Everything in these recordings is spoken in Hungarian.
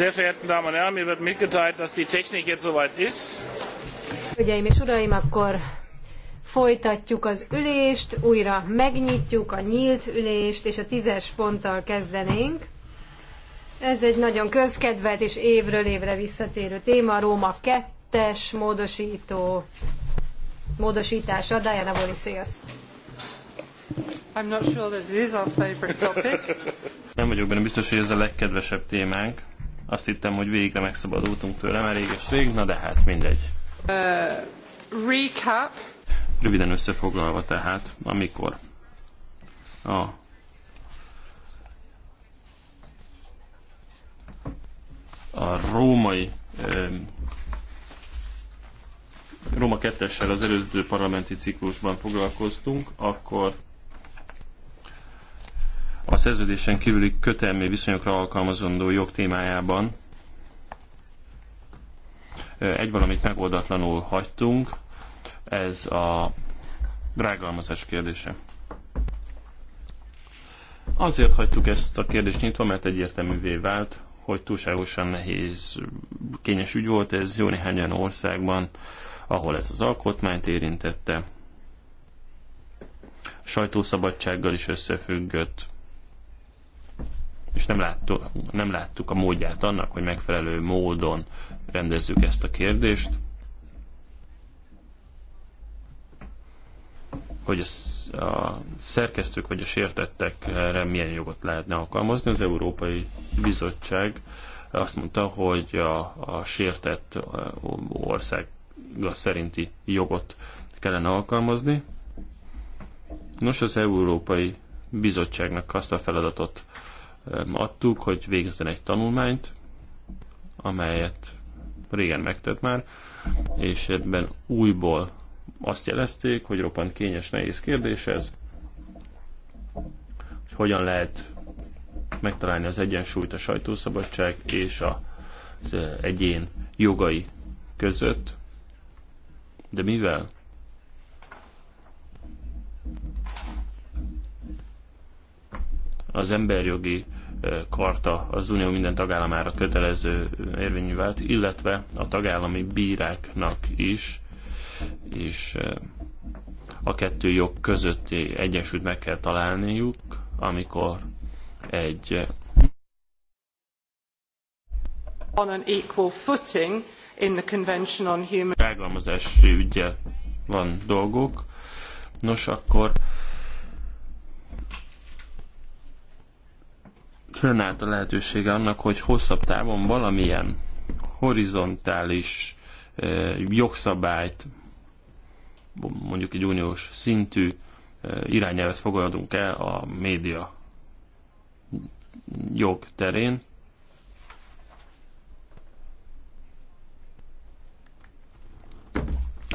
Sehr verehrten Damen und Herren, mir wird mitgeteilt, dass die Technik jetzt soweit ist. Hölgyeim és uraim, akkor folytatjuk az ülést, újra megnyitjuk a nyílt ülést, és a tízes ponttal kezdenénk. Ez egy nagyon közkedvelt és évről évre visszatérő téma, Róma 2-es módosító, módosítása. Diana Voli, sziasztok! I'm not sure that it is our favorite topic. Nem vagyok benne biztos, hogy ez a legkedvesebb témánk. Azt hittem, hogy végre megszabadultunk tőle már rég és rég, na de hát mindegy. Uh, recap. Röviden összefoglalva tehát, amikor a a római Róma 2 az előző parlamenti ciklusban foglalkoztunk, akkor a szerződésen kívüli kötelmi viszonyokra alkalmazandó jog témájában egy valamit megoldatlanul hagytunk, ez a drágalmazás kérdése. Azért hagytuk ezt a kérdést nyitva, mert egyértelművé vált, hogy túlságosan nehéz, kényes ügy volt ez jó néhány olyan országban, ahol ez az alkotmányt érintette, sajtószabadsággal is összefüggött, és nem, láttuk, nem láttuk a módját annak, hogy megfelelő módon rendezzük ezt a kérdést, hogy a szerkesztők vagy a sértettekre milyen jogot lehetne alkalmazni. Az Európai Bizottság azt mondta, hogy a, a sértett ország szerinti jogot kellene alkalmazni. Nos, az Európai Bizottságnak azt a feladatot adtuk, hogy végezzen egy tanulmányt, amelyet régen megtett már, és ebben újból azt jelezték, hogy roppant kényes, nehéz kérdés ez, hogy hogyan lehet megtalálni az egyensúlyt a sajtószabadság és az egyén jogai között. De mivel? Az emberjogi karta az Unió minden tagállamára kötelező érvényű vált, illetve a tagállami bíráknak is, és a kettő jog közötti egyensúlyt meg kell találniuk, amikor egy on an equal footing in the Convention on Human Rágalmazási ügyel van dolgok. Nos, akkor fönnállt a lehetősége annak, hogy hosszabb távon valamilyen horizontális jogszabályt, mondjuk egy uniós szintű irányelvet fogadunk el a média jog terén.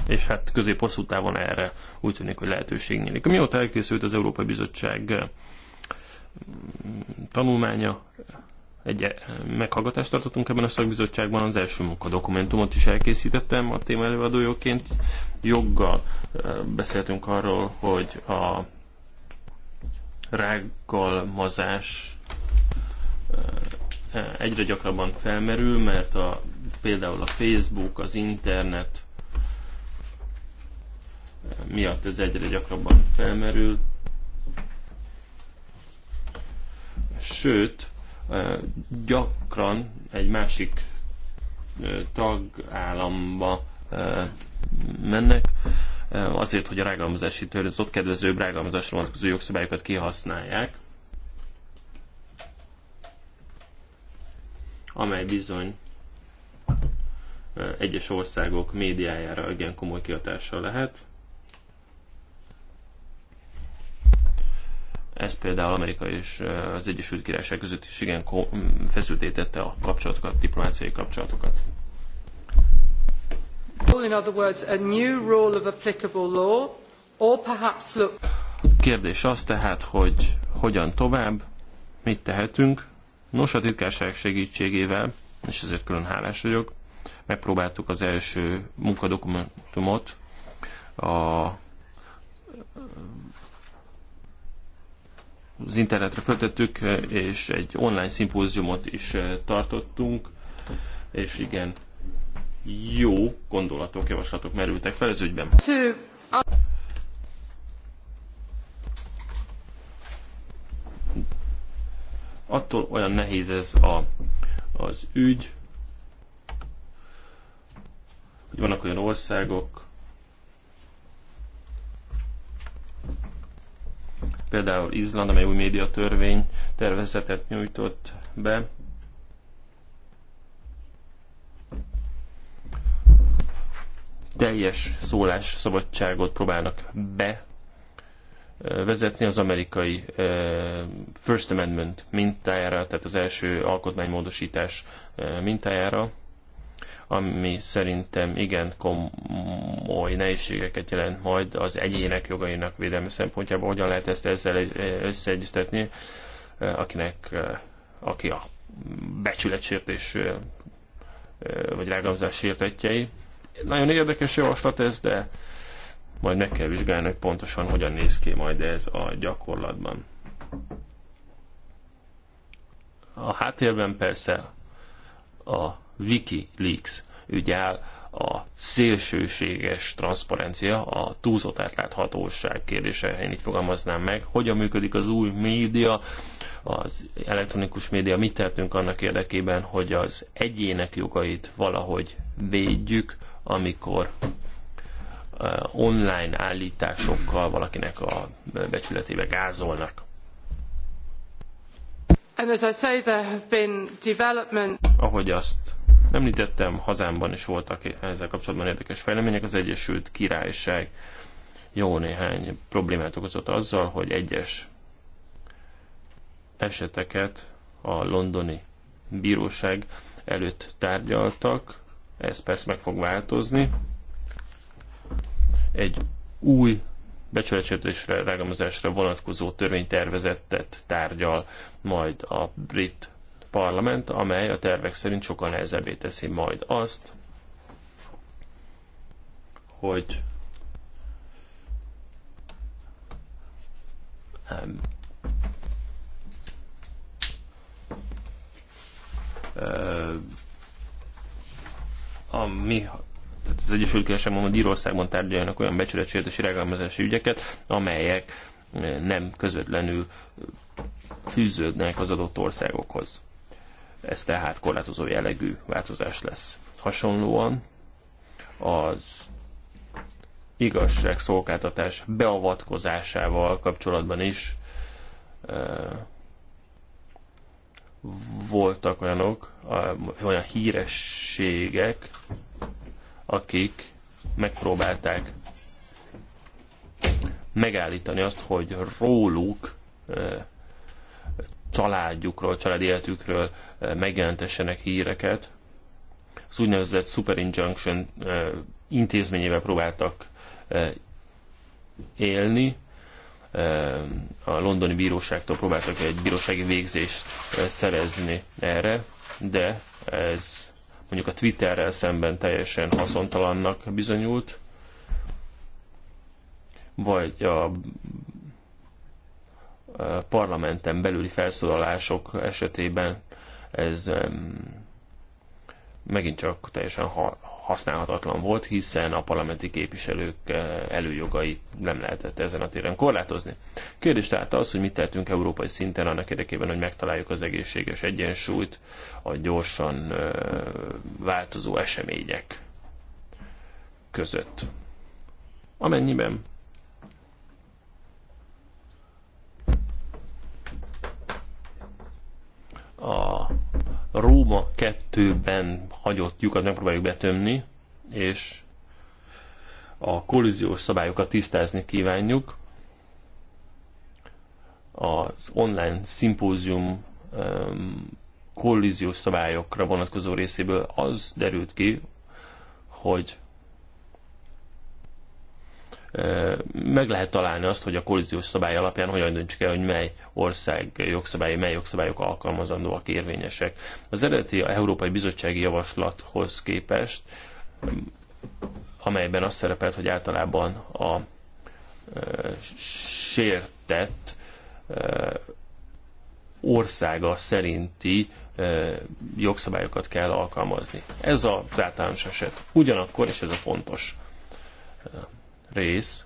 És hát közép-hosszú távon erre úgy tűnik, hogy lehetőség nyílik. Mióta elkészült az Európai Bizottság tanulmánya, egy meghallgatást tartottunk ebben a szakbizottságban, az első munkadokumentumot is elkészítettem a téma előadójóként. Joggal beszéltünk arról, hogy a rágalmazás egyre gyakrabban felmerül, mert a, például a Facebook, az internet miatt ez egyre gyakrabban felmerül, Sőt, gyakran egy másik tagállamba mennek, azért, hogy a rágalmazási törvény, az ott kedvező rágalmazásra vonatkozó jogszabályokat kihasználják, amely bizony egyes országok médiájára igen komoly kihatással lehet. Ez például Amerika és az Egyesült Királyság között is igen feszültétette a kapcsolatokat, diplomáciai kapcsolatokat. In other words, a new rule of applicable law, or perhaps look... Kérdés az tehát, hogy hogyan tovább, mit tehetünk. Nos, a titkárság segítségével, és ezért külön hálás vagyok, megpróbáltuk az első munkadokumentumot a az internetre föltettük, és egy online szimpóziumot is eh, tartottunk, és igen, jó gondolatok, javaslatok merültek fel ez ügyben. Attól olyan nehéz ez a, az ügy, hogy vannak olyan országok, Például Izland, amely új média törvény tervezetet nyújtott be, teljes szólás szabadságot próbálnak be vezetni az amerikai First Amendment mintájára, tehát az első alkotmánymódosítás mintájára ami szerintem igen komoly nehézségeket jelent majd az egyének jogainak védelme szempontjából. Hogyan lehet ezt ezzel összeegyeztetni, eh, akinek, eh, aki a becsületsértés eh, vagy rágalmazás sértetjei. Nagyon érdekes javaslat ez, de majd meg kell vizsgálni, hogy pontosan hogyan néz ki majd ez a gyakorlatban. A háttérben persze a Wikileaks ügyel a szélsőséges transzparencia, a túlzott átláthatóság kérdése, én így fogalmaznám meg, hogyan működik az új média, az elektronikus média, mit tettünk annak érdekében, hogy az egyének jogait valahogy védjük, amikor eh, online állításokkal valakinek a becsületébe gázolnak. And as I say, there have been development... Ahogy azt Említettem, hazámban is voltak ezzel kapcsolatban érdekes fejlemények. Az Egyesült Királyság jó néhány problémát okozott azzal, hogy egyes eseteket a londoni bíróság előtt tárgyaltak. Ez persze meg fog változni. Egy új becsületsértésre, rágalmazásra vonatkozó törvénytervezetet tárgyal majd a brit parlament, amely a tervek szerint sokkal nehezebbé teszi majd azt, hogy a mi tehát az Egyesült Királyságban vagy Írországban tárgyaljanak olyan becsületsértési rágalmazási ügyeket, amelyek nem közvetlenül fűződnek az adott országokhoz. Ez tehát korlátozó jellegű változás lesz. Hasonlóan az igazságszolgáltatás beavatkozásával kapcsolatban is voltak olyanok, olyan hírességek, akik megpróbálták megállítani azt, hogy róluk családjukról, családi életükről eh, megjelentessenek híreket. Az úgynevezett Super Injunction eh, intézményével próbáltak eh, élni, a londoni bíróságtól próbáltak egy bírósági végzést szerezni erre, de ez mondjuk a Twitterrel szemben teljesen haszontalannak bizonyult, vagy a parlamenten belüli felszólalások esetében ez megint csak teljesen használhatatlan volt, hiszen a parlamenti képviselők eh, előjogait nem lehetett ezen a téren korlátozni. Kérdés tehát az, hogy mit tettünk európai szinten annak érdekében, hogy megtaláljuk az egészséges egyensúlyt a gyorsan eh, változó események között. Amennyiben a Róma 2-ben hagyott lyukat megpróbáljuk betömni, és a kollíziós szabályokat tisztázni kívánjuk. Az online szimpózium kollíziós szabályokra vonatkozó részéből az derült ki, hogy meg lehet találni azt, hogy a kollíziós szabály alapján hogyan döntsük el, hogy mely ország jogszabályai mely jogszabályok alkalmazandóak, érvényesek. Az eredeti Európai Bizottsági Javaslathoz képest, amelyben azt szerepelt, hogy általában a sértett országa szerinti jogszabályokat kell alkalmazni. Ez az általános eset. Ugyanakkor, és ez a fontos rész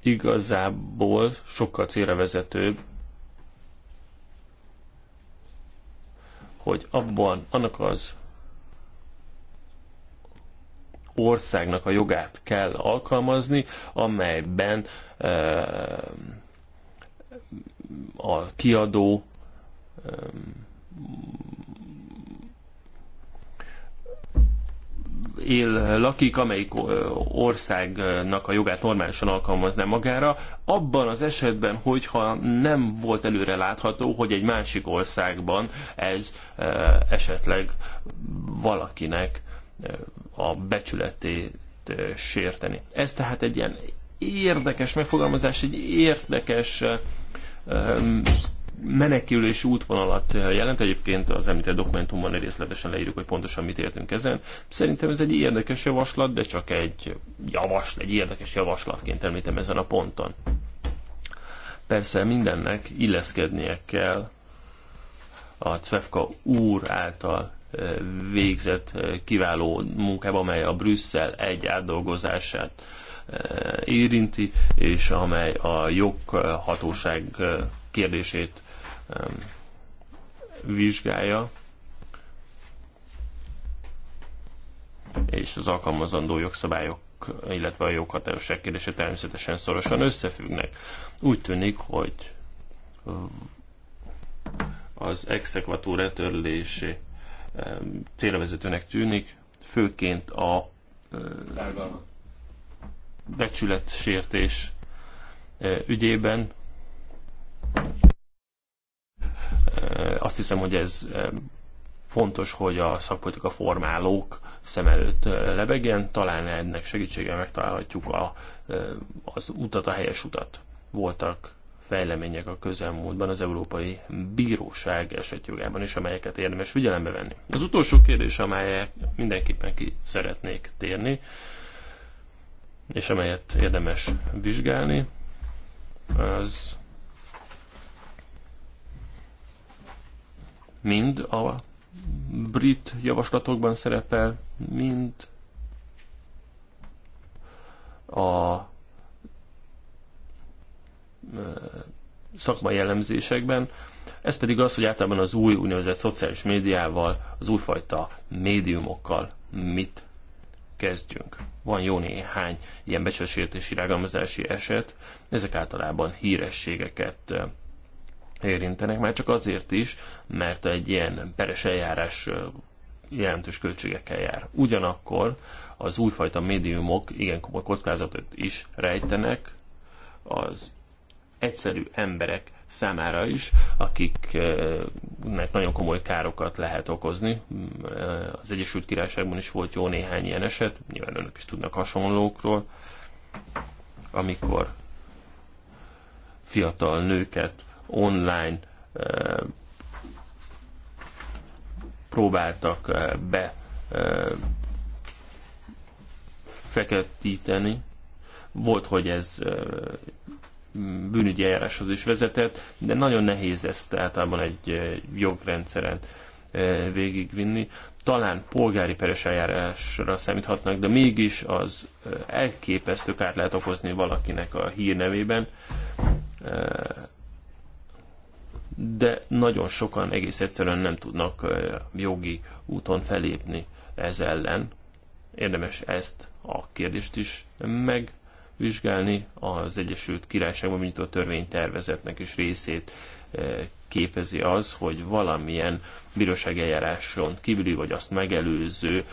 igazából sokkal célra vezetőbb, hogy abban annak az országnak a jogát kell alkalmazni, amelyben e, a kiadó él, lakik, amelyik országnak a jogát normálisan alkalmazná magára, abban az esetben, hogyha nem volt előre látható, hogy egy másik országban ez esetleg valakinek a becsületét sérteni. Ez tehát egy ilyen érdekes megfogalmazás, egy érdekes menekülés útvonalat eh, jelent. Egyébként az említett dokumentumban részletesen leírjuk, hogy pontosan mit értünk ezen. Szerintem ez egy érdekes javaslat, de csak egy javaslat, egy érdekes javaslatként említem ezen a ponton. Persze mindennek illeszkednie kell a Cvefka úr által eh, végzett eh, kiváló munkába, amely a Brüsszel egy átdolgozását érinti, és amely a joghatóság kérdését vizsgálja, és az alkalmazandó jogszabályok illetve a joghatályosság kérdése természetesen szorosan összefüggnek. Úgy tűnik, hogy az exekvatúra törlési célvezetőnek tűnik, főként a becsületsértés ügyében azt hiszem, hogy ez fontos, hogy a szakpolitika formálók szem előtt lebegjen, talán ennek segítségével megtalálhatjuk a, az utat, a helyes utat. Voltak fejlemények a közelmúltban az Európai Bíróság esetjogában is, amelyeket érdemes figyelembe venni. Az utolsó kérdés, amelyek mindenképpen ki szeretnék térni, és amelyet érdemes vizsgálni, az mind a brit javaslatokban szerepel, mind a szakmai jellemzésekben. Ez pedig az, hogy általában az új úgynevezett szociális médiával, az újfajta médiumokkal mit kezdjünk. Van jó néhány ilyen becsesértési rágalmazási eset, ezek általában hírességeket érintenek, már csak azért is, mert egy ilyen peres eljárás jelentős költségekkel jár. Ugyanakkor az újfajta médiumok igen komoly kockázatot is rejtenek az egyszerű emberek számára is, akiknek nagyon komoly károkat lehet okozni. Az Egyesült Királyságban is volt jó néhány ilyen eset, nyilván önök is tudnak hasonlókról, amikor fiatal nőket online eh, próbáltak eh, be eh, feketíteni. Volt, hogy ez bűnügyi eljáráshoz is vezetett, de nagyon nehéz ezt általában egy jogrendszeren végigvinni. Talán polgári peres eljárásra számíthatnak, de mégis az elképesztő kárt lehet okozni valakinek a hírnevében de nagyon sokan egész egyszerűen nem tudnak jogi úton felépni ez ellen. Érdemes ezt a kérdést is megvizsgálni. Az Egyesült Királyságban nyitott törvénytervezetnek is részét képezi az, hogy valamilyen bírósági eljáráson kívüli, vagy azt megelőző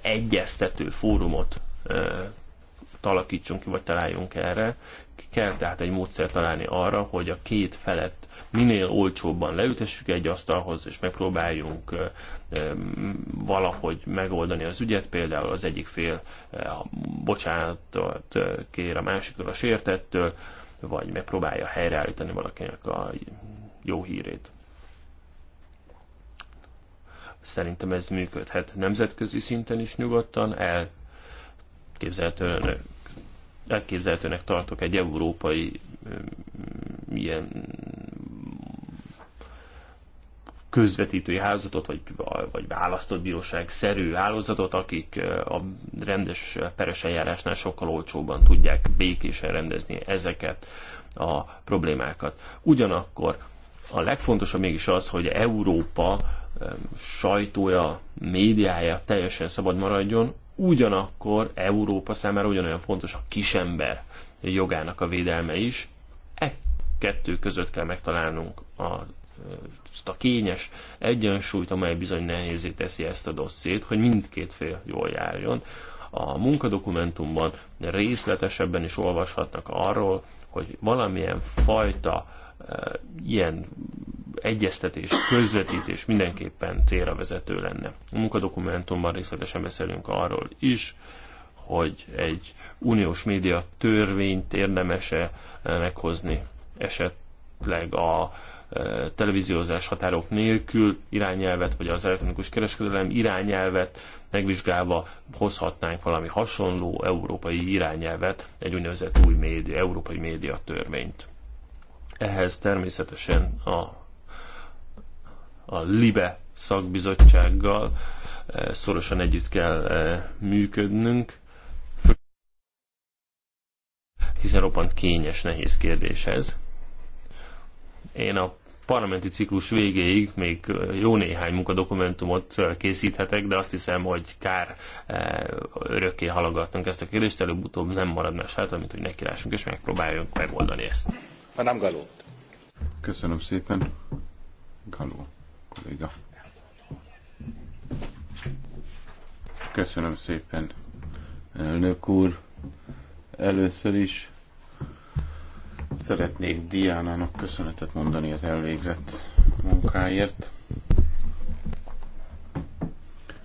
egyeztető fórumot talakítsunk ki, vagy találjunk erre, kell tehát egy módszert találni arra, hogy a két felett minél olcsóbban leütessük egy asztalhoz, és megpróbáljunk valahogy megoldani az ügyet. Például az egyik fél bocsánatot kér a másiktól, a sértettől, vagy megpróbálja helyreállítani valakinek a jó hírét. Szerintem ez működhet nemzetközi szinten is nyugodtan, el képzelhető elképzelhetőnek tartok egy európai ilyen közvetítői házatot vagy, vagy választott bíróság szerű hálózatot, akik a rendes peres eljárásnál sokkal olcsóbban tudják békésen rendezni ezeket a problémákat. Ugyanakkor a legfontosabb mégis az, hogy Európa sajtója, médiája teljesen szabad maradjon, ugyanakkor Európa számára ugyanolyan fontos a kisember jogának a védelme is. E kettő között kell megtalálnunk a azt e, a kényes egyensúlyt, amely bizony nehézé teszi ezt a dossziét, hogy mindkét fél jól járjon. A munkadokumentumban részletesebben is olvashatnak arról, hogy valamilyen fajta e, ilyen egyeztetés, közvetítés mindenképpen célra vezető lenne. A munkadokumentumban részletesen beszélünk arról is, hogy egy uniós média törvényt érdemese meghozni esetleg a e, televíziózás határok nélkül irányelvet, vagy az elektronikus kereskedelem irányelvet megvizsgálva hozhatnánk valami hasonló európai irányelvet, egy úgynevezett új média, európai média törvényt. Ehhez természetesen a a LIBE szakbizottsággal eh, szorosan együtt kell eh, működnünk, hiszen roppant kényes, nehéz kérdés ez. Én a parlamenti ciklus végéig még eh, jó néhány munkadokumentumot készíthetek, de azt hiszem, hogy kár örökké halogatnunk ezt a kérdést, előbb-utóbb nem marad más hát, mint hogy nekilássunk és megpróbáljunk megoldani ezt. Ha nem Galó. Köszönöm szépen. Galó kolléga. Köszönöm szépen, elnök úr. Először is szeretnék Diánának köszönetet mondani az elvégzett munkáért,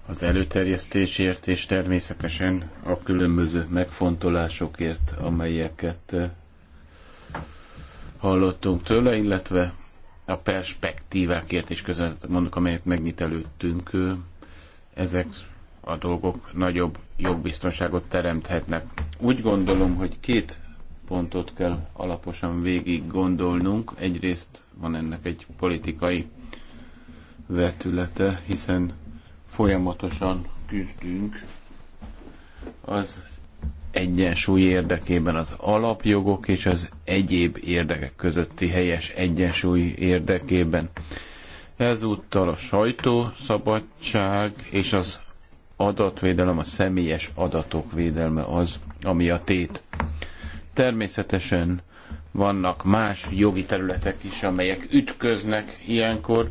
az előterjesztésért, és természetesen a különböző megfontolásokért, amelyeket hallottunk tőle, illetve a perspektívákért és között mondok, amelyet megnyit előttünk, ezek a dolgok nagyobb jogbiztonságot teremthetnek. Úgy gondolom, hogy két pontot kell alaposan végig gondolnunk. Egyrészt van ennek egy politikai vetülete, hiszen folyamatosan küzdünk az egyensúly érdekében az alapjogok és az egyéb érdekek közötti helyes egyensúly érdekében. Ezúttal a sajtószabadság és az adatvédelem, a személyes adatok védelme az, ami a tét. Természetesen vannak más jogi területek is, amelyek ütköznek ilyenkor.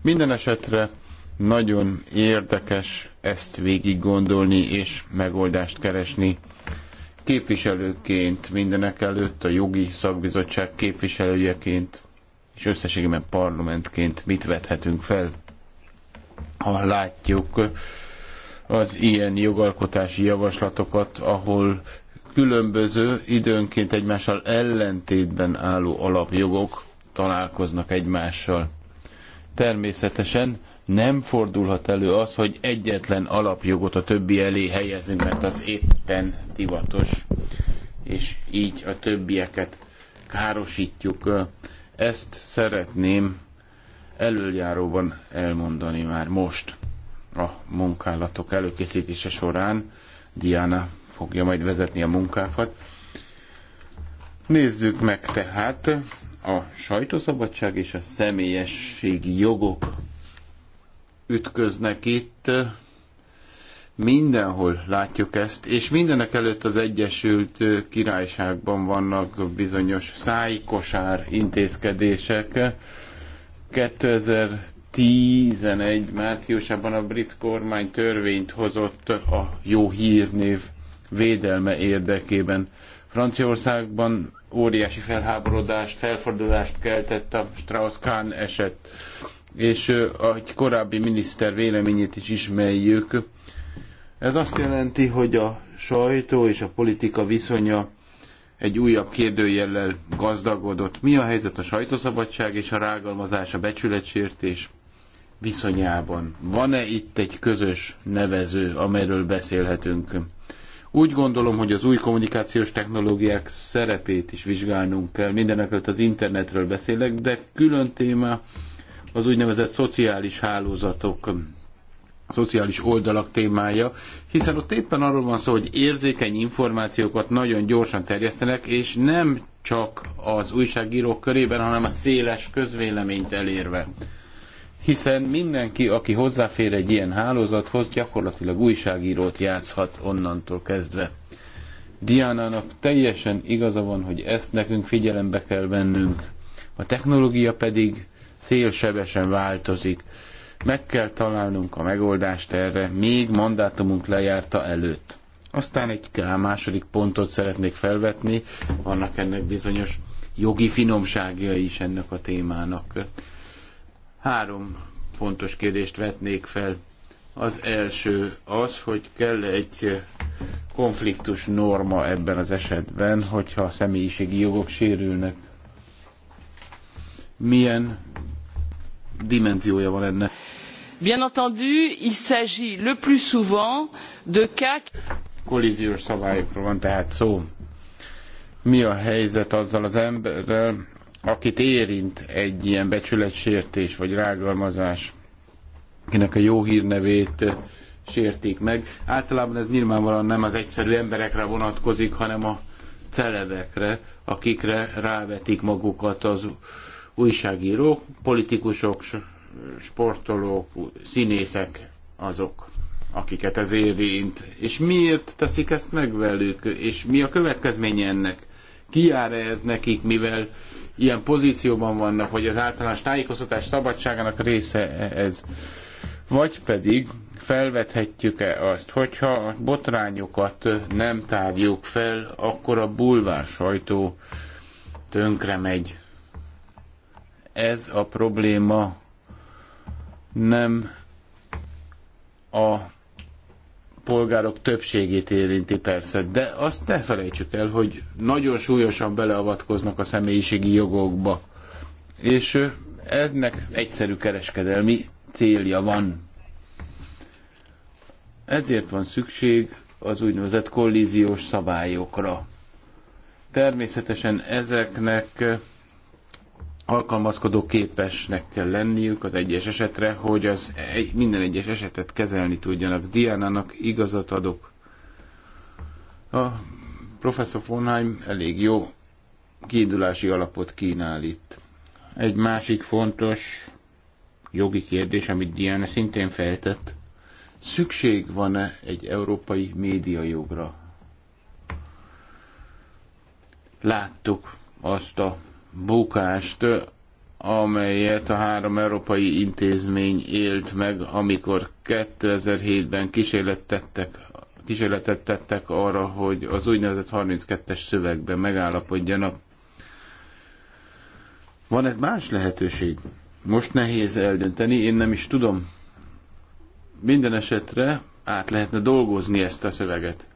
Minden esetre nagyon érdekes ezt végig gondolni és megoldást keresni képviselőként mindenek előtt, a jogi szakbizottság képviselőjeként és összességében parlamentként mit vethetünk fel, ha látjuk az ilyen jogalkotási javaslatokat, ahol különböző, időnként egymással ellentétben álló alapjogok találkoznak egymással. Természetesen nem fordulhat elő az, hogy egyetlen alapjogot a többi elé helyezünk, mert az éppen divatos, és így a többieket károsítjuk. Ezt szeretném előjáróban elmondani már most a munkálatok előkészítése során. Diana fogja majd vezetni a munkákat. Nézzük meg tehát a sajtószabadság és a személyességi jogok ütköznek itt. Mindenhol látjuk ezt, és mindenek előtt az Egyesült Királyságban vannak bizonyos szájkosár intézkedések. 2011 márciusában a brit kormány törvényt hozott a jó hírnév védelme érdekében. Franciaországban óriási felháborodást, felfordulást keltett a Strauss-Kahn eset és a korábbi miniszter véleményét is ismerjük. Ez azt jelenti, hogy a sajtó és a politika viszonya egy újabb kérdőjellel gazdagodott. Mi a helyzet a sajtószabadság és a rágalmazás, a becsületsértés viszonyában? Van-e itt egy közös nevező, amelyről beszélhetünk? Úgy gondolom, hogy az új kommunikációs technológiák szerepét is vizsgálnunk kell. Mindenek az internetről beszélek, de külön téma az úgynevezett szociális hálózatok szociális oldalak témája, hiszen ott éppen arról van szó, hogy érzékeny információkat nagyon gyorsan terjesztenek, és nem csak az újságírók körében, hanem a széles közvéleményt elérve. Hiszen mindenki, aki hozzáfér egy ilyen hálózathoz, gyakorlatilag újságírót játszhat onnantól kezdve. Diánának teljesen igaza van, hogy ezt nekünk figyelembe kell vennünk. A technológia pedig szélsebesen változik. Meg kell találnunk a megoldást erre, még mandátumunk lejárta előtt. Aztán egy második pontot szeretnék felvetni, vannak ennek bizonyos jogi finomságja is ennek a témának. Három fontos kérdést vetnék fel. Az első az, hogy kell egy konfliktus norma ebben az esetben, hogyha a személyiségi jogok sérülnek. Milyen dimenziója van ennek. Bien entendu, il s'agit le plus souvent de cas... Kollíziós szabályokról van tehát szó. Mi a helyzet azzal az emberrel, akit érint egy ilyen becsületsértés vagy rágalmazás, akinek a jó hírnevét eh, sértik meg. Általában ez nyilvánvalóan nem az egyszerű emberekre vonatkozik, hanem a celebekre, akikre rávetik magukat az újságírók, politikusok, sportolók, színészek azok, akiket ez érint. És miért teszik ezt meg velük? És mi a következménye ennek? Ki jár -e ez nekik, mivel ilyen pozícióban vannak, hogy az általános tájékoztatás szabadságának része ez? Vagy pedig felvethetjük-e azt, hogyha a botrányokat nem tárjuk fel, akkor a bulvár sajtó tönkre megy ez a probléma nem a polgárok többségét érinti persze, de azt ne felejtsük el, hogy nagyon súlyosan beleavatkoznak a személyiségi jogokba, és ennek egyszerű kereskedelmi célja van. Ezért van szükség az úgynevezett kollíziós szabályokra. Természetesen ezeknek alkalmazkodó képesnek kell lenniük az egyes esetre, hogy az egy, minden egyes esetet kezelni tudjanak. Diánának igazat adok. A professzor Fonheim elég jó kiindulási alapot kínál itt. Egy másik fontos jogi kérdés, amit Diana szintén feltett, szükség van-e egy európai médiajogra? Láttuk azt a bukást, amelyet a három európai intézmény élt meg, amikor 2007-ben kísérletet tettek, kísérletet tettek arra, hogy az úgynevezett 32-es szövegben megállapodjanak. Van egy más lehetőség? Most nehéz eldönteni, én nem is tudom. Minden esetre át lehetne dolgozni ezt a szöveget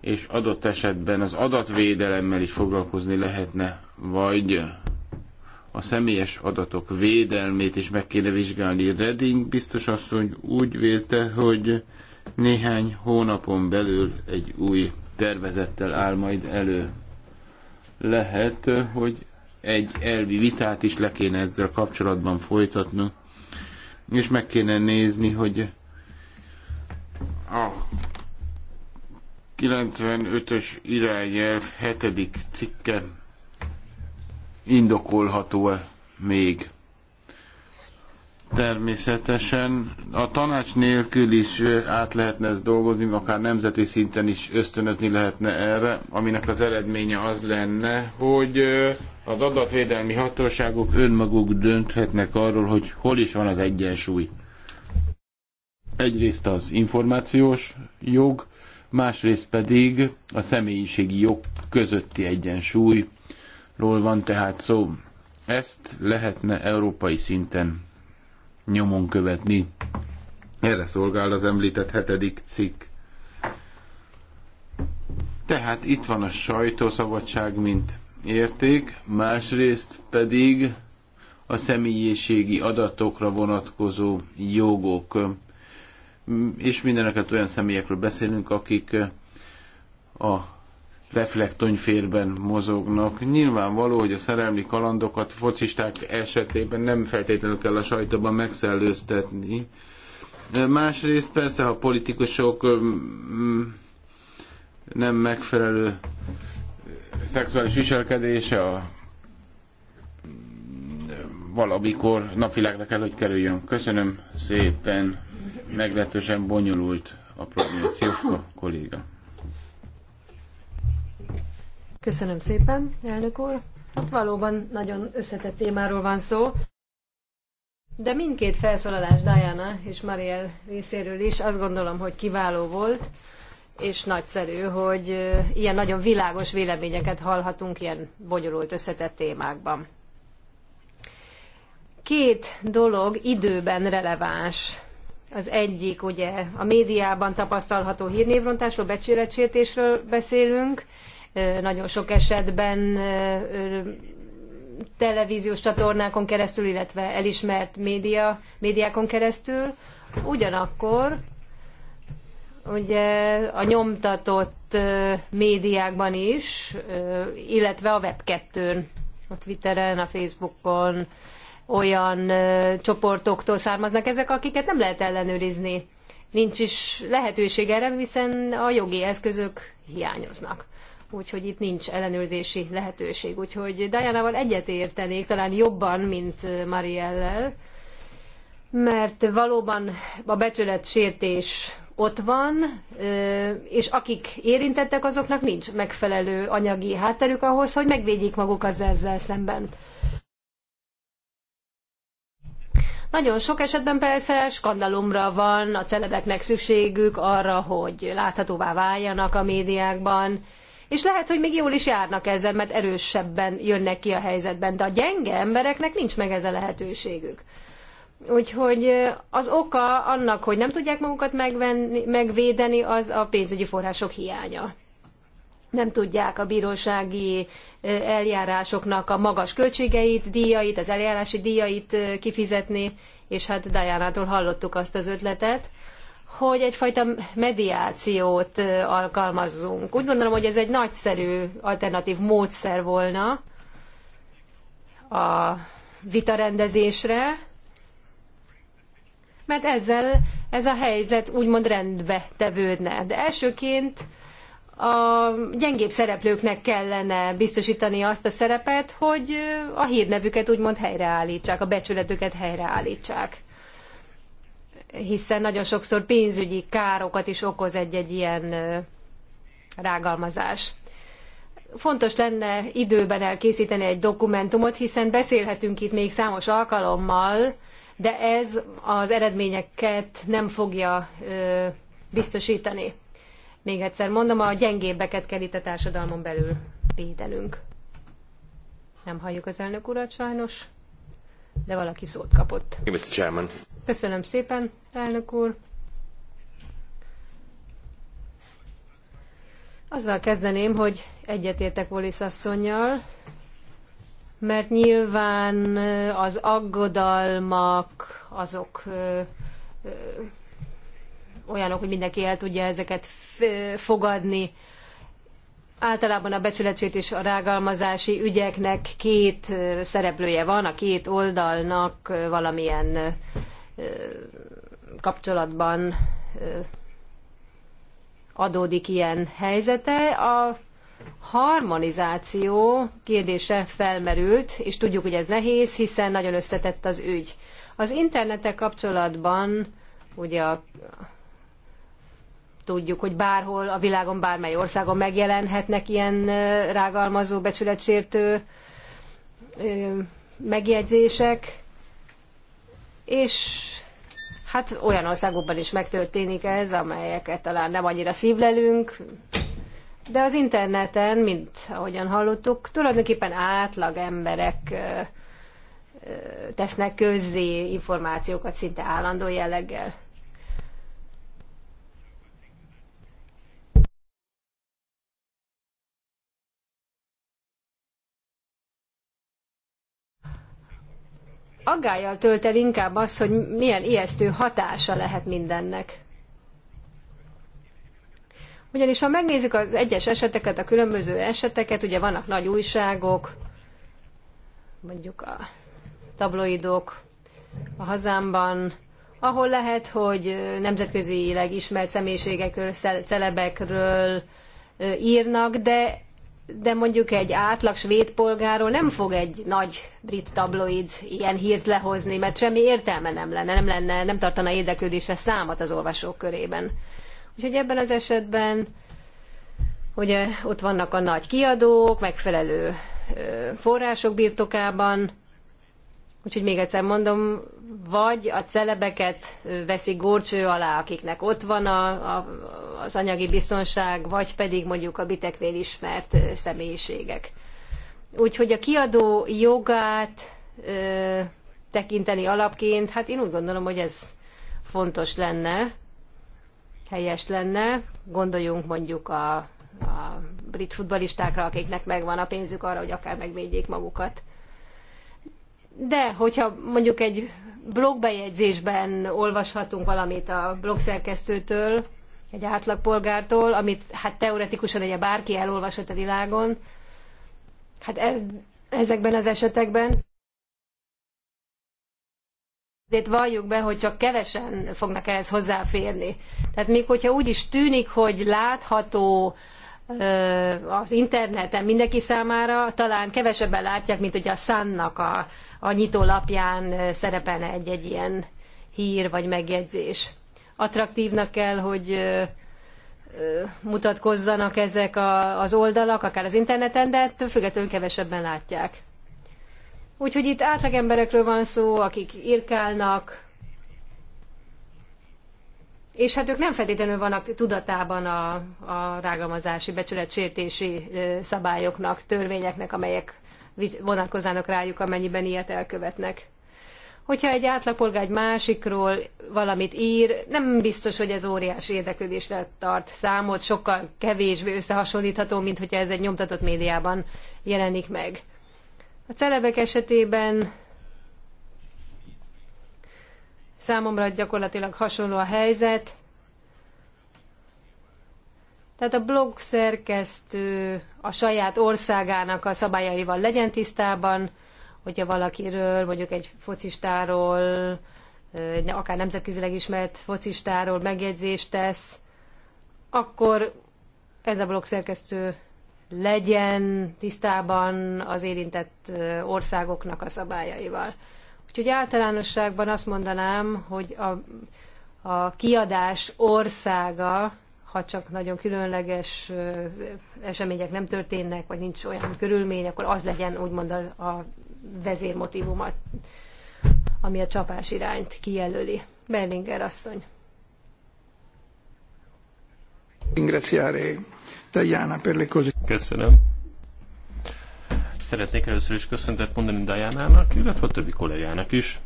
és adott esetben az adatvédelemmel is foglalkozni lehetne vagy a személyes adatok védelmét is meg kéne vizsgálni. Reding biztos asszony úgy vélte, hogy néhány hónapon belül egy új tervezettel áll majd elő. Lehet, hogy egy elvi vitát is le kéne ezzel kapcsolatban folytatni. és meg kéne nézni, hogy a 95-ös irányelv 7. cikke indokolható-e még. Természetesen a tanács nélkül is át lehetne ezt dolgozni, akár nemzeti szinten is ösztönözni lehetne erre, aminek az eredménye az lenne, hogy az adatvédelmi hatóságok önmaguk dönthetnek arról, hogy hol is van az egyensúly. Egyrészt az információs jog, másrészt pedig a személyiségi jog közötti egyensúly ról van tehát szó. Ezt lehetne európai szinten nyomon követni. Erre szolgál az említett hetedik cikk. Tehát itt van a sajtószabadság, mint érték, másrészt pedig a személyiségi adatokra vonatkozó jogok. És mindeneket olyan személyekről beszélünk, akik a reflektonyférben mozognak. Nyilvánvaló, hogy a szerelmi kalandokat focisták esetében nem feltétlenül kell a sajtóban megszellőztetni. Másrészt persze, ha politikusok mm, mm, nem megfelelő szexuális viselkedése a mm, valamikor napvilágra kell, hogy kerüljön. Köszönöm szépen, meglehetősen bonyolult a probléma. Szívka kolléga. Köszönöm szépen, elnök úr. Hát valóban nagyon összetett témáról van szó. De mindkét felszólalás Diana és Mariel részéről is azt gondolom, hogy kiváló volt, és nagyszerű, hogy ilyen nagyon világos véleményeket hallhatunk ilyen bonyolult összetett témákban. Két dolog időben releváns. Az egyik ugye a médiában tapasztalható hírnévrontásról, becsületsértésről beszélünk, nagyon sok esetben televíziós csatornákon keresztül, illetve elismert média, médiákon keresztül. Ugyanakkor ugye a nyomtatott médiákban is, illetve a Web2-n, a Twitteren, a Facebookon olyan csoportoktól származnak ezek, akiket nem lehet ellenőrizni. Nincs is lehetőség erre, hiszen a jogi eszközök hiányoznak úgyhogy itt nincs ellenőrzési lehetőség. Úgyhogy Diana-val egyetértenék, talán jobban, mint Mariellel, mert valóban a becsület sértés ott van, és akik érintettek, azoknak nincs megfelelő anyagi hátterük ahhoz, hogy megvédjék az ezzel szemben. Nagyon sok esetben persze skandalomra van, a celebeknek szükségük arra, hogy láthatóvá váljanak a médiákban, és lehet, hogy még jól is járnak ezzel, mert erősebben jönnek ki a helyzetben, de a gyenge embereknek nincs meg ez a lehetőségük. Úgyhogy az oka annak, hogy nem tudják magukat megvenni, megvédeni, az a pénzügyi források hiánya. Nem tudják a bírósági eljárásoknak a magas költségeit, díjait, az eljárási díjait kifizetni, és hát Diana-tól hallottuk azt az ötletet, hogy egyfajta mediációt alkalmazzunk. Úgy gondolom, hogy ez egy nagyszerű alternatív módszer volna a vitarendezésre, mert ezzel ez a helyzet úgymond rendbe tevődne. De elsőként a gyengébb szereplőknek kellene biztosítani azt a szerepet, hogy a hírnevüket úgymond helyreállítsák, a becsületüket helyreállítsák hiszen nagyon sokszor pénzügyi károkat is okoz egy-egy ilyen rágalmazás. Fontos lenne időben elkészíteni egy dokumentumot, hiszen beszélhetünk itt még számos alkalommal, de ez az eredményeket nem fogja ö, biztosítani. Még egyszer mondom, a gyengébbeket kell itt a társadalmon belül védenünk. Nem halljuk az elnök urat sajnos, de valaki szót kapott. Mr. Chairman. Köszönöm szépen, elnök úr. Azzal kezdeném, hogy egyetértek Volisz asszonynal, mert nyilván az aggodalmak azok olyanok, hogy mindenki el tudja ezeket fogadni. Általában a becsületsét és a rágalmazási ügyeknek két szereplője van, a két oldalnak valamilyen kapcsolatban adódik ilyen helyzete. A harmonizáció kérdése felmerült, és tudjuk, hogy ez nehéz, hiszen nagyon összetett az ügy. Az internettel kapcsolatban ugye a, tudjuk, hogy bárhol a világon, bármely országon megjelenhetnek ilyen rágalmazó, becsületsértő megjegyzések, és hát olyan országokban is megtörténik ez, amelyeket talán nem annyira szívlelünk, de az interneten, mint ahogyan hallottuk, tulajdonképpen átlag emberek tesznek közzé információkat szinte állandó jelleggel. aggájjal tölt el inkább az, hogy milyen ijesztő hatása lehet mindennek. Ugyanis ha megnézzük az egyes eseteket, a különböző eseteket, ugye vannak nagy újságok, mondjuk a tabloidok a hazámban, ahol lehet, hogy nemzetközileg ismert személyiségekről, celebekről írnak, de de mondjuk egy átlag svéd polgáról nem fog egy nagy brit tabloid ilyen hírt lehozni, mert semmi értelme nem lenne, nem, lenne, nem tartana érdeklődésre számat az olvasók körében. Úgyhogy ebben az esetben ugye ott vannak a nagy kiadók, megfelelő források birtokában, Úgyhogy még egyszer mondom, vagy a celebeket veszik górcső alá, akiknek ott van a, a, az anyagi biztonság, vagy pedig mondjuk a biteknél ismert személyiségek. Úgyhogy a kiadó jogát ö, tekinteni alapként, hát én úgy gondolom, hogy ez fontos lenne, helyes lenne. Gondoljunk mondjuk a, a brit futbalistákra, akiknek megvan a pénzük arra, hogy akár megvédjék magukat. De hogyha mondjuk egy blogbejegyzésben olvashatunk valamit a blogszerkesztőtől, egy átlagpolgártól, amit hát teoretikusan ugye bárki elolvashat a világon, hát ez, ezekben az esetekben azért valljuk be, hogy csak kevesen fognak ehhez hozzáférni. Tehát még hogyha úgy is tűnik, hogy látható az interneten mindenki számára talán kevesebben látják, mint hogy a Sunnak a, a nyitólapján szerepelne egy-egy ilyen hír vagy megjegyzés. Attraktívnak kell, hogy mutatkozzanak ezek a, az oldalak, akár az interneten, de ettől függetlenül kevesebben látják. Úgyhogy itt átlagemberekről van szó, akik irkálnak, és hát ők nem feltétlenül vannak tudatában a, a rágalmazási, becsületsértési szabályoknak, törvényeknek, amelyek vonatkoznának rájuk, amennyiben ilyet elkövetnek. Hogyha egy átlagpolgár egy másikról valamit ír, nem biztos, hogy ez óriási érdeklődésre tart számot, sokkal kevésbé összehasonlítható, mint hogyha ez egy nyomtatott médiában jelenik meg. A celebek esetében Számomra gyakorlatilag hasonló a helyzet. Tehát a blog szerkesztő a saját országának a szabályaival legyen tisztában, hogyha valakiről, mondjuk egy focistáról, akár nemzetközileg ismert focistáról megjegyzést tesz, akkor ez a blog szerkesztő legyen tisztában az érintett országoknak a szabályaival. Úgyhogy általánosságban azt mondanám, hogy a, a kiadás országa, ha csak nagyon különleges események nem történnek, vagy nincs olyan körülmény, akkor az legyen úgymond a, a vezérmotívumat, ami a csapás irányt kijelöli. Berlinger asszony. Köszönöm. Szeretnék először is köszöntet mondani Dajánának, illetve a többi kollégának is,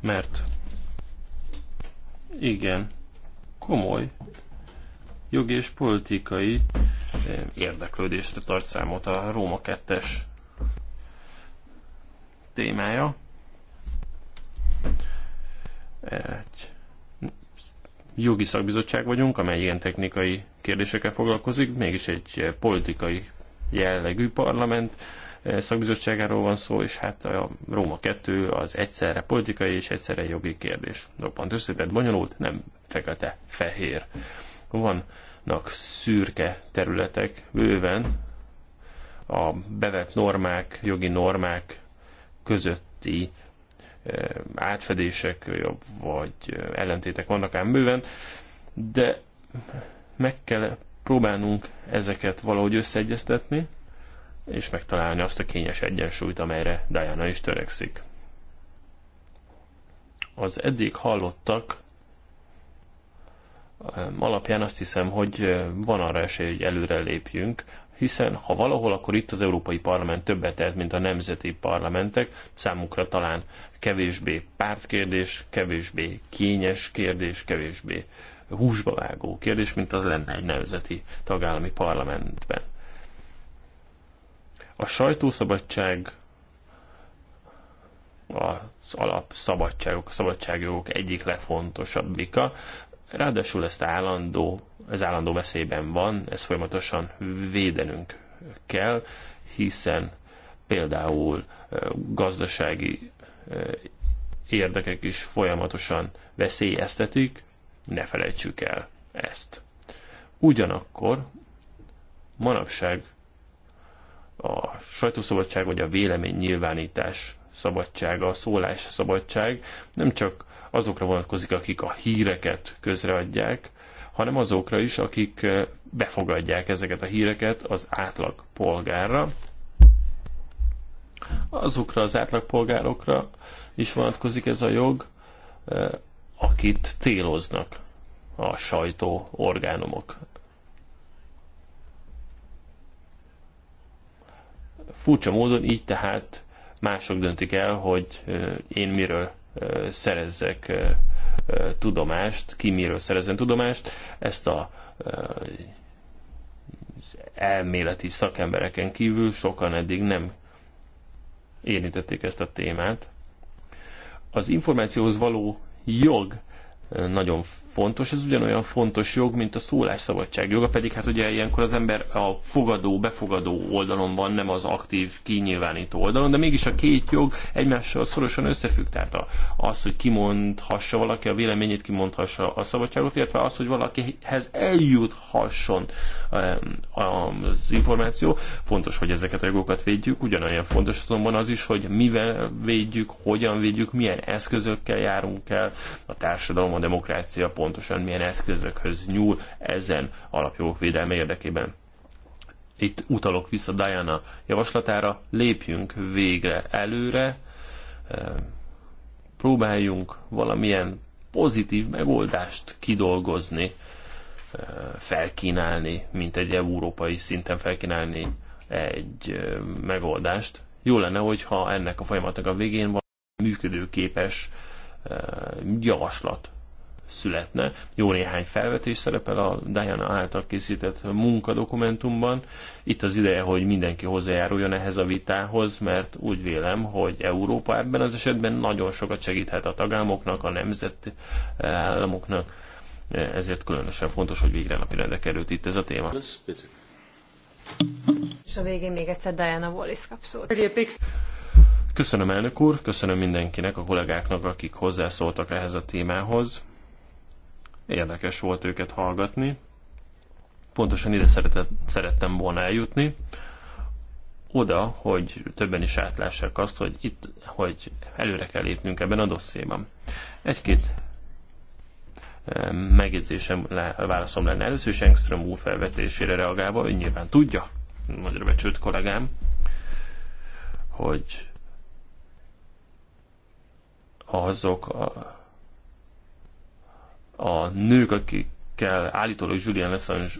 mert igen, komoly jogi és politikai eh, érdeklődésre tart számot a Róma 2-es témája. Egy jogi szakbizottság vagyunk, amely ilyen technikai kérdésekkel foglalkozik, mégis egy politikai jellegű parlament eh, szakbizottságáról van szó, és hát a Róma 2 az egyszerre politikai és egyszerre jogi kérdés. Roppant összetett bonyolult, nem fekete, fehér. Vannak szürke területek bőven a bevett normák, jogi normák közötti eh, átfedések vagy eh, ellentétek vannak ám bőven, de meg kell Próbálnunk ezeket valahogy összeegyeztetni, és megtalálni azt a kényes egyensúlyt, amelyre Diana is törekszik. Az eddig hallottak alapján azt hiszem, hogy van arra esély, hogy előre lépjünk, hiszen ha valahol, akkor itt az Európai Parlament többet tehet, mint a nemzeti parlamentek, számukra talán kevésbé pártkérdés, kevésbé kényes kérdés, kevésbé húsba vágó kérdés, mint az lenne egy nemzeti tagállami parlamentben. A sajtószabadság az alapszabadságok, a szabadságjogok egyik legfontosabbika. Ráadásul ezt állandó, ez állandó veszélyben van, ezt folyamatosan védenünk kell, hiszen például gazdasági érdekek is folyamatosan veszélyeztetik ne felejtsük el ezt. Ugyanakkor manapság a sajtószabadság vagy a vélemény nyilvánítás szabadsága, a szólás szabadság nem csak azokra vonatkozik, akik a híreket közreadják, hanem azokra is, akik eh, befogadják ezeket a híreket az átlag polgárra. Azokra az átlagpolgárokra is vonatkozik ez a jog, eh, akit céloznak a sajtó orgánumok. Furcsa módon így tehát mások döntik el, hogy én miről szerezzek tudomást, ki miről szerezzen tudomást, ezt a elméleti szakembereken kívül sokan eddig nem érintették ezt a témát. Az információhoz való jog nagyon fontos, ez ugyanolyan fontos jog, mint a szólásszabadság joga, pedig hát ugye ilyenkor az ember a fogadó, befogadó oldalon van, nem az aktív, kinyilvánító oldalon, de mégis a két jog egymással szorosan összefügg, tehát az, hogy kimondhassa valaki a véleményét, kimondhassa a szabadságot, illetve az, hogy valakihez eljuthasson az információ. Fontos, hogy ezeket a jogokat védjük, ugyanolyan fontos azonban az is, hogy mivel védjük, hogyan védjük, milyen eszközökkel járunk el a társadalom, a demokrácia pontosan milyen eszközökhöz nyúl ezen alapjogok védelme érdekében. Itt utalok vissza Diana javaslatára, lépjünk végre előre, e, próbáljunk valamilyen pozitív megoldást kidolgozni, e, felkínálni, mint egy európai szinten felkínálni egy e, megoldást. Jó lenne, hogyha ennek a folyamatnak a végén van működőképes javaslat születne. Jó néhány felvetés szerepel a Diana által készített munkadokumentumban. Itt az ideje, hogy mindenki hozzájáruljon ehhez a vitához, mert úgy vélem, hogy Európa ebben az esetben nagyon sokat segíthet a tagállamoknak, a nemzeti államoknak. ezért különösen fontos, hogy végre napirendre került itt ez a téma. És a végén még egyszer Diana Wallis kapszót. Köszönöm elnök úr, köszönöm mindenkinek, a kollégáknak, akik hozzászóltak ehhez a témához. Érdekes volt őket hallgatni. Pontosan ide szeretett, szerettem volna eljutni. Oda, hogy többen is átlássák azt, hogy itt, hogy előre kell lépnünk ebben a dosszéban. Egy-két e, megjegyzésem, le, válaszom lenne először, és Engström úr felvetésére reagálva, ő nyilván tudja, nagyra becsült kollégám, hogy azok a a nők, akikkel állítólag Julian Assange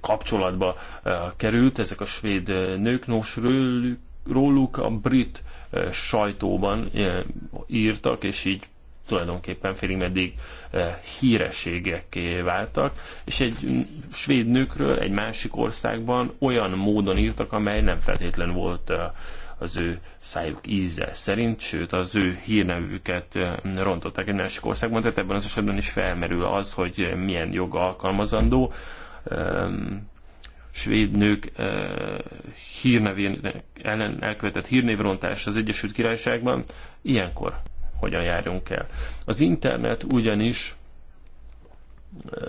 kapcsolatba került, ezek a svéd nők, nos róluk a brit sajtóban írtak, és így tulajdonképpen félig meddig hírességekké váltak, és egy svéd nőkről egy másik országban olyan módon írtak, amely nem feltétlen volt az ő szájuk íze szerint, sőt az ő hírnevüket eh, rontották egy másik országban, tehát ebben az esetben is felmerül az, hogy milyen jog alkalmazandó. Ehm, svéd nők eh, hírnevén ellen elkövetett hírnévrontás az Egyesült Királyságban, ilyenkor hogyan járjunk el. Az internet ugyanis eh,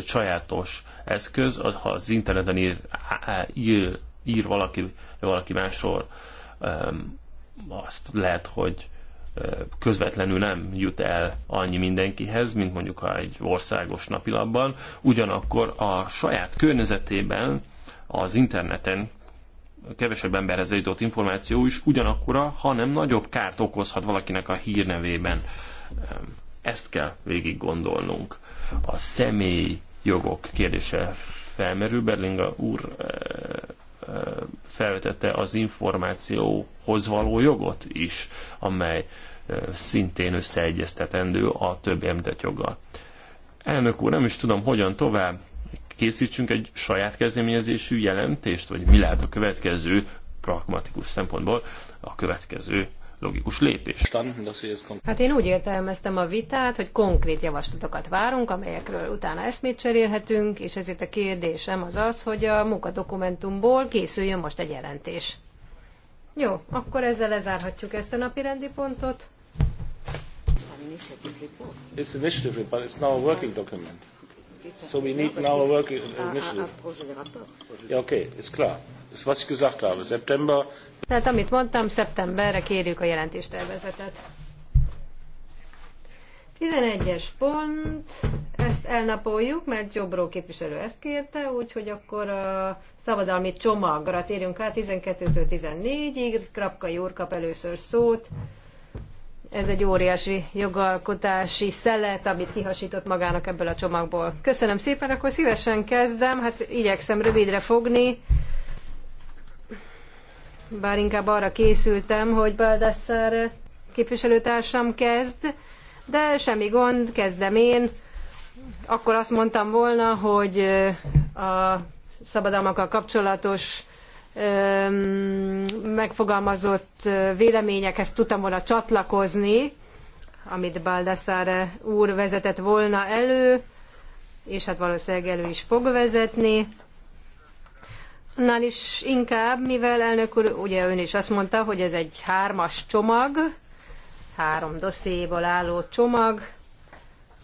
sajátos eszköz, ha az interneten ír, ír, ír valaki, valaki másról, azt lehet, hogy közvetlenül nem jut el annyi mindenkihez, mint mondjuk ha egy országos napilapban, ugyanakkor a saját környezetében az interneten kevesebb emberhez jutott információ is ugyanakkora, hanem nagyobb kárt okozhat valakinek a hírnevében. Ezt kell végig gondolnunk a személy jogok kérdése felmerül. Berlinga úr eh, eh, felvetette az információhoz való jogot is, amely eh, szintén összeegyeztetendő a többi említett joggal. Elnök úr, nem is tudom, hogyan tovább készítsünk egy saját kezdeményezésű jelentést, vagy mi lehet a következő pragmatikus szempontból a következő logikus lépés. Hát én úgy értelmeztem a vitát, hogy konkrét javaslatokat várunk, amelyekről utána eszmét cserélhetünk, és ezért a kérdésem az az, hogy a munkadokumentumból készüljön most egy jelentés. Jó, akkor ezzel lezárhatjuk ezt a napi rendi pontot. It's an initiative report, it's now a working document. So we need now a working initiative. Yeah, okay, it's Das, was ich gesagt habe, September. Tehát amit mondtam, szeptemberre kérjük a jelentéstervezetet. 11-es pont, ezt elnapoljuk, mert Jobbró képviselő ezt kérte, úgyhogy akkor a szabadalmi csomagra térjünk át 12-től 14-ig. Krapka Jór kap először szót. Ez egy óriási jogalkotási szelet, amit kihasított magának ebből a csomagból. Köszönöm szépen, akkor szívesen kezdem, hát igyekszem rövidre fogni bár inkább arra készültem, hogy Baldassar képviselőtársam kezd, de semmi gond, kezdem én. Akkor azt mondtam volna, hogy a szabadalmakkal kapcsolatos megfogalmazott véleményekhez tudtam volna csatlakozni, amit Baldassar úr vezetett volna elő, és hát valószínűleg elő is fog vezetni. Annál is inkább, mivel elnök úr, ugye ön is azt mondta, hogy ez egy hármas csomag, három dosszéból álló csomag,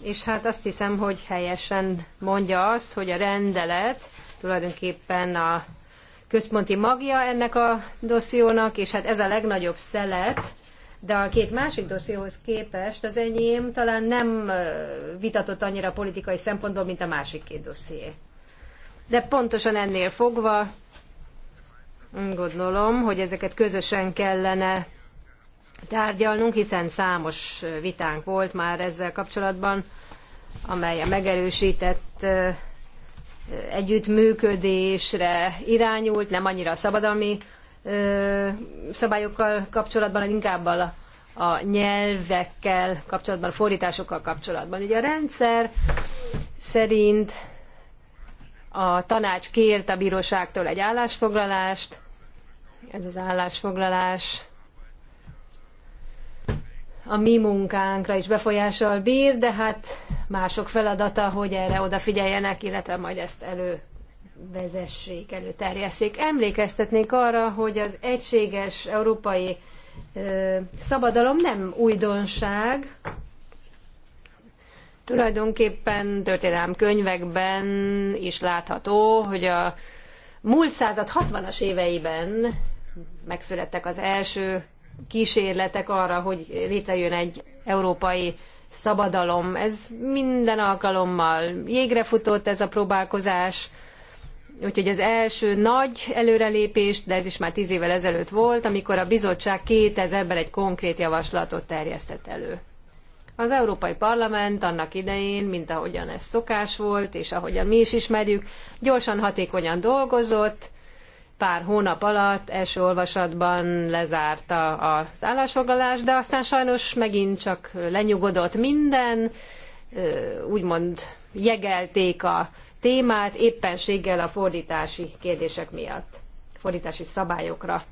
és hát azt hiszem, hogy helyesen mondja az, hogy a rendelet tulajdonképpen a központi magja ennek a dossziónak, és hát ez a legnagyobb szelet, de a két másik dosszióhoz képest az enyém talán nem vitatott annyira politikai szempontból, mint a másik két dosszié de pontosan ennél fogva gondolom, hogy ezeket közösen kellene tárgyalnunk, hiszen számos vitánk volt már ezzel kapcsolatban, amely a megerősített együttműködésre irányult, nem annyira a szabadalmi szabályokkal kapcsolatban, hanem inkább a, a nyelvekkel kapcsolatban, a fordításokkal kapcsolatban. Ugye a rendszer szerint a tanács kért a bíróságtól egy állásfoglalást, ez az állásfoglalás a mi munkánkra is befolyással bír, de hát mások feladata, hogy erre odafigyeljenek, illetve majd ezt elővezessék, előterjesszék. Emlékeztetnék arra, hogy az egységes európai ö, szabadalom nem újdonság, Tulajdonképpen történelem könyvekben is látható, hogy a múlt század 60-as éveiben megszülettek az első kísérletek arra, hogy létrejön egy európai szabadalom. Ez minden alkalommal jégre futott ez a próbálkozás, Úgyhogy az első nagy előrelépés, de ez is már tíz évvel ezelőtt volt, amikor a bizottság 2000-ben egy konkrét javaslatot terjesztett elő. Az Európai Parlament annak idején, mint ahogyan ez szokás volt, és ahogyan mi is ismerjük, gyorsan, hatékonyan dolgozott, pár hónap alatt első olvasatban lezárta az állásfoglalást, de aztán sajnos megint csak lenyugodott minden, úgymond jegelték a témát éppenséggel a fordítási kérdések miatt, fordítási szabályokra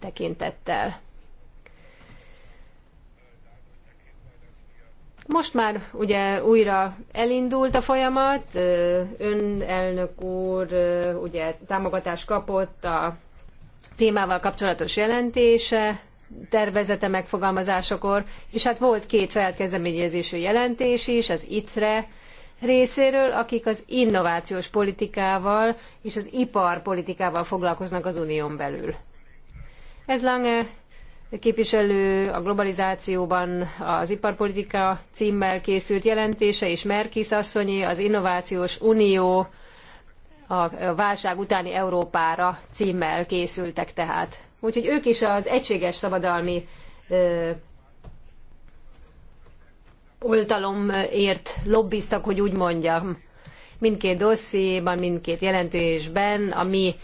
tekintettel. Most már ugye újra elindult a folyamat, ön elnök úr ugye támogatást kapott a témával kapcsolatos jelentése, tervezete megfogalmazásakor, és hát volt két saját kezdeményezésű jelentés is, az ITRE részéről, akik az innovációs politikával és az iparpolitikával foglalkoznak az unión belül. Ez Lange képviselő a globalizációban az iparpolitika címmel készült jelentése, és Merkis asszonyi az Innovációs Unió a válság utáni Európára címmel készültek tehát. Úgyhogy ők is az egységes szabadalmi ö, oltalomért lobbiztak, hogy úgy mondjam. Mindkét dossziéban, mindkét jelentésben a mi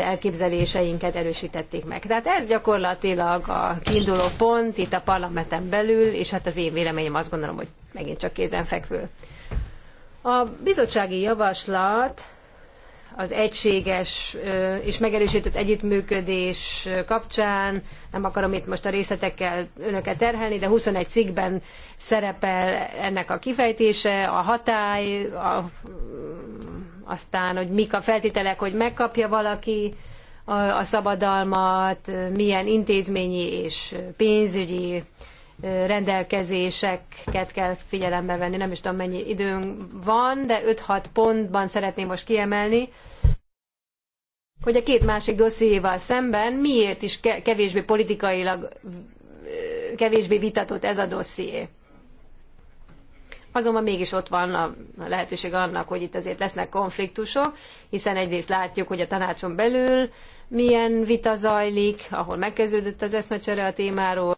elképzeléseinket erősítették meg. Tehát ez gyakorlatilag a kiinduló pont itt a parlamenten belül, és hát az én véleményem azt gondolom, hogy megint csak kézenfekvő. A bizottsági javaslat az egységes és megerősített együttműködés kapcsán, nem akarom itt most a részletekkel önöket terhelni, de 21 cikkben szerepel ennek a kifejtése, a hatály, a aztán, hogy mik a feltételek, hogy megkapja valaki a szabadalmat, milyen intézményi és pénzügyi rendelkezéseket kell figyelembe venni. Nem is tudom, mennyi időnk van, de 5-6 pontban szeretném most kiemelni, hogy a két másik dossziéval szemben miért is kevésbé politikailag kevésbé vitatott ez a dosszié. Azonban mégis ott van a lehetőség annak, hogy itt azért lesznek konfliktusok, hiszen egyrészt látjuk, hogy a tanácson belül milyen vita zajlik, ahol megkezdődött az eszmecsere a témáról,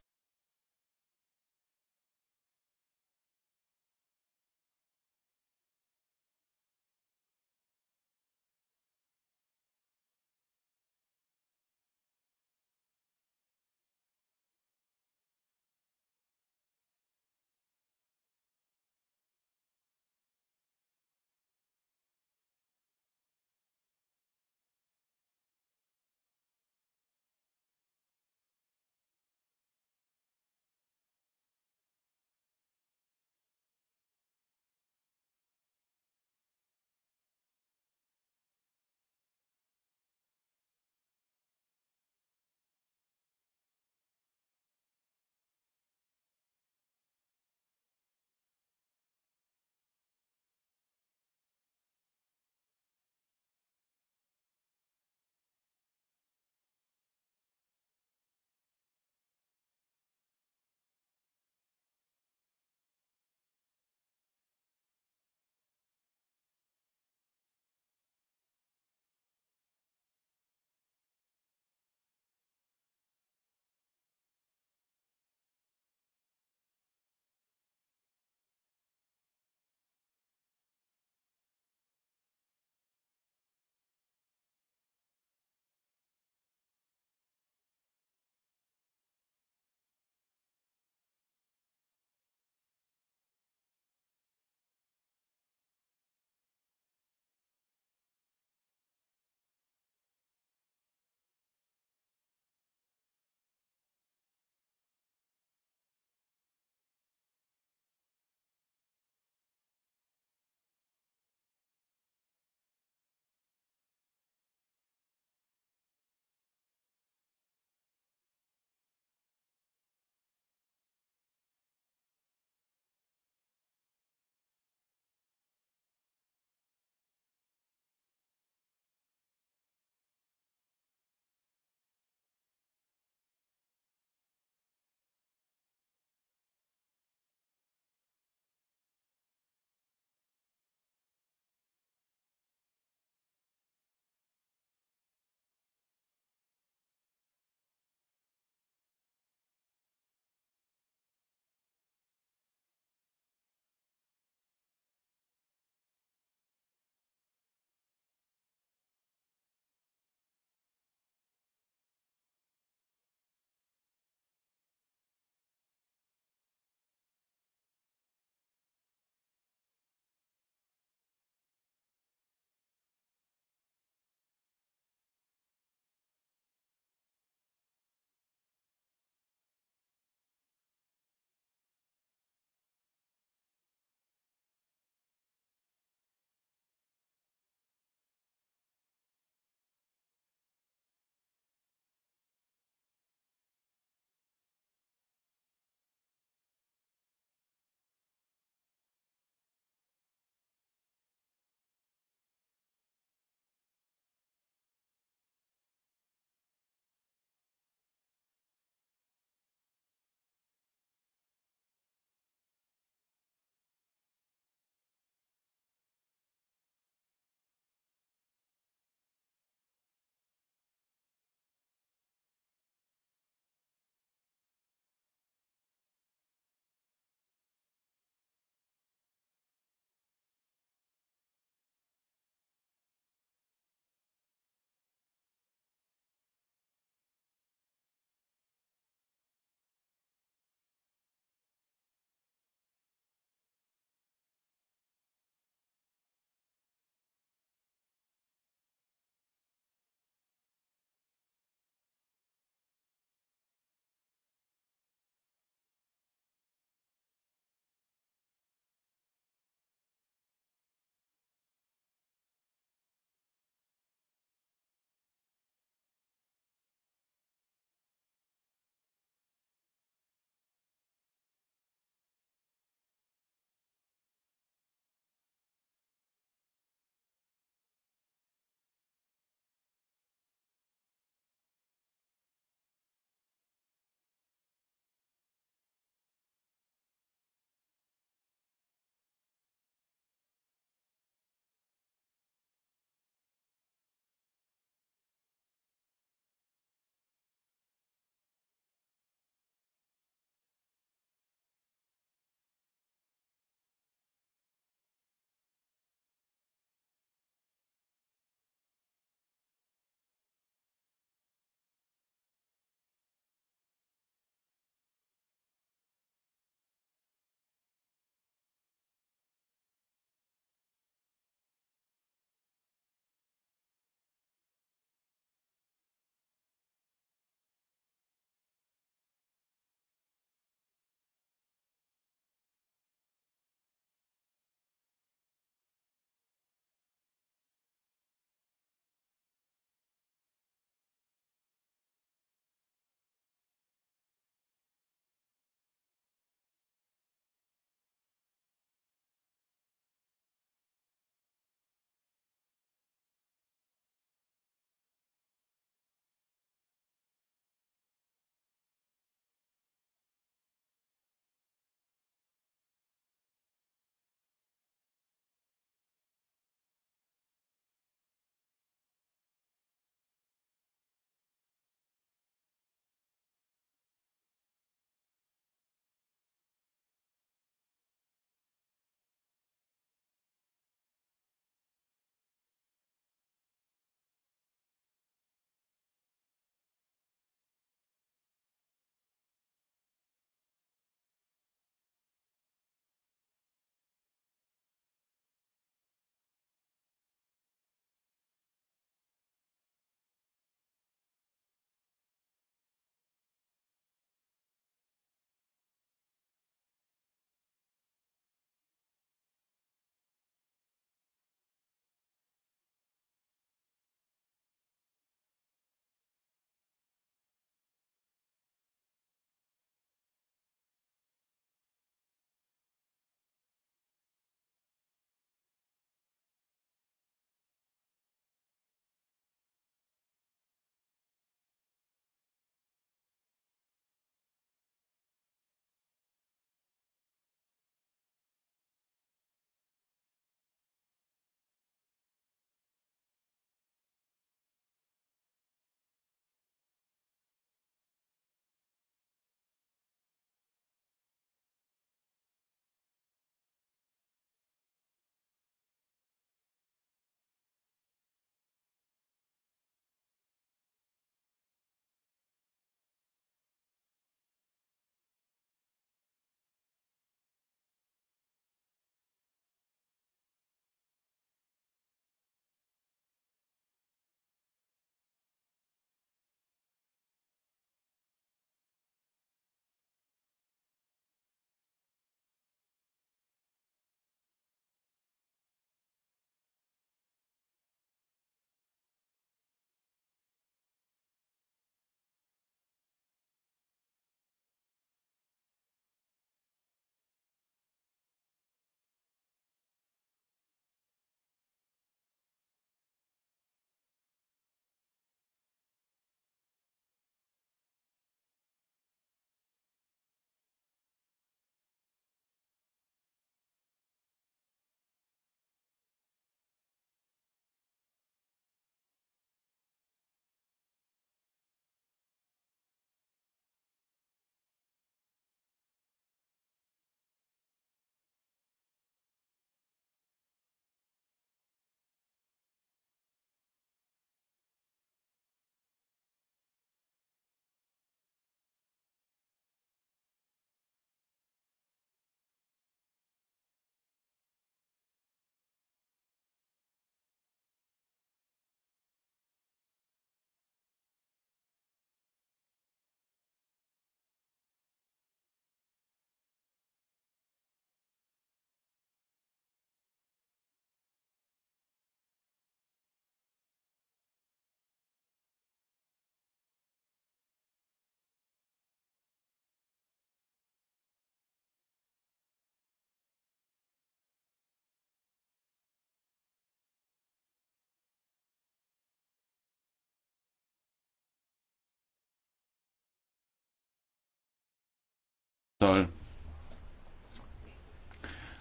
tal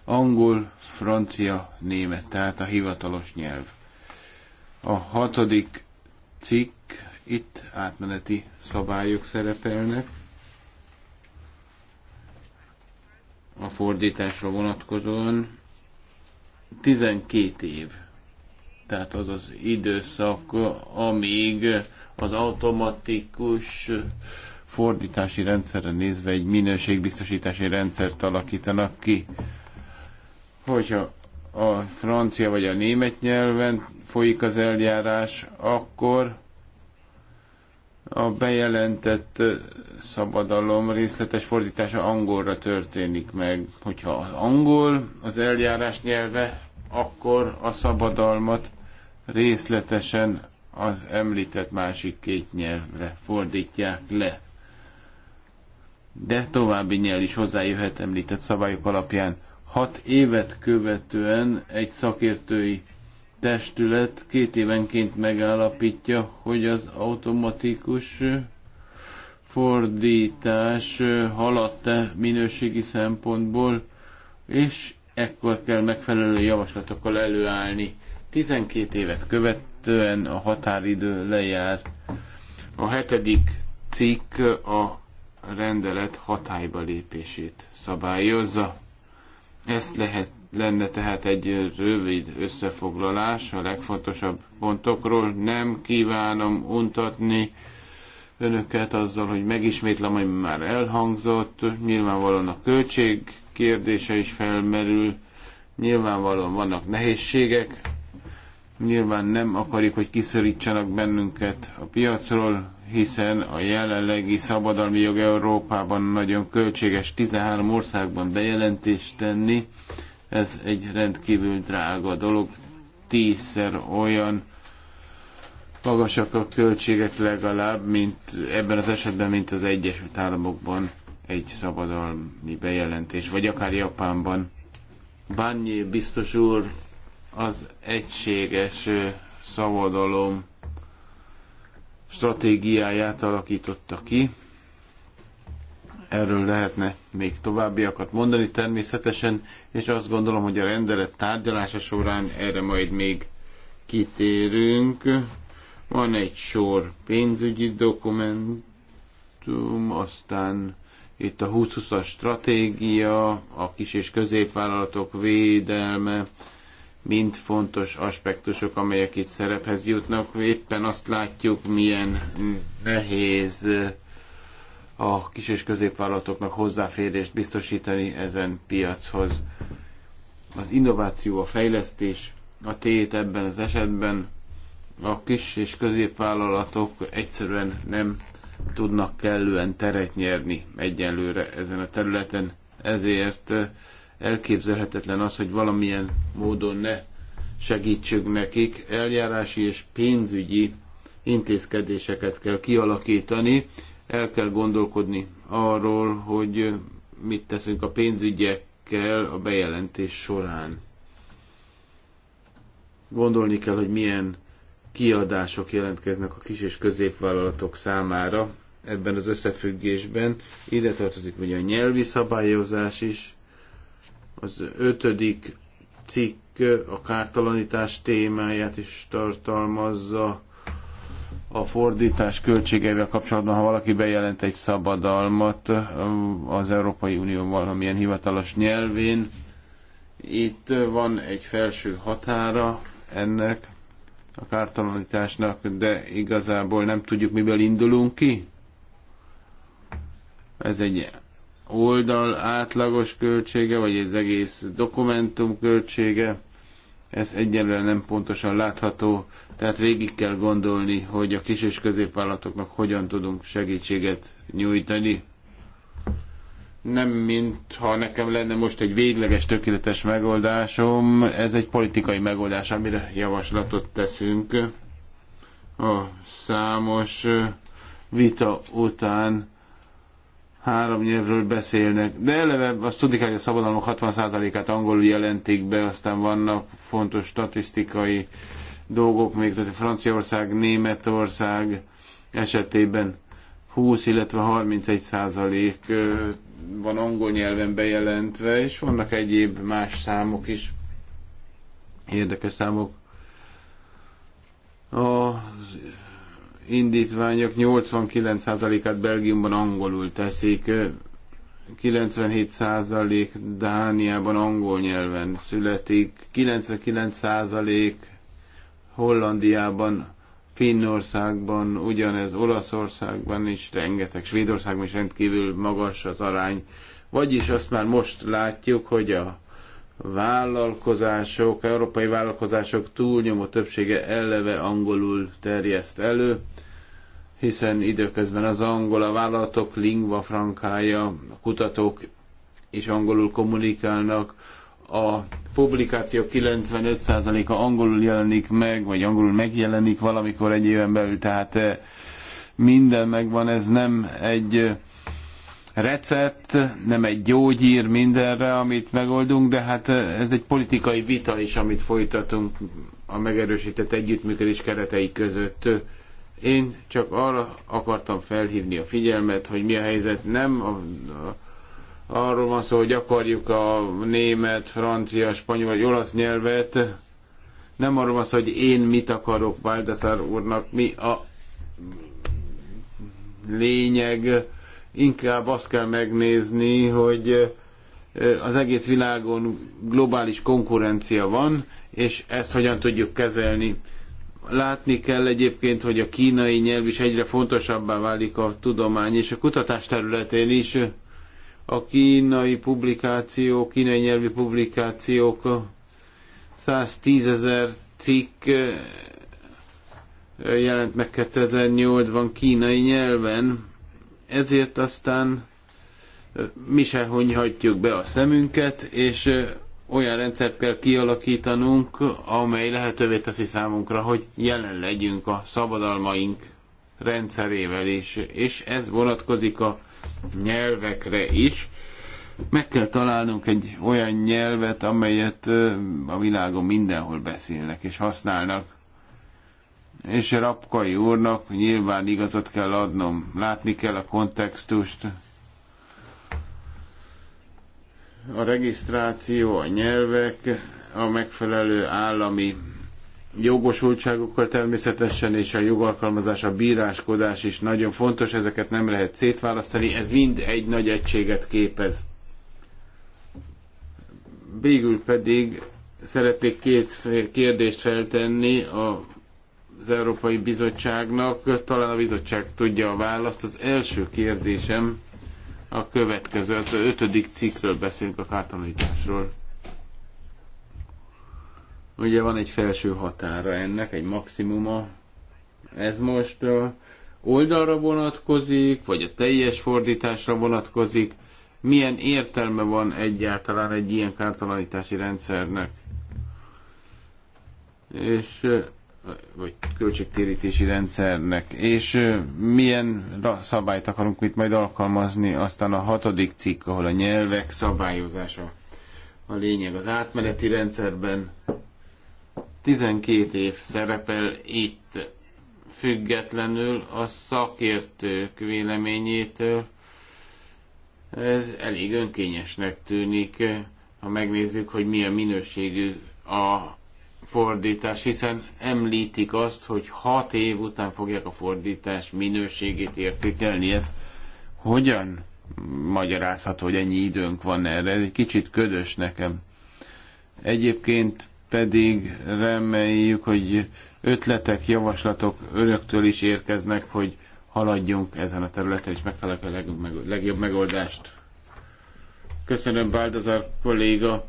angol, francia, német, tehát a hivatalos nyelv. A hatodik cikk, itt átmeneti szabályok szerepelnek. A fordításra vonatkozóan 12 év, tehát az az időszak, amíg az automatikus fordítási rendszerre nézve egy minőségbiztosítási rendszert alakítanak ki. Hogyha a francia vagy a német nyelven folyik az eljárás, akkor a bejelentett szabadalom részletes fordítása angolra történik meg. Hogyha az angol az eljárás nyelve, akkor a szabadalmat részletesen az említett másik két nyelvre fordítják le de további nyel is hozzájöhet említett szabályok alapján. Hat évet követően egy szakértői testület két évenként megállapítja, hogy az automatikus fordítás haladt-e minőségi szempontból, és ekkor kell megfelelő javaslatokkal előállni. 12 évet követően a határidő lejár. A hetedik cikk a rendelet hatályba lépését szabályozza. Ezt lehet, lenne tehát egy rövid összefoglalás a legfontosabb pontokról. Nem kívánom untatni önöket azzal, hogy megismétlem, ami már elhangzott. Nyilvánvalóan a költség kérdése is felmerül. Nyilvánvalóan vannak nehézségek, Nyilván nem akarjuk, hogy kiszorítsanak bennünket a piacról, hiszen a jelenlegi szabadalmi jog Európában nagyon költséges 13 országban bejelentést tenni. Ez egy rendkívül drága dolog, tízszer olyan magasak a költségek legalább, mint ebben az esetben, mint az Egyesült Államokban egy szabadalmi bejelentés, vagy akár Japánban. Bányé biztos úr az egységes szabadalom stratégiáját alakította ki. Erről lehetne még továbbiakat mondani természetesen, és azt gondolom, hogy a rendelet tárgyalása során erre majd még kitérünk. Van egy sor pénzügyi dokumentum, aztán itt a 2020-as stratégia, a kis és középvállalatok védelme, mind fontos aspektusok, amelyek itt szerephez jutnak. Éppen azt látjuk, milyen nehéz a kis és középvállalatoknak hozzáférést biztosítani ezen piachoz. Az innováció, a fejlesztés, a tét ebben az esetben a kis és középvállalatok egyszerűen nem tudnak kellően teret nyerni egyenlőre ezen a területen, ezért elképzelhetetlen az, hogy valamilyen módon ne segítsünk nekik. Eljárási és pénzügyi intézkedéseket kell kialakítani, el kell gondolkodni arról, hogy mit teszünk a pénzügyekkel a bejelentés során. Gondolni kell, hogy milyen kiadások jelentkeznek a kis és középvállalatok számára ebben az összefüggésben. Ide tartozik ugye a nyelvi szabályozás is, az ötödik cikk a kártalanítás témáját is tartalmazza a fordítás költségeivel kapcsolatban, ha valaki bejelent egy szabadalmat az Európai Unió valamilyen hivatalos nyelvén, itt van egy felső határa ennek a kártalanításnak, de igazából nem tudjuk, miből indulunk ki. Ez egy oldal átlagos költsége, vagy az egész dokumentum költsége, ez egyenlően nem pontosan látható, tehát végig kell gondolni, hogy a kis és középvállalatoknak hogyan tudunk segítséget nyújtani. Nem, mintha nekem lenne most egy végleges, tökéletes megoldásom, ez egy politikai megoldás, amire javaslatot teszünk. A számos vita után három nyelvről beszélnek, de eleve azt tudni kell, hogy a szabadalmak 60%-át angolul jelentik be, aztán vannak fontos statisztikai dolgok még, tehát Franciaország, Németország esetében 20, illetve 31 van angol nyelven bejelentve, és vannak egyéb más számok is, érdekes számok. A indítványok 89%-át Belgiumban angolul teszik, 97% Dániában angol nyelven születik, 99% Hollandiában, Finnországban, ugyanez Olaszországban is rengeteg, Svédországban is rendkívül magas az arány. Vagyis azt már most látjuk, hogy a vállalkozások, európai vállalkozások túlnyomó többsége eleve angolul terjeszt elő, hiszen időközben az angol a vállalatok lingva frankája, a kutatók is angolul kommunikálnak, a publikáció 95%-a angolul jelenik meg, vagy angolul megjelenik valamikor egy éven belül, tehát eh, minden megvan, ez nem egy eh, recept, nem egy gyógyír mindenre, amit megoldunk, de hát eh, ez egy politikai vita is, amit folytatunk a megerősített együttműködés keretei között. Én csak arra akartam felhívni a figyelmet, hogy mi a helyzet. Nem a, a, arról van szó, hogy akarjuk a német, francia, spanyol vagy olasz nyelvet. Nem arról van szó, hogy én mit akarok Baldassar úrnak. Mi a lényeg, Inkább azt kell megnézni, hogy az egész világon globális konkurencia van, és ezt hogyan tudjuk kezelni. Látni kell egyébként, hogy a kínai nyelv is egyre fontosabbá válik a tudomány és a kutatás területén is. A kínai publikációk, kínai nyelvi publikációk 110 ezer cikk jelent meg 2008-ban kínai nyelven, ezért aztán mi se hunyhatjuk be a szemünket, és olyan rendszert kell kialakítanunk, amely lehetővé teszi számunkra, hogy jelen legyünk a szabadalmaink rendszerével is, és ez vonatkozik a nyelvekre is. Meg kell találnunk egy olyan nyelvet, amelyet a világon mindenhol beszélnek és használnak és Rapkai úrnak nyilván igazat kell adnom. Látni kell a kontextust. A regisztráció, a nyelvek, a megfelelő állami jogosultságokkal természetesen, és a jogalkalmazás, a bíráskodás is nagyon fontos, ezeket nem lehet szétválasztani, ez mind egy nagy egységet képez. Végül pedig szeretnék két kérdést feltenni a az Európai Bizottságnak. Talán a bizottság tudja a választ. Az első kérdésem a következő, az ötödik cikkről beszélünk a kártanításról. Ugye van egy felső határa ennek, egy maximuma. Ez most oldalra vonatkozik, vagy a teljes fordításra vonatkozik? Milyen értelme van egyáltalán egy ilyen kártalanítási rendszernek? És vagy költségtérítési rendszernek, és milyen szabályt akarunk itt majd alkalmazni, aztán a hatodik cikk, ahol a nyelvek szabályozása a lényeg az átmeneti rendszerben. 12 év szerepel itt függetlenül a szakértők véleményétől. Ez elég önkényesnek tűnik, ha megnézzük, hogy milyen minőségű a fordítás, hiszen említik azt, hogy hat év után fogják a fordítás minőségét értékelni. Ez hogyan magyarázható, hogy ennyi időnk van erre? Ez egy kicsit ködös nekem. Egyébként pedig reméljük, hogy ötletek, javaslatok önöktől is érkeznek, hogy haladjunk ezen a területen, és megtaláljuk a legjobb megoldást. Köszönöm, Báldozár kolléga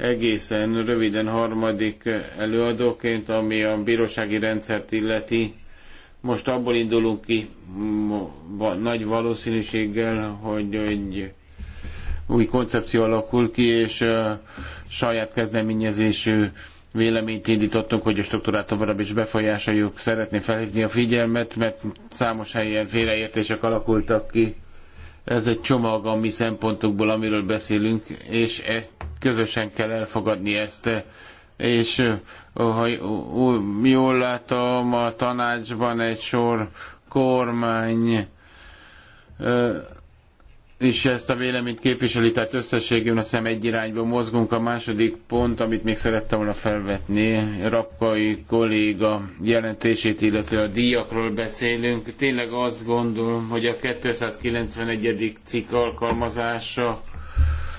egészen röviden harmadik előadóként, ami a bírósági rendszert illeti. Most abból indulunk ki nagy valószínűséggel, hogy egy új koncepció alakul ki, és saját kezdeményezésű véleményt indítottunk, hogy a struktúrát tovább is befolyásoljuk. Szeretném felhívni a figyelmet, mert számos helyen félreértések alakultak ki ez egy csomag a mi szempontokból, amiről beszélünk, és e- közösen kell elfogadni ezt. És ha jól látom, a tanácsban egy sor kormány és ezt a véleményt képviseli, tehát összességében azt hiszem egy irányba mozgunk. A második pont, amit még szerettem volna felvetni, Rapkai kolléga jelentését, illetve a díjakról beszélünk. Tényleg azt gondolom, hogy a 291. cikk alkalmazása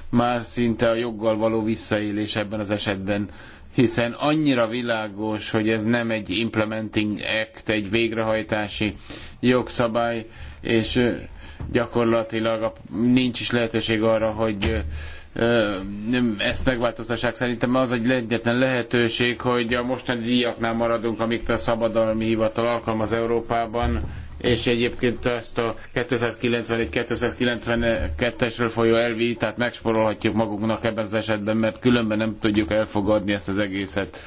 már szinte a joggal való visszaélés ebben az esetben hiszen annyira világos, hogy ez nem egy implementing act, egy végrehajtási jogszabály, és gyakorlatilag a, nincs is lehetőség arra, hogy nem, ezt megváltoztassák. Szerintem az egy egyetlen lehetőség, hogy a mostani díjaknál maradunk, amik a szabadalmi hivatal alkalmaz Európában, és egyébként ezt a 291-292-esről folyó elvi, tehát megsporolhatjuk magunknak ebben az esetben, mert különben nem tudjuk elfogadni ezt az egészet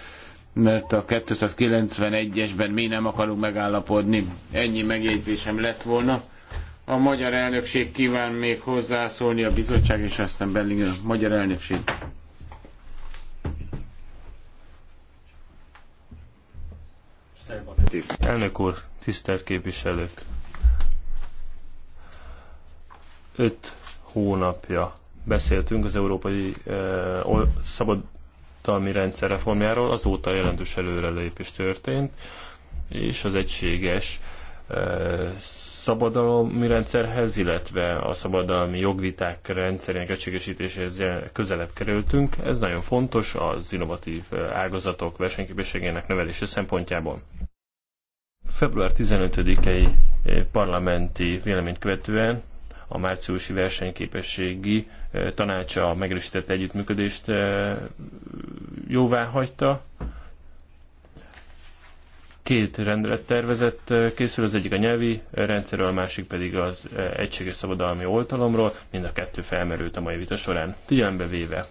mert a 291-esben mi nem akarunk megállapodni. Ennyi megjegyzésem lett volna a magyar elnökség kíván még hozzászólni a bizottság, és aztán belül a magyar elnökség. Elnök úr, tisztelt képviselők! Öt hónapja beszéltünk az európai eh, szabadalmi rendszer reformjáról, azóta jelentős előrelépés történt, és az egységes eh, szabadalmi rendszerhez, illetve a szabadalmi jogviták rendszerének egységesítéséhez közelebb kerültünk. Ez nagyon fontos az innovatív eh, ágazatok versenyképességének növelése szempontjából. Február 15-i eh, parlamenti véleményt követően a márciusi versenyképességi eh, tanácsa a megerősített együttműködést jóvá hagyta. Két rendelettervezet készül, az egyik a nyelvi rendszerről, a másik pedig az egységes szabadalmi oltalomról, mind a kettő felmerült a mai vita során. Figyelembe véve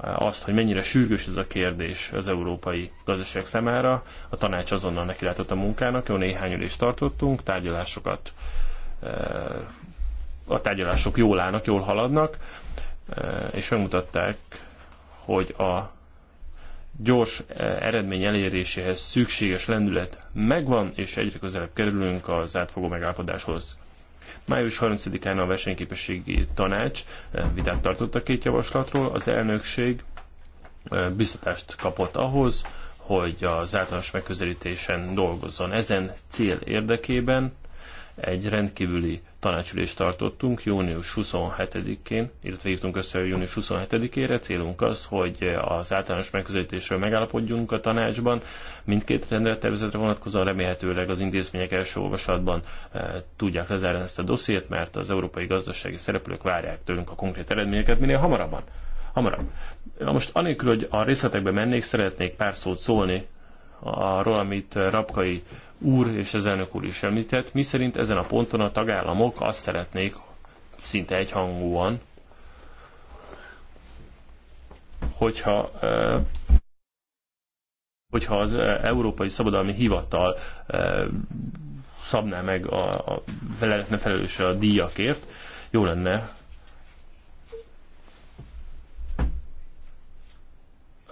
azt, hogy mennyire sürgős ez a kérdés az európai gazdaság számára. A tanács azonnal nekilátott a munkának, jó néhány ülést tartottunk, tárgyalásokat a tárgyalások jól állnak, jól haladnak, és megmutatták, hogy a gyors e, eredmény eléréséhez szükséges lendület megvan, és egyre közelebb kerülünk az átfogó megállapodáshoz. Május 30-án a versenyképességi tanács e, vitát tartott a két javaslatról. Az elnökség e, biztatást kapott ahhoz, hogy az általános megközelítésen dolgozzon. Ezen cél érdekében egy rendkívüli tanácsülést tartottunk június 27-én, illetve hívtunk össze a június 27-ére. Célunk az, hogy az általános megközelítésről megállapodjunk a tanácsban. Mindkét rendelettervezetre vonatkozóan remélhetőleg az intézmények első olvasatban e, tudják lezárni ezt a dossziét, mert az európai gazdasági szereplők várják tőlünk a konkrét eredményeket minél hamarabban. Hamarabb. Na most anélkül, hogy a részletekbe mennék, szeretnék pár szót szólni arról, amit Rapkai úr és az elnök úr is említett, miszerint ezen a ponton a tagállamok azt szeretnék szinte egyhangúan, hogyha e, hogyha az e, Európai Szabadalmi Hivatal e, szabná meg a, a lehetne felelőse a díjakért, jó lenne,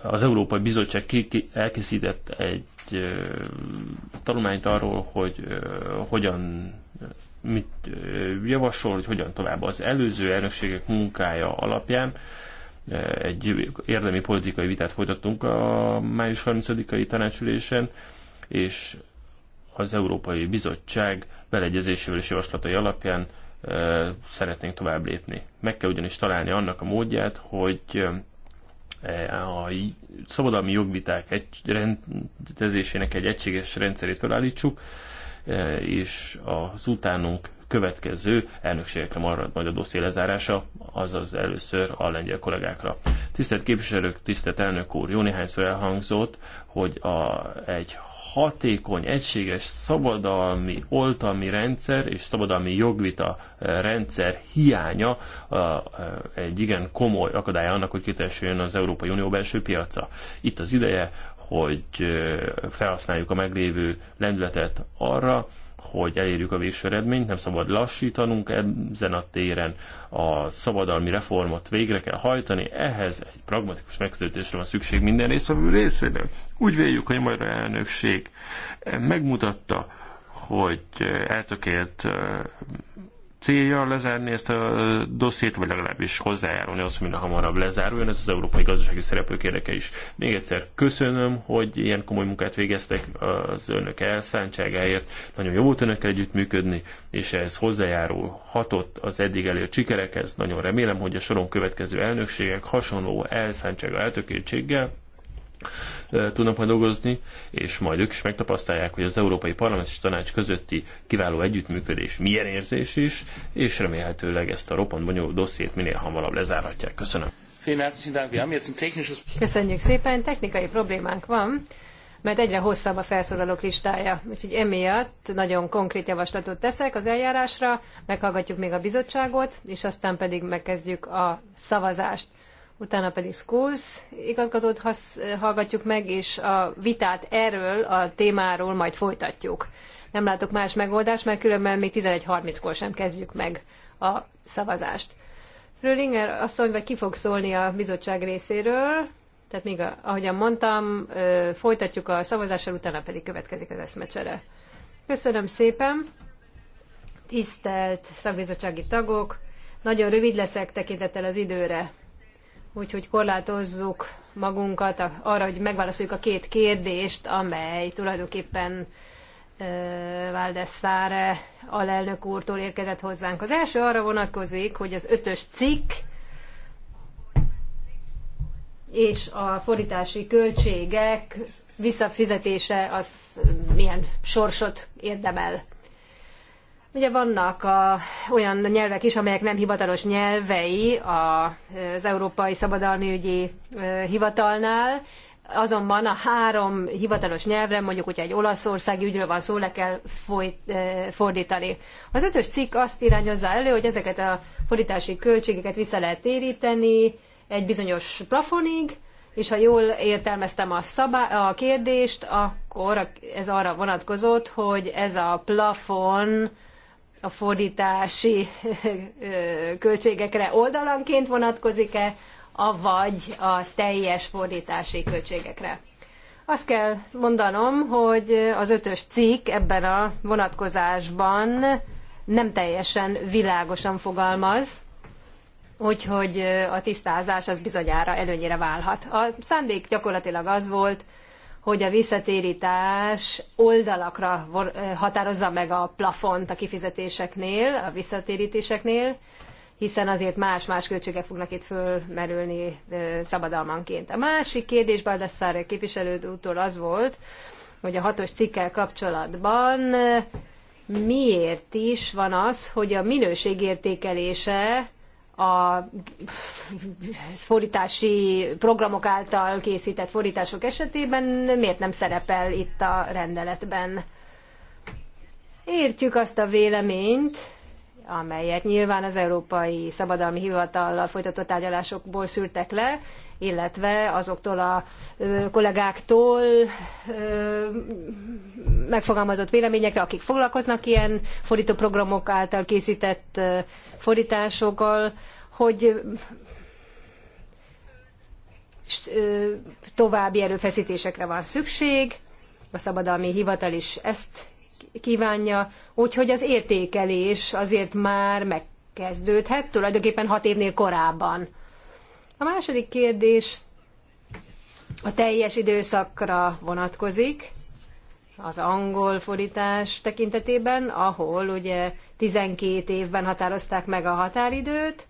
az Európai Bizottság elkészített egy tanulmányt arról, hogy hogyan mit javasol, hogy hogyan tovább az előző elnökségek munkája alapján egy érdemi politikai vitát folytattunk a május 30-ai tanácsülésen, és az Európai Bizottság beleegyezésével és javaslatai alapján szeretnénk tovább lépni. Meg kell ugyanis találni annak a módját, hogy a szabadalmi jogviták egy rendezésének egy egységes rendszerét felállítsuk, eh, és az utánunk következő elnökségekre marad majd a dosszié lezárása, azaz először a lengyel kollégákra. Tisztelt képviselők, tisztelt elnök úr, jó néhányszor elhangzott, hogy a, egy hatékony, egységes, szabadalmi, oltalmi rendszer és szabadalmi jogvita eh, rendszer hiánya eh, eh, egy igen komoly akadály annak, hogy kitesüljön az Európai Unió belső piaca. Itt az ideje, hogy felhasználjuk a meglévő lendületet arra, hogy elérjük a végső eredményt, nem szabad lassítanunk ezen a téren, a szabadalmi reformot végre kell hajtani, ehhez egy pragmatikus megszületésre van szükség minden résztvevő részéről. Úgy véljük, hogy a magyar elnökség megmutatta, hogy eltökélt célja lezárni ezt a dossziét, vagy legalábbis hozzájárulni azt, hogy minden hamarabb lezáruljon. Ez az európai gazdasági szereplők érdeke is. Még egyszer köszönöm, hogy ilyen komoly munkát végeztek az önök elszántságáért. Nagyon jó volt önökkel együttműködni, és ez hozzájárul hatott az eddig elért sikerekhez. Nagyon remélem, hogy a soron következő elnökségek hasonló elszántsága, eltökéltséggel tudnak majd dolgozni, és majd ők is megtapasztalják, hogy az Európai Parlament és Tanács közötti kiváló együttműködés milyen érzés is, és remélhetőleg ezt a roppant bonyolult dossziét minél hamarabb lezárhatják. Köszönöm. Köszönjük szépen, technikai problémánk van, mert egyre hosszabb a felszólalók listája. Úgyhogy emiatt nagyon konkrét javaslatot teszek az eljárásra, meghallgatjuk még a bizottságot, és aztán pedig megkezdjük a szavazást utána pedig Skóz igazgatót hallgatjuk meg, és a vitát erről a témáról majd folytatjuk. Nem látok más megoldást, mert különben még 11.30-kor sem kezdjük meg a szavazást. Frölinger asszony, vagy ki fog szólni a bizottság részéről, tehát még, ahogyan mondtam, folytatjuk a szavazással, utána pedig következik az eszmecsere. Köszönöm szépen, tisztelt szakbizottsági tagok, nagyon rövid leszek tekintettel az időre úgyhogy korlátozzuk magunkat arra, hogy megválaszoljuk a két kérdést, amely tulajdonképpen Valdeszáre alelnök úrtól érkezett hozzánk. Az első arra vonatkozik, hogy az ötös cikk és a fordítási költségek visszafizetése az milyen sorsot érdemel. Ugye vannak a, olyan nyelvek is, amelyek nem hivatalos nyelvei a, az Európai Szabadalmi Ügyi Hivatalnál, azonban a három hivatalos nyelvre, mondjuk, hogyha egy olaszországi ügyről van szó, le kell folyt, fordítani. Az ötös cikk azt irányozza elő, hogy ezeket a fordítási költségeket vissza lehet téríteni egy bizonyos plafonig, és ha jól értelmeztem a, szabá- a kérdést, akkor ez arra vonatkozott, hogy ez a plafon a fordítási költségekre oldalanként vonatkozik-e, avagy a teljes fordítási költségekre. Azt kell mondanom, hogy az ötös cikk ebben a vonatkozásban nem teljesen világosan fogalmaz, úgyhogy a tisztázás az bizonyára előnyére válhat. A szándék gyakorlatilag az volt, hogy a visszatérítás oldalakra határozza meg a plafont a kifizetéseknél, a visszatérítéseknél, hiszen azért más-más költségek fognak itt fölmerülni szabadalmanként. A másik kérdés Baldassar képviselő úttól az volt, hogy a hatos cikkel kapcsolatban miért is van az, hogy a minőségértékelése a fordítási programok által készített fordítások esetében miért nem szerepel itt a rendeletben. Értjük azt a véleményt, amelyet nyilván az Európai Szabadalmi Hivatallal folytatott tárgyalásokból szűrtek le, illetve azoktól a kollégáktól megfogalmazott véleményekre, akik foglalkoznak ilyen fordítóprogramok által készített fordításokkal, hogy további erőfeszítésekre van szükség, a szabadalmi hivatal is ezt kívánja, úgyhogy az értékelés azért már megkezdődhet, tulajdonképpen hat évnél korábban. A második kérdés a teljes időszakra vonatkozik, az angol fordítás tekintetében, ahol ugye 12 évben határozták meg a határidőt.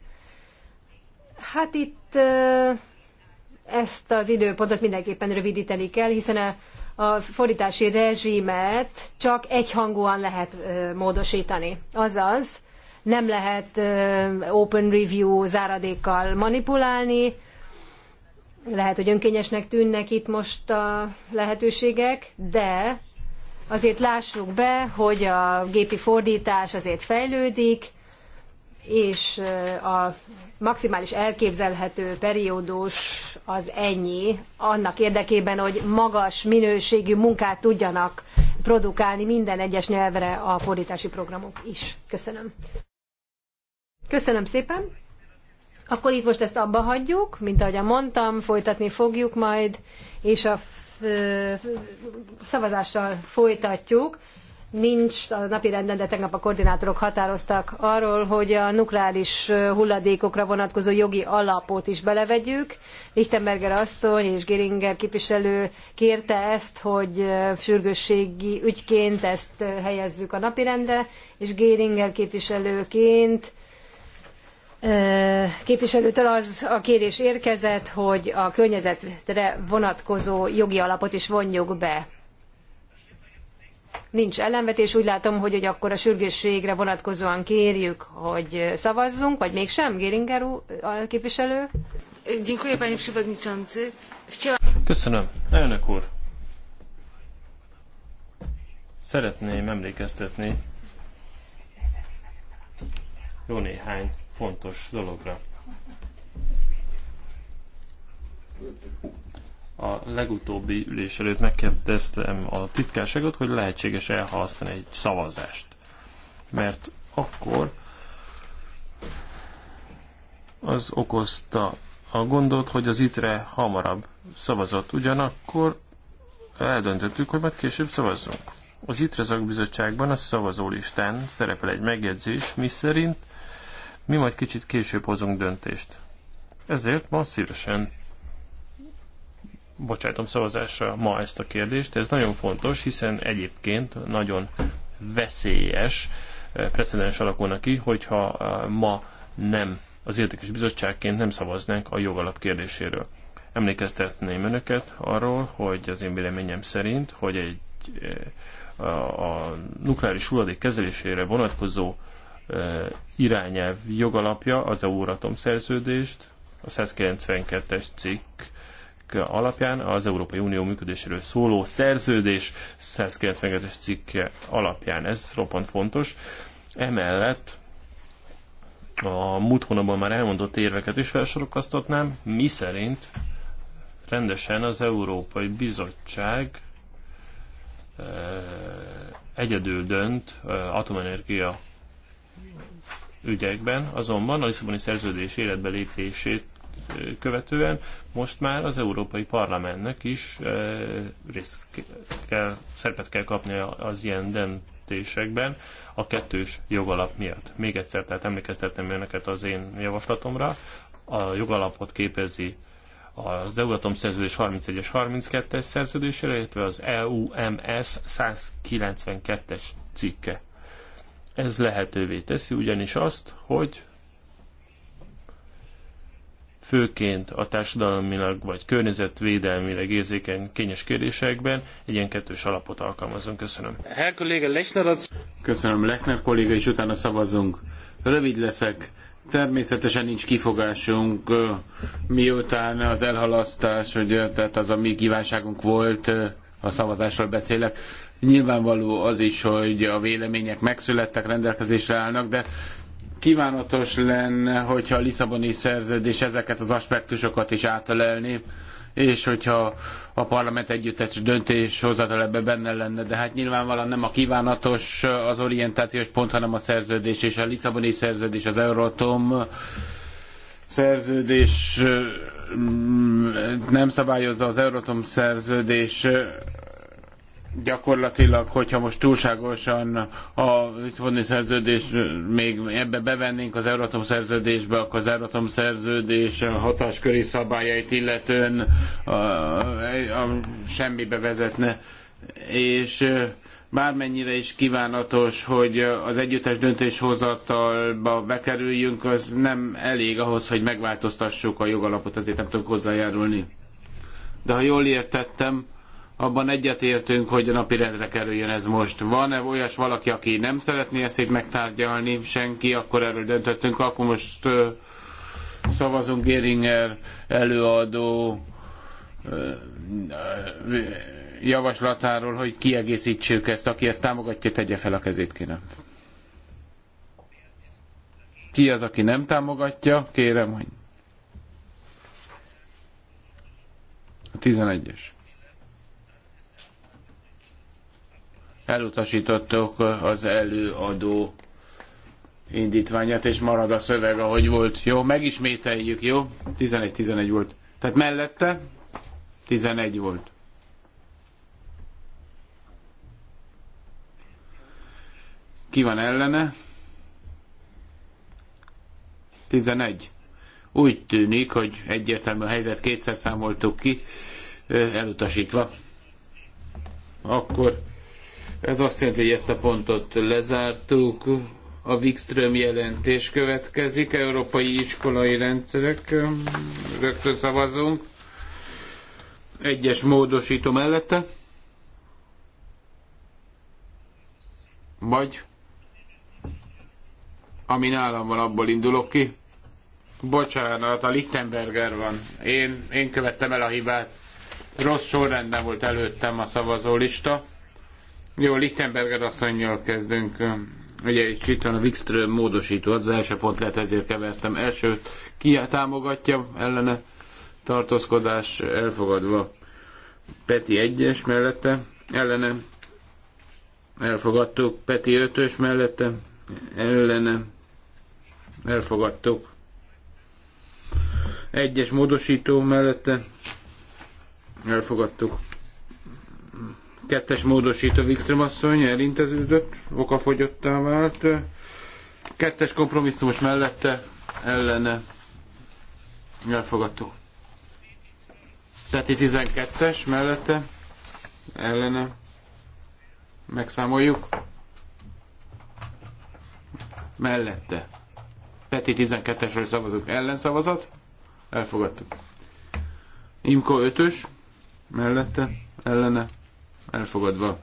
Hát itt ezt az időpontot mindenképpen rövidíteni kell, hiszen a, a fordítási rezsimet csak egyhangúan lehet módosítani. Azaz, nem lehet open review záradékkal manipulálni. Lehet, hogy önkényesnek tűnnek itt most a lehetőségek, de azért lássuk be, hogy a gépi fordítás azért fejlődik, és a maximális elképzelhető periódus az ennyi, annak érdekében, hogy magas minőségű munkát tudjanak produkálni minden egyes nyelvre a fordítási programok is. Köszönöm. Köszönöm szépen. Akkor itt most ezt abba hagyjuk, mint ahogy mondtam, folytatni fogjuk majd, és a szavazással folytatjuk. Nincs a napi renden, de tegnap a koordinátorok határoztak arról, hogy a nukleáris hulladékokra vonatkozó jogi alapot is belevegyük. Lichtenberger asszony és Geringer képviselő kérte ezt, hogy sürgősségi ügyként ezt helyezzük a napirendre, és Geringer képviselőként képviselőtől az a kérés érkezett, hogy a környezetre vonatkozó jogi alapot is vonjuk be. Nincs ellenvetés, úgy látom, hogy, hogy akkor a sürgősségre vonatkozóan kérjük, hogy szavazzunk, vagy mégsem, Géringer képviselő? Köszönöm, elnök úr. Szeretném emlékeztetni jó néhány fontos dologra. A legutóbbi ülés előtt megkérdeztem a titkárságot, hogy lehetséges elhalasztani egy szavazást. Mert akkor az okozta a gondot, hogy az ITRE hamarabb szavazott. Ugyanakkor eldöntöttük, hogy majd később szavazzunk. Az ITRE szakbizottságban a szavazólistán szerepel egy megjegyzés, miszerint mi majd kicsit később hozunk döntést. Ezért ma szívesen bocsájtom szavazásra ma ezt a kérdést. Ez nagyon fontos, hiszen egyébként nagyon veszélyes eh, precedens alakulna ki, hogyha eh, ma nem az értékes bizottságként nem szavaznánk a jogalap kérdéséről. Emlékeztetném önöket arról, hogy az én véleményem szerint, hogy egy eh, a, a nukleáris hulladék kezelésére vonatkozó irányelv jogalapja az Euratom szerződést, a 192-es cikk alapján az Európai Unió működéséről szóló szerződés 192-es cikke alapján. Ez roppant fontos. Emellett a múlt hónapban már elmondott érveket is felsorokasztatnám, mi szerint rendesen az Európai Bizottság egyedül dönt atomenergia ügyekben, azonban a Lisszaboni szerződés életbe lépését követően most már az Európai Parlamentnek is részt kell, szerepet kell kapni az ilyen döntésekben a kettős jogalap miatt. Még egyszer, tehát emlékeztetem önöket az én javaslatomra. A jogalapot képezi az Euratom szerződés 31-es 32-es szerződésére, illetve az EUMS 192-es cikke. Ez lehetővé teszi ugyanis azt, hogy főként a társadalmilag vagy környezetvédelmileg érzékeny kényes kérdésekben egy ilyen kettős alapot alkalmazunk. Köszönöm. Köszönöm Lechner kolléga, és utána szavazunk. Rövid leszek. Természetesen nincs kifogásunk, miután az elhalasztás, hogy, tehát az a mi kívánságunk volt, a szavazásról beszélek Nyilvánvaló az is, hogy a vélemények megszülettek, rendelkezésre állnak, de kívánatos lenne, hogyha a Lisszaboni szerződés ezeket az aspektusokat is átölelni, és hogyha a parlament együttes döntéshozatal ebben benne lenne, de hát nyilvánvalóan nem a kívánatos az orientációs pont, hanem a szerződés, és a Lisszaboni szerződés, az Euratom szerződés mm, nem szabályozza az Euratom szerződés gyakorlatilag, hogyha most túlságosan a Lisszaboni szerződést még ebbe bevennénk az Euratom szerződésbe, akkor az Euratom szerződés hatásköri szabályait illetően a, a, a, semmibe vezetne. És bármennyire is kívánatos, hogy az együttes döntéshozatalba bekerüljünk, az nem elég ahhoz, hogy megváltoztassuk a jogalapot, ezért nem tudok hozzájárulni. De ha jól értettem, abban egyetértünk, hogy a napi rendre kerüljön ez most. Van-e olyas valaki, aki nem szeretné ezt itt megtárgyalni, senki, akkor erről döntöttünk, akkor most szavazunk Géringer előadó javaslatáról, hogy kiegészítsük ezt, aki ezt támogatja, tegye fel a kezét, kérem. Ki az, aki nem támogatja? Kérem, hogy... A 11-es. Elutasítottok az előadó indítványát, és marad a szöveg, ahogy volt. Jó, megismételjük, jó? 11-11 volt. Tehát mellette 11 volt. Ki van ellene? 11. Úgy tűnik, hogy egyértelmű a helyzet, kétszer számoltuk ki, elutasítva. Akkor ez azt jelenti, hogy ezt a pontot lezártuk. A Wikström jelentés következik, európai iskolai rendszerek. Um, rögtön szavazunk. Egyes módosító mellette. Vagy ami nálam van, abból indulok ki. Bocsánat, a Lichtenberger van. Én, én követtem el a hibát. Rossz sorrendben volt előttem a szavazólista. Jó, Lichtenberger asszonynal kezdünk. Ugye itt van a Wikström módosító, az első pont lehet, ezért kevertem. Első ki támogatja ellene tartózkodás elfogadva. Peti 1-es mellette, ellene elfogadtuk. Peti 5-ös mellette, ellene elfogadtuk. Egyes módosító mellette elfogadtuk. Kettes módosító Wikström asszony elinteződött, okafogyottá vált. Kettes kompromisszumos mellette ellene elfogadtuk. Teti 12-es mellette ellene megszámoljuk. Mellette. Peti 12-esről szavazunk ellenszavazat. Elfogadtuk. Imko 5-ös mellette ellene elfogadva.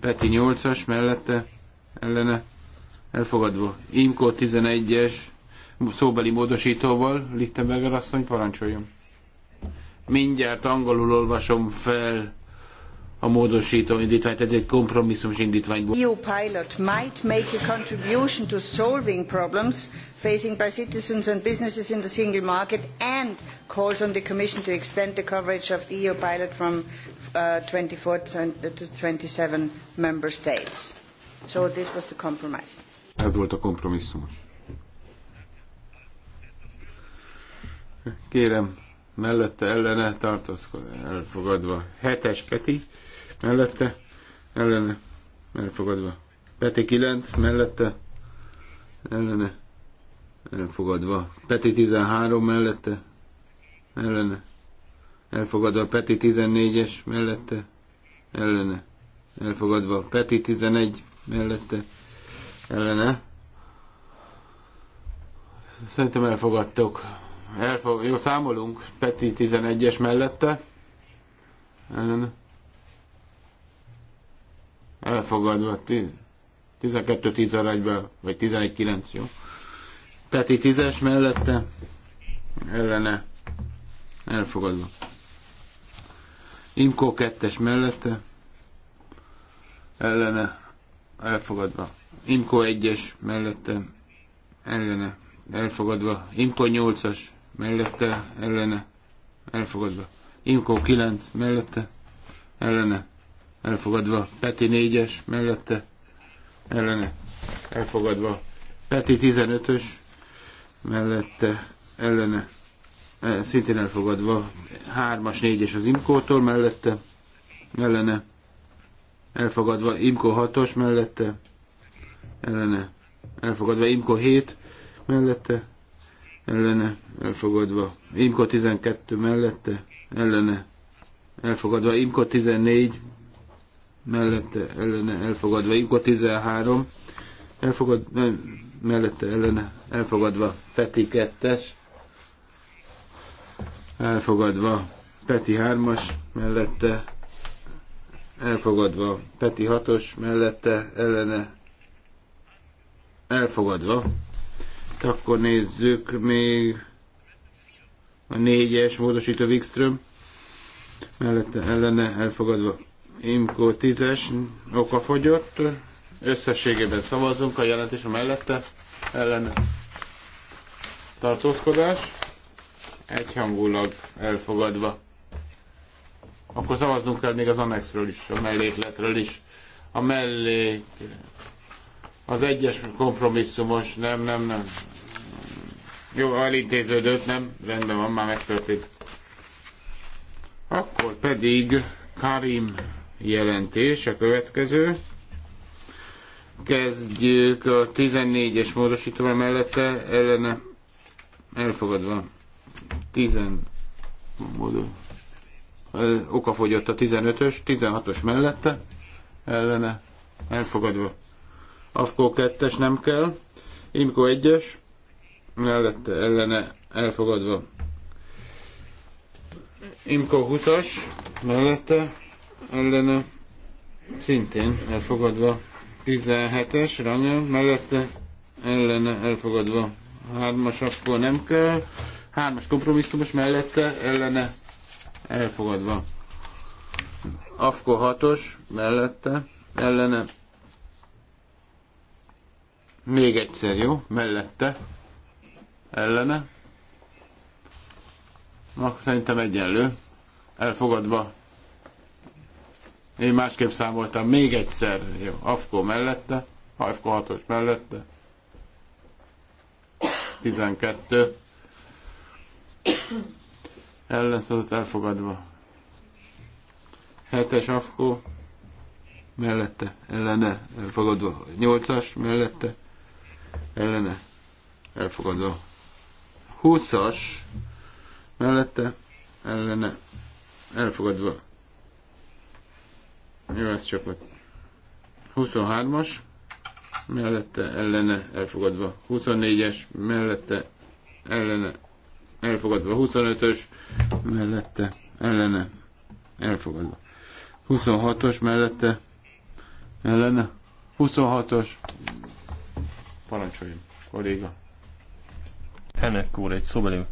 Peti 8-as mellette, ellene, elfogadva. Imko 11-es, szóbeli módosítóval, Lichtenberger asszony parancsoljon. Mindjárt angolul olvasom fel a módosító indítványt, ez egy kompromisszumos indítvány volt. EU pilot might make a contribution to solving problems facing by citizens and businesses in the single market and calls on the Commission to extend the coverage of the EU pilot from uh, 24 to 27 member states. So this was the compromise. Ez volt a kompromisszumos. Kérem, mellette ellene tartozkodva, elfogadva. Hetes Peti mellette, ellene, elfogadva. Peti 9 mellette, ellene, elfogadva. Peti 13 mellette, ellene, elfogadva. Peti 14-es mellette, ellene, elfogadva. Peti 11 mellette, ellene. Szerintem elfogadtok. Elfog... Jó, számolunk. Peti 11-es mellette. Ellene elfogadva 12-11-ben, vagy 11-9, jó? Peti 10-es mellette ellene elfogadva. Imkó 2-es mellette ellene elfogadva. Imkó 1-es mellette ellene elfogadva. Imkó 8-as mellette ellene elfogadva. Imkó 9 mellette ellene elfogadva. Peti 4-es mellette ellene elfogadva. Peti 15-ös mellette ellene e, szintén elfogadva. 3-as, 4-es az Imkótól mellette ellene elfogadva. Imkó 6-os mellette ellene elfogadva. Imkó 7 mellette ellene elfogadva. Imkó 12 mellette ellene elfogadva. Imkó 14 mellette ellene elfogadva, Imko 13, elfogad, nem, mellette ellene elfogadva, Peti 2-es, elfogadva, Peti 3-as, mellette elfogadva, Peti 6-os, mellette ellene elfogadva. Hát akkor nézzük még a 4-es módosító Wikström, mellette ellene elfogadva, Imko 10-es okafogyott. Összességében szavazunk a jelentés a mellette ellen tartózkodás. Egyhangulag elfogadva. Akkor szavaznunk kell még az annexről is, a mellékletről is. A mellék... Az egyes kompromisszumos, nem, nem, nem. Jó, elintéződött, nem? Rendben van, már megtörtént. Akkor pedig Karim jelentés a következő. Kezdjük a 14-es módosítóval mellette ellene elfogadva. 10 módon. Okafogyott a 15-ös, 16-os mellette ellene elfogadva. Afkó 2-es nem kell. Imko 1-es mellette ellene elfogadva. Imko 20-as mellette ellene szintén elfogadva 17-es Ranya mellette ellene elfogadva 3-as akkor nem kell 3-as kompromisszumos mellette ellene elfogadva Afko 6-os mellette ellene még egyszer, jó? Mellette ellene akkor szerintem egyenlő elfogadva én másképp számoltam még egyszer. Jó, Afko mellette, Afko 6 mellette. 12. Ellenszózott elfogadva. 7-es Afko mellette, ellene, elfogadva. 8-as mellette, ellene, elfogadva. 20-as mellette, ellene, elfogadva. Jó, ez csak ott. 23-as, mellette ellene elfogadva. 24-es, mellette ellene elfogadva. 25-ös, mellette ellene elfogadva. 26-os mellette ellene. 26-os. Parancsoljon, kolléga. Ennek úr egy szobeli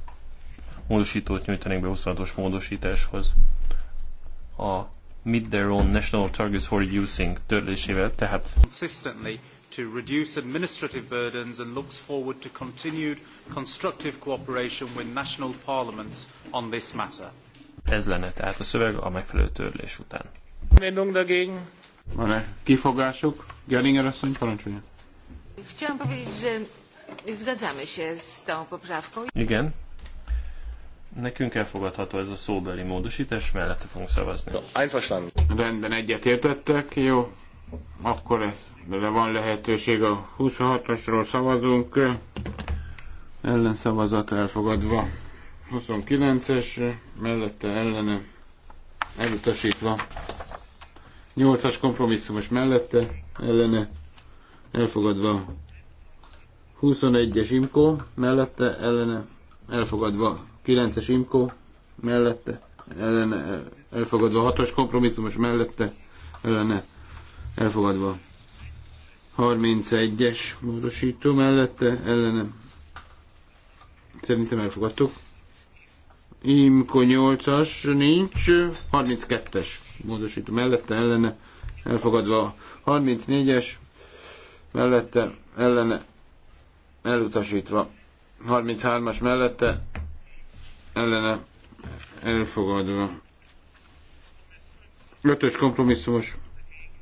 módosítót nyújtanék be 26-os módosításhoz. A meet Their Own National Targets for Reducing törlésével, tehát consistently to reduce administrative burdens and looks forward to continued constructive cooperation with national parliaments on this matter. Ez lenne tehát a szöveg a megfelelő törlés után. Van-e kifogások? Gellinger asszony, parancsolja. Chciałam powiedzieć, że zgadzamy się z tą poprawką. Igen, Nekünk elfogadható ez a szóbeli módosítás, mellette fogunk szavazni. Einverstanden. Rendben, egyetértettek, jó. Akkor ez, de van lehetőség a 26-osról szavazunk. Ellenszavazat elfogadva. 29-es, mellette ellene elutasítva. 8-as kompromisszumos mellette ellene elfogadva. 21-es Imkó mellette ellene elfogadva. 9-es Imko mellette ellene elfogadva, a 6-os kompromisszumos mellette ellene elfogadva. a 31-es módosító mellette ellene szerintem elfogadtuk. Imko 8-as nincs, 32-es módosító mellette ellene elfogadva. a 34-es mellette ellene elutasítva. 33-as mellette ellene elfogadva. Ötös kompromisszumos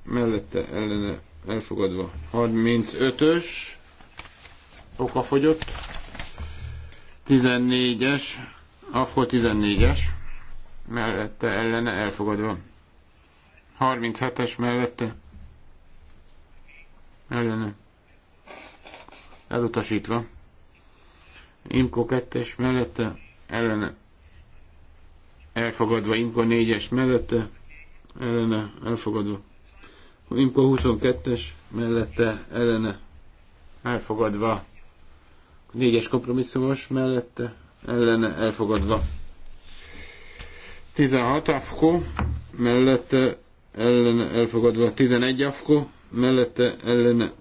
mellette ellene elfogadva. 35-ös okafogyott. 14-es, AFO 14-es mellette ellene elfogadva. 37-es mellette ellene elutasítva. Imko 2-es mellette ellene elfogadva, Imko 4-es mellette ellene elfogadva, Imko 22-es mellette ellene elfogadva, 4-es kompromisszumos mellette ellene elfogadva. 16 afko, mellette ellene elfogadva, 11 afko, mellette ellene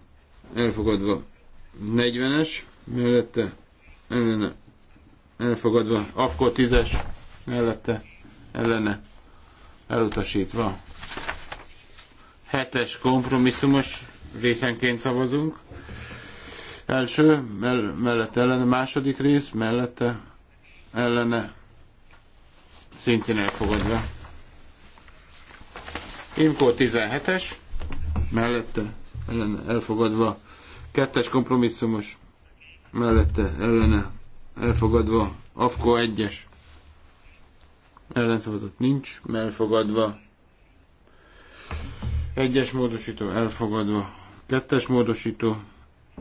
elfogadva, 40-es, mellette ellene elfogadva, akkor tízes mellette ellene elutasítva. Hetes kompromisszumos részenként szavazunk. Első, mell- mellette ellene, második rész, mellette ellene, szintén elfogadva. Imkó 17-es, mellette ellene elfogadva, kettes kompromisszumos, mellette ellene elfogadva. AFKO 1-es ellenszavazat nincs, elfogadva. Egyes módosító elfogadva. Kettes módosító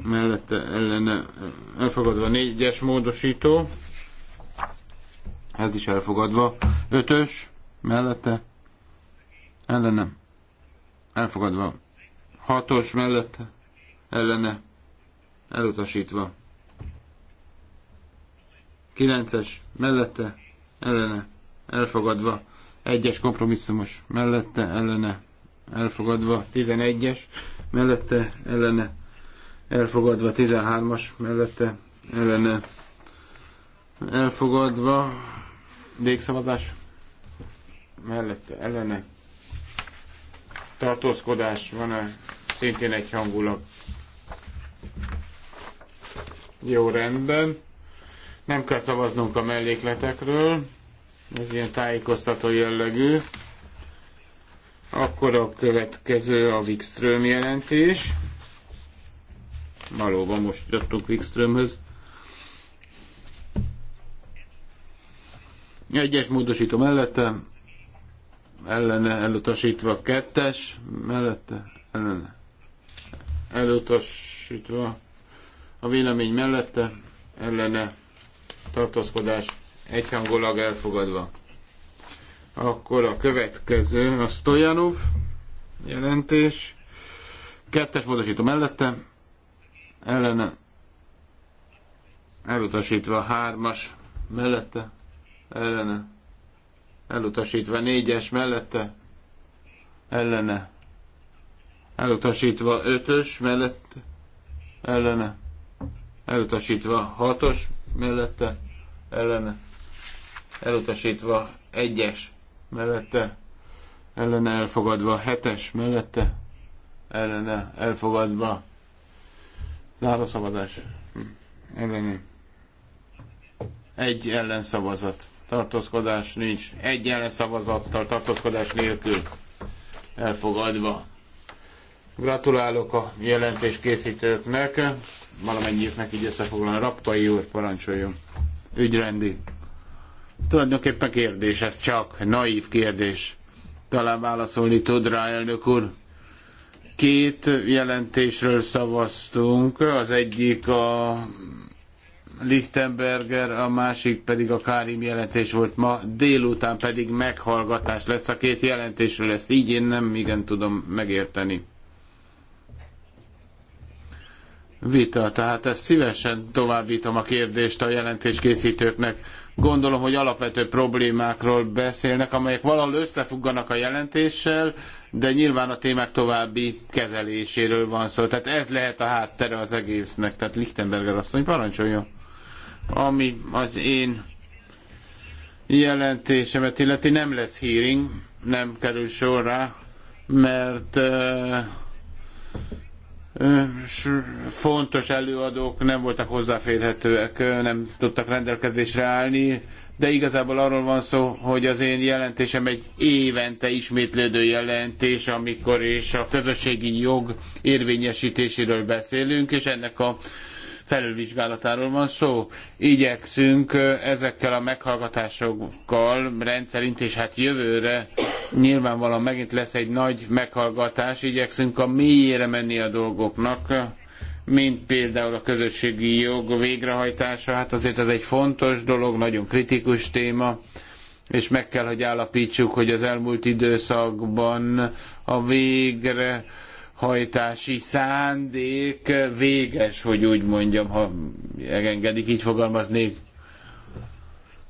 mellette ellene elfogadva. Négyes módosító. Ez is elfogadva. Ötös mellette ellene elfogadva. Hatos mellette ellene elutasítva. 9-es mellette ellene elfogadva, 1-es kompromisszumos mellette ellene elfogadva, 11-es mellette ellene elfogadva, 13-as mellette ellene elfogadva, végszavazás mellette ellene tartózkodás van-e szintén egy hangulat. Jó, rendben. Nem kell szavaznunk a mellékletekről, ez ilyen tájékoztató jellegű. Akkor a következő a Wikström jelentés. Valóban most jöttünk Wikströmhöz. Egyes módosító mellette, ellene elutasítva kettes, mellette, ellene elutasítva a vélemény mellette, ellene tartózkodás egyhangulag elfogadva. Akkor a következő a Stojanov jelentés. Kettes módosító mellette, ellene elutasítva hármas mellette, ellene elutasítva négyes mellette, ellene elutasítva ötös mellette, ellene elutasítva hatos mellette ellene elutasítva, egyes mellette ellene elfogadva, hetes mellette ellene elfogadva. zárószavazás, szavazás Egy ellenszavazat. Tartózkodás nincs. Egy ellenszavazattal tartózkodás nélkül elfogadva. Gratulálok a jelentés készítőknek. Valamennyiüknek így összefoglalni. Rappai úr, parancsoljon. Ügyrendi. Tulajdonképpen kérdés, ez csak naív kérdés. Talán válaszolni tud rá, elnök úr. Két jelentésről szavaztunk, az egyik a Lichtenberger, a másik pedig a Kárim jelentés volt ma, délután pedig meghallgatás lesz a két jelentésről, ezt így én nem igen tudom megérteni. vita. Tehát ezt szívesen továbbítom a kérdést a jelentéskészítőknek. Gondolom, hogy alapvető problémákról beszélnek, amelyek valahol összefugganak a jelentéssel, de nyilván a témák további kezeléséről van szó. Tehát ez lehet a háttere az egésznek. Tehát Lichtenberger asszony parancsoljon. Ami az én jelentésemet illeti, nem lesz hearing, nem kerül sor rá, mert uh, fontos előadók nem voltak hozzáférhetőek, nem tudtak rendelkezésre állni, de igazából arról van szó, hogy az én jelentésem egy évente ismétlődő jelentés, amikor és a közösségi jog érvényesítéséről beszélünk, és ennek a felülvizsgálatáról van szó. Igyekszünk ezekkel a meghallgatásokkal rendszerint, és hát jövőre Nyilvánvalóan megint lesz egy nagy meghallgatás, igyekszünk a mélyére menni a dolgoknak, mint például a közösségi jog végrehajtása, hát azért ez egy fontos dolog, nagyon kritikus téma, és meg kell, hogy állapítsuk, hogy az elmúlt időszakban a végre hajtási szándék véges, hogy úgy mondjam, ha engedik így fogalmaznék.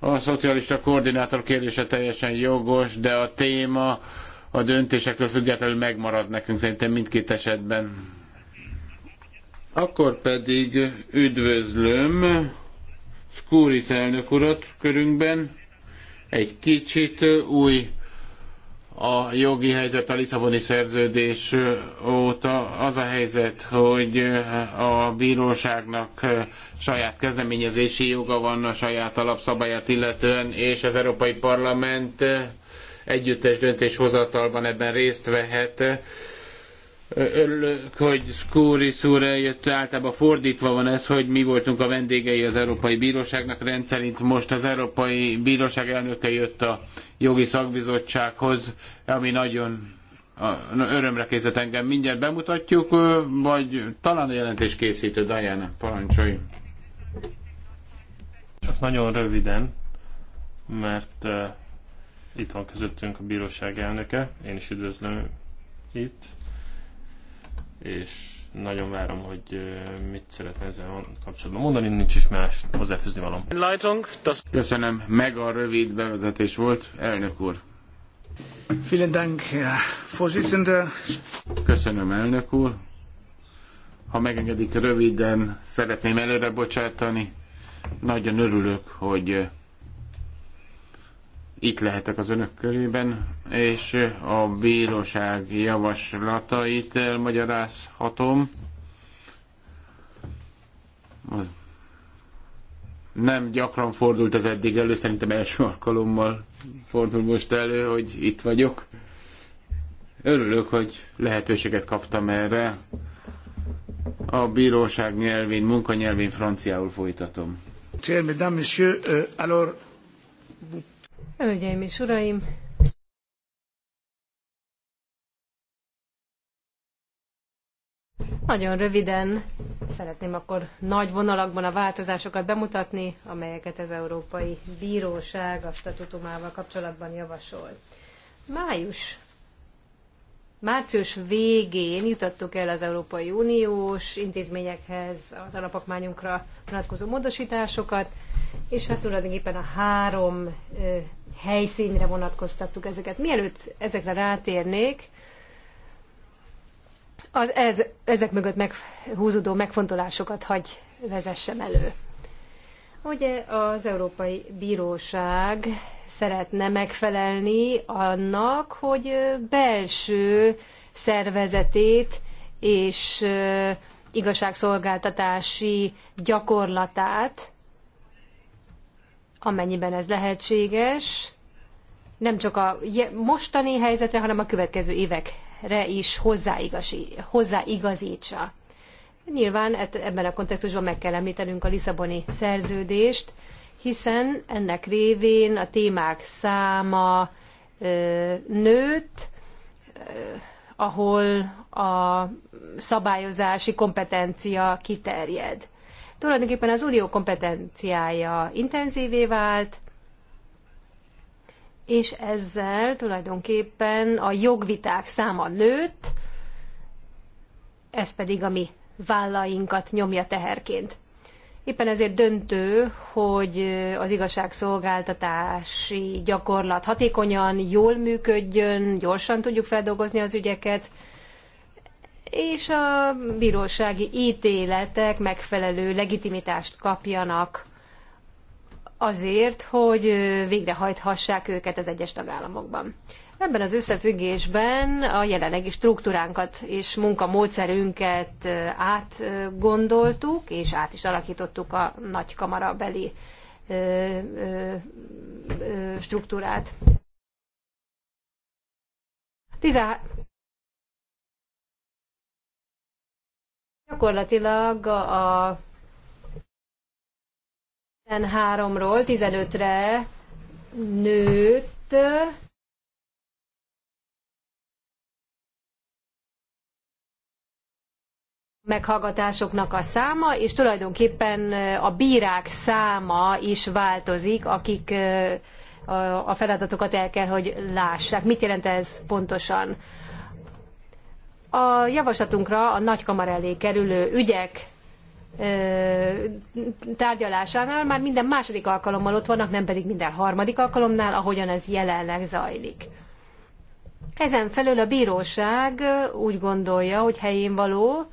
A szocialista koordinátor kérdése teljesen jogos, de a téma a döntésekről függetlenül megmarad nekünk szerintem mindkét esetben. Akkor pedig üdvözlöm Skúris elnök urat körünkben. Egy kicsit új a jogi helyzet a Lisszaboni szerződés óta az a helyzet, hogy a bíróságnak saját kezdeményezési joga van a saját alapszabályát illetően, és az Európai Parlament együttes döntéshozatalban ebben részt vehet Örülök, hogy Skóris úr eljött, általában fordítva van ez, hogy mi voltunk a vendégei az Európai Bíróságnak, rendszerint most az Európai Bíróság elnöke jött a jogi szakbizottsághoz, ami nagyon örömre készített engem. Mindjárt bemutatjuk, vagy talán a jelentés készítő, Diana, parancsolj. Csak nagyon röviden, mert uh, itt van közöttünk a bíróság elnöke, én is üdvözlöm itt és nagyon várom, hogy mit szeretne ezzel kapcsolatban mondani, nincs is más hozzáfűzni valam. Köszönöm, meg a rövid bevezetés volt, elnök úr. Vielen Dank, Köszönöm, elnök úr. Ha megengedik, röviden szeretném előre bocsátani. Nagyon örülök, hogy itt lehetek az önök körében, és a bíróság javaslatait elmagyarázhatom. Nem gyakran fordult ez eddig elő, szerintem első alkalommal fordul most elő, hogy itt vagyok. Örülök, hogy lehetőséget kaptam erre. A bíróság nyelvén, munkanyelvén franciául folytatom. Mesdames, messieurs, euh, alors vous Hölgyeim és uraim! Nagyon röviden szeretném akkor nagy vonalakban a változásokat bemutatni, amelyeket az Európai Bíróság a statutumával kapcsolatban javasol. Május március végén jutottuk el az Európai Uniós intézményekhez az alapokmányunkra vonatkozó módosításokat, és hát tulajdonképpen a három helyszínre vonatkoztattuk ezeket. Mielőtt ezekre rátérnék, az ez, ezek mögött meghúzódó megfontolásokat hagy vezessem elő. Ugye az Európai Bíróság szeretne megfelelni annak, hogy belső szervezetét és igazságszolgáltatási gyakorlatát amennyiben ez lehetséges, nem csak a mostani helyzetre, hanem a következő évekre is hozzáigazítsa. Nyilván ebben a kontextusban meg kell említenünk a Lisszaboni szerződést, hiszen ennek révén a témák száma nőtt, ahol a szabályozási kompetencia kiterjed. Tulajdonképpen az unió kompetenciája intenzívé vált, és ezzel tulajdonképpen a jogviták száma nőtt, ez pedig a mi vállainkat nyomja teherként. Éppen ezért döntő, hogy az igazságszolgáltatási gyakorlat hatékonyan, jól működjön, gyorsan tudjuk feldolgozni az ügyeket, és a bírósági ítéletek megfelelő legitimitást kapjanak azért, hogy végrehajthassák őket az egyes tagállamokban. Ebben az összefüggésben a jelenlegi struktúránkat és munkamódszerünket átgondoltuk, és át is alakítottuk a nagykamara beli struktúrát. 13 Gyakorlatilag a 13-ról 15-re nőtt, meghallgatásoknak a száma, és tulajdonképpen a bírák száma is változik, akik a feladatokat el kell, hogy lássák. Mit jelent ez pontosan? A javaslatunkra a nagykamar elé kerülő ügyek tárgyalásánál már minden második alkalommal ott vannak, nem pedig minden harmadik alkalomnál, ahogyan ez jelenleg zajlik. Ezen felül a bíróság úgy gondolja, hogy helyén való,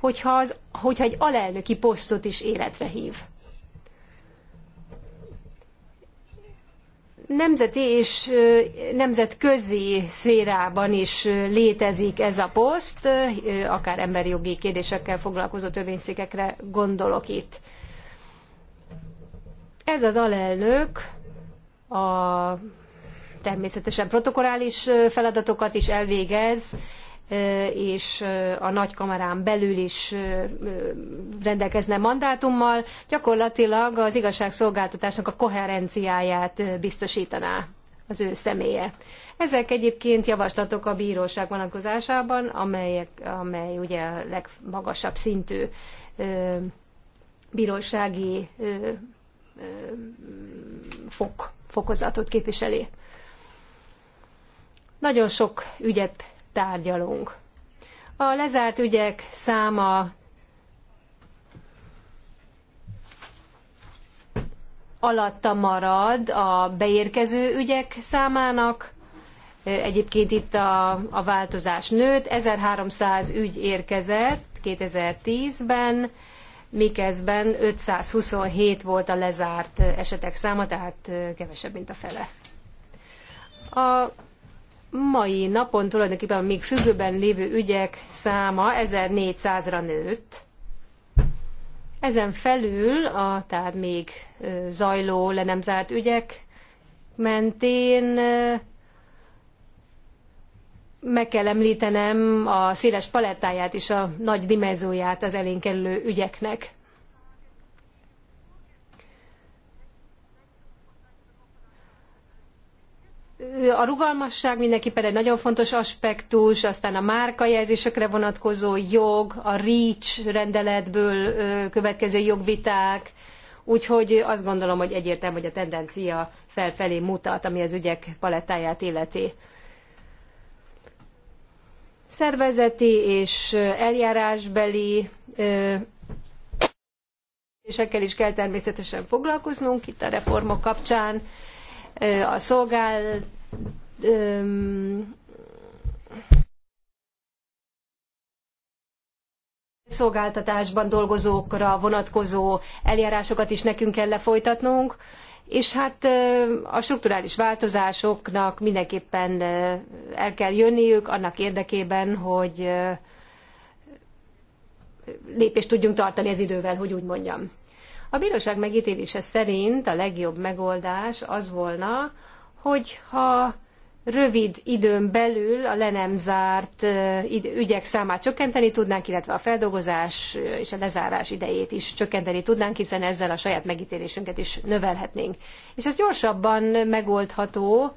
hogyha, az, hogyha egy alelnöki posztot is életre hív. nemzeti és nemzetközi szférában is létezik ez a poszt, akár emberi jogi kérdésekkel foglalkozó törvényszékekre gondolok itt. Ez az alelnök a természetesen protokolális feladatokat is elvégez, és a nagy kamerán belül is rendelkezne mandátummal, gyakorlatilag az igazságszolgáltatásnak a koherenciáját biztosítaná az ő személye. Ezek egyébként javaslatok a bíróság vonatkozásában, amelyek, amely ugye a legmagasabb szintű ö, bírósági ö, ö, fok, fokozatot képviseli. Nagyon sok ügyet tárgyalunk. A lezárt ügyek száma alatta marad a beérkező ügyek számának. Egyébként itt a, a változás nőtt, 1300 ügy érkezett 2010-ben, miközben 527 volt a lezárt esetek száma, tehát kevesebb, mint a fele. A mai napon tulajdonképpen még függőben lévő ügyek száma 1400-ra nőtt. Ezen felül a tehát még zajló, le nem zárt ügyek mentén meg kell említenem a széles palettáját és a nagy dimenzióját az elénk kerülő ügyeknek. a rugalmasság mindenképpen egy nagyon fontos aspektus, aztán a márkajelzésekre vonatkozó jog, a REACH rendeletből következő jogviták, úgyhogy azt gondolom, hogy egyértelmű, hogy a tendencia felfelé mutat, ami az ügyek palettáját illeti. Szervezeti és eljárásbeli kérdésekkel is kell természetesen foglalkoznunk itt a reformok kapcsán a szolgált öm, szolgáltatásban dolgozókra vonatkozó eljárásokat is nekünk kell lefolytatnunk, és hát a strukturális változásoknak mindenképpen el kell jönniük annak érdekében, hogy lépést tudjunk tartani az idővel, hogy úgy mondjam. A bíróság megítélése szerint a legjobb megoldás az volna, hogyha rövid időn belül a le nem zárt ügyek számát csökkenteni tudnánk, illetve a feldolgozás és a lezárás idejét is csökkenteni tudnánk, hiszen ezzel a saját megítélésünket is növelhetnénk. És ez gyorsabban megoldható,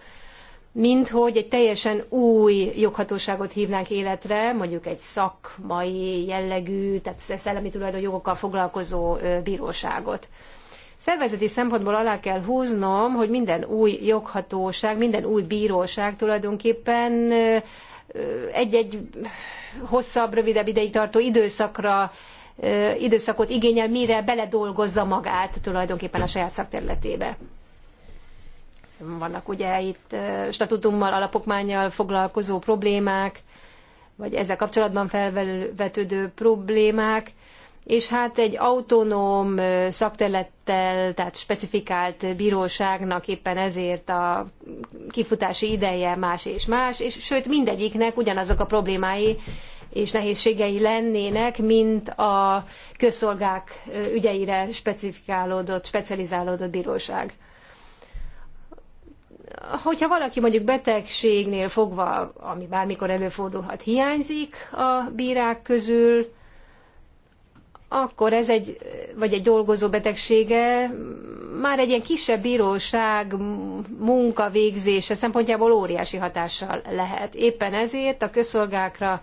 mint hogy egy teljesen új joghatóságot hívnánk életre, mondjuk egy szakmai jellegű, tehát szellemi tulajdonjogokkal foglalkozó bíróságot. Szervezeti szempontból alá kell húznom, hogy minden új joghatóság, minden új bíróság tulajdonképpen egy-egy hosszabb, rövidebb ideig tartó időszakra időszakot igényel, mire beledolgozza magát tulajdonképpen a saját szakterületébe. Vannak ugye itt statutummal, alapokmányjal foglalkozó problémák, vagy ezzel kapcsolatban felvetődő problémák, és hát egy autonóm szakterülettel, tehát specifikált bíróságnak éppen ezért a kifutási ideje más és más, és sőt mindegyiknek ugyanazok a problémái és nehézségei lennének, mint a közszolgák ügyeire specifikálódott, specializálódott bíróság. Hogyha valaki mondjuk betegségnél fogva, ami bármikor előfordulhat, hiányzik a bírák közül, akkor ez egy, vagy egy dolgozó betegsége már egy ilyen kisebb bíróság munka végzése szempontjából óriási hatással lehet. Éppen ezért a közszolgákra,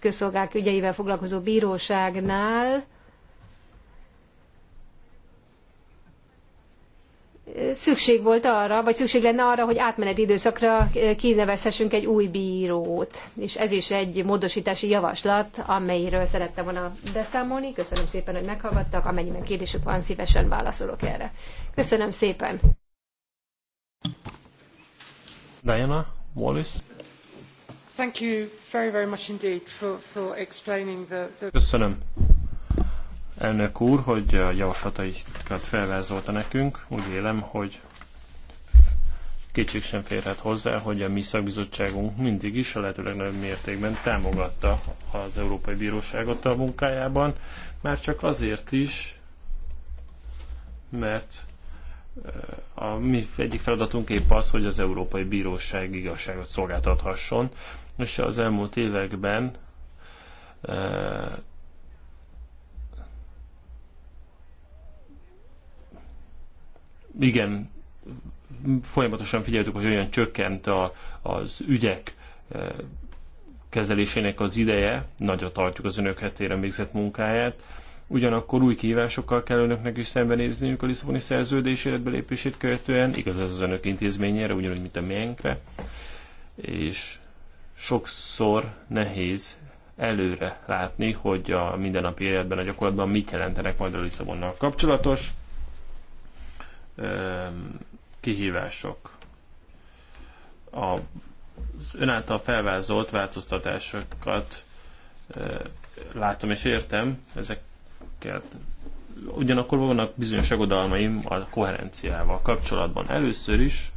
közszolgák ügyeivel foglalkozó bíróságnál szükség volt arra, vagy szükség lenne arra, hogy átmeneti időszakra eh, kinevezhessünk egy új bírót. És ez is egy módosítási javaslat, amelyről szerettem volna beszámolni. Köszönöm szépen, hogy meghallgattak. Amennyiben kérdésük van, szívesen válaszolok erre. Köszönöm szépen. Diana Wallis. Thank you very, very much indeed for, for explaining the, the... Köszönöm elnök úr, hogy a javaslataikat felvázolta nekünk. Úgy élem, hogy kétség sem férhet hozzá, hogy a mi szakbizottságunk mindig is a lehetőleg nagyobb mértékben támogatta az Európai Bíróságot a munkájában, már csak azért is, mert a mi egyik feladatunk épp az, hogy az Európai Bíróság igazságot szolgáltathasson, és az elmúlt években igen, folyamatosan figyeltük, hogy olyan csökkent a, az ügyek eh, kezelésének az ideje, nagyra tartjuk az önök hetére végzett munkáját, ugyanakkor új kihívásokkal kell önöknek is szembenézniük a Lisszaboni szerződés életbelépését követően, igaz ez az önök intézményére, ugyanúgy, mint a miénkre, és sokszor nehéz előre látni, hogy a mindennapi életben, a gyakorlatban mit jelentenek majd a Lisszabonnal kapcsolatos kihívások. Az ön által felvázolt változtatásokat látom és értem ezeket. Ugyanakkor vannak bizonyos aggodalmaim a koherenciával kapcsolatban. Először is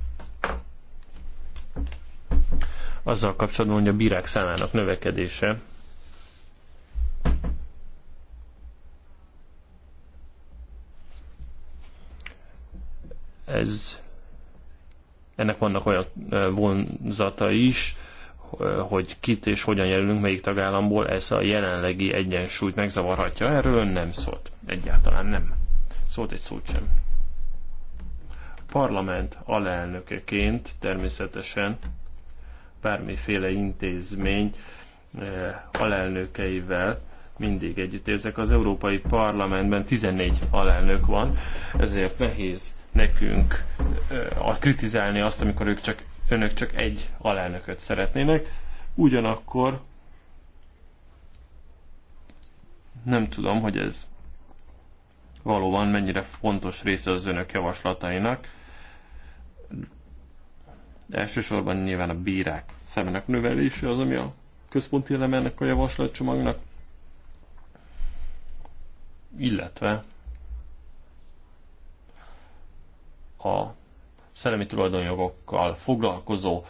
azzal kapcsolatban, hogy a bírák számának növekedése Ez, ennek vannak olyan vonzata is, hogy kit és hogyan jelölünk melyik tagállamból, ez a jelenlegi egyensúlyt megzavarhatja. Erről ön nem szólt. Egyáltalán nem. Szólt egy szót sem. A parlament alelnökeként természetesen bármiféle intézmény alelnökeivel mindig együtt érzek. Az Európai Parlamentben 14 alelnök van, ezért nehéz nekünk a kritizálni azt, amikor ők csak, önök csak egy alelnököt szeretnének. Ugyanakkor nem tudom, hogy ez valóban mennyire fontos része az önök javaslatainak. Elsősorban nyilván a bírák szemének növelése az, ami a központi eleme ennek a javaslatcsomagnak, illetve a szellemi tulajdonjogokkal foglalkozó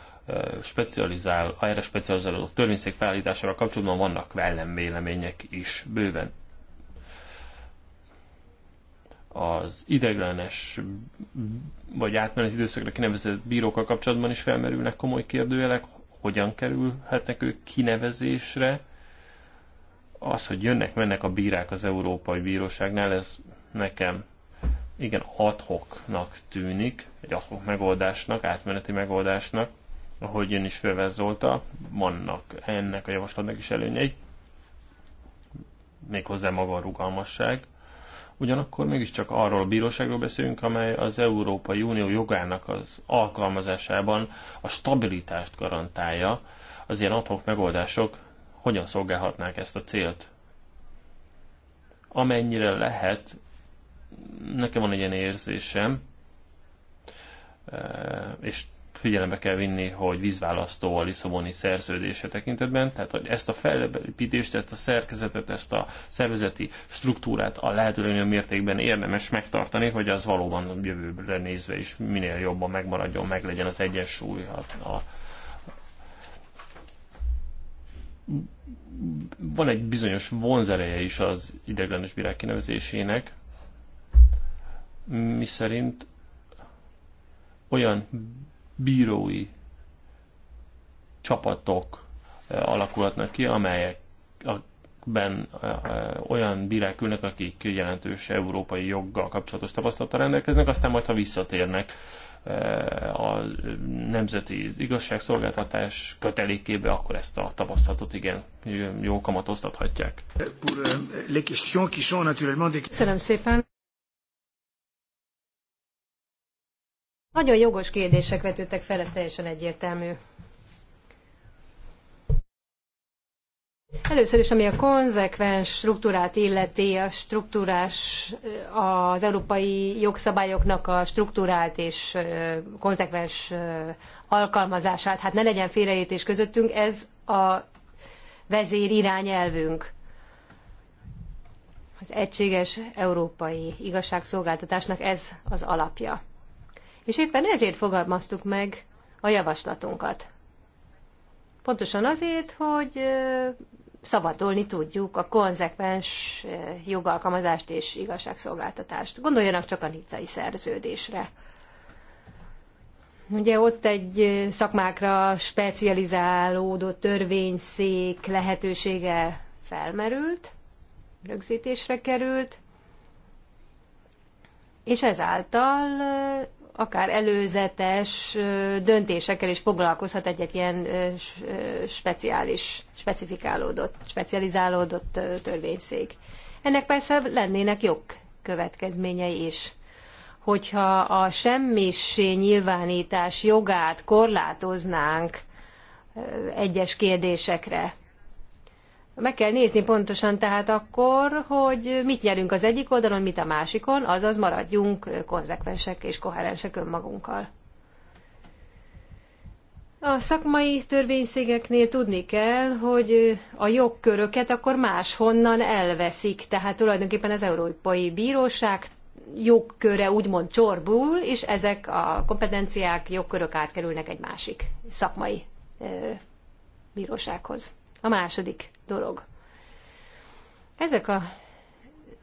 specializál, erre specializáló törvényszék felállítására kapcsolatban vannak velem vélemények is bőven. Az ideglenes vagy átmeneti időszakra kinevezett bírókkal kapcsolatban is felmerülnek komoly kérdőjelek, hogyan kerülhetnek ők kinevezésre. Az, hogy jönnek-mennek a bírák az Európai Bíróságnál, ez nekem igen adhoknak tűnik, egy adhok megoldásnak, átmeneti megoldásnak, ahogy ön is felvezolta, vannak ennek a javaslatnak is előnyei, méghozzá maga a rugalmasság. Ugyanakkor mégiscsak arról a bíróságról beszélünk, amely az Európai Unió jogának az alkalmazásában a stabilitást garantálja. Az ilyen adhok megoldások hogyan szolgálhatnák ezt a célt? Amennyire lehet, nekem van egy ilyen érzésem, e, és figyelembe kell vinni, hogy vízválasztó a Lisszaboni szerződése tekintetben, tehát hogy ezt a felépítést, ezt a szerkezetet, ezt a szervezeti struktúrát a lehető legnagyobb mértékben érdemes megtartani, hogy az valóban jövőre nézve is minél jobban megmaradjon, meg legyen az egyensúly a, a van egy bizonyos vonzereje is az ideglenes virág kinevezésének, mi szerint olyan bírói csapatok eh, alakulhatnak ki, amelyekben eh, olyan bírák ülnek, akik jelentős európai joggal kapcsolatos tapasztalattal rendelkeznek, aztán majd, ha visszatérnek eh, a nemzeti igazságszolgáltatás kötelékébe, akkor ezt a tapasztalatot igen jó kamatoztathatják. Euh, Köszönöm szépen. Nagyon jogos kérdések vetődtek fel, ez teljesen egyértelmű. Először is, ami a konzekvens struktúrát illeti, a struktúrás, az európai jogszabályoknak a struktúrát és konzekvens alkalmazását, hát ne legyen félreértés közöttünk, ez a vezér irányelvünk. Az egységes európai igazságszolgáltatásnak ez az alapja. És éppen ezért fogalmaztuk meg a javaslatunkat. Pontosan azért, hogy szabadolni tudjuk a konzekvens jogalkalmazást és igazságszolgáltatást. Gondoljanak csak a nicai szerződésre. Ugye ott egy szakmákra specializálódó törvényszék lehetősége felmerült, rögzítésre került, és ezáltal akár előzetes döntésekkel is foglalkozhat egy-egy ilyen speciális, specifikálódott, specializálódott törvényszék. Ennek persze lennének következményei is. Hogyha a semmissé nyilvánítás jogát korlátoznánk egyes kérdésekre, meg kell nézni pontosan tehát akkor, hogy mit nyerünk az egyik oldalon, mit a másikon, azaz maradjunk konzekvensek és koherensek önmagunkkal. A szakmai törvényszégeknél tudni kell, hogy a jogköröket akkor máshonnan elveszik, tehát tulajdonképpen az Európai Bíróság jogköre úgymond csorbul, és ezek a kompetenciák, jogkörök átkerülnek egy másik szakmai ö, bírósághoz. A második dolog. Ezek a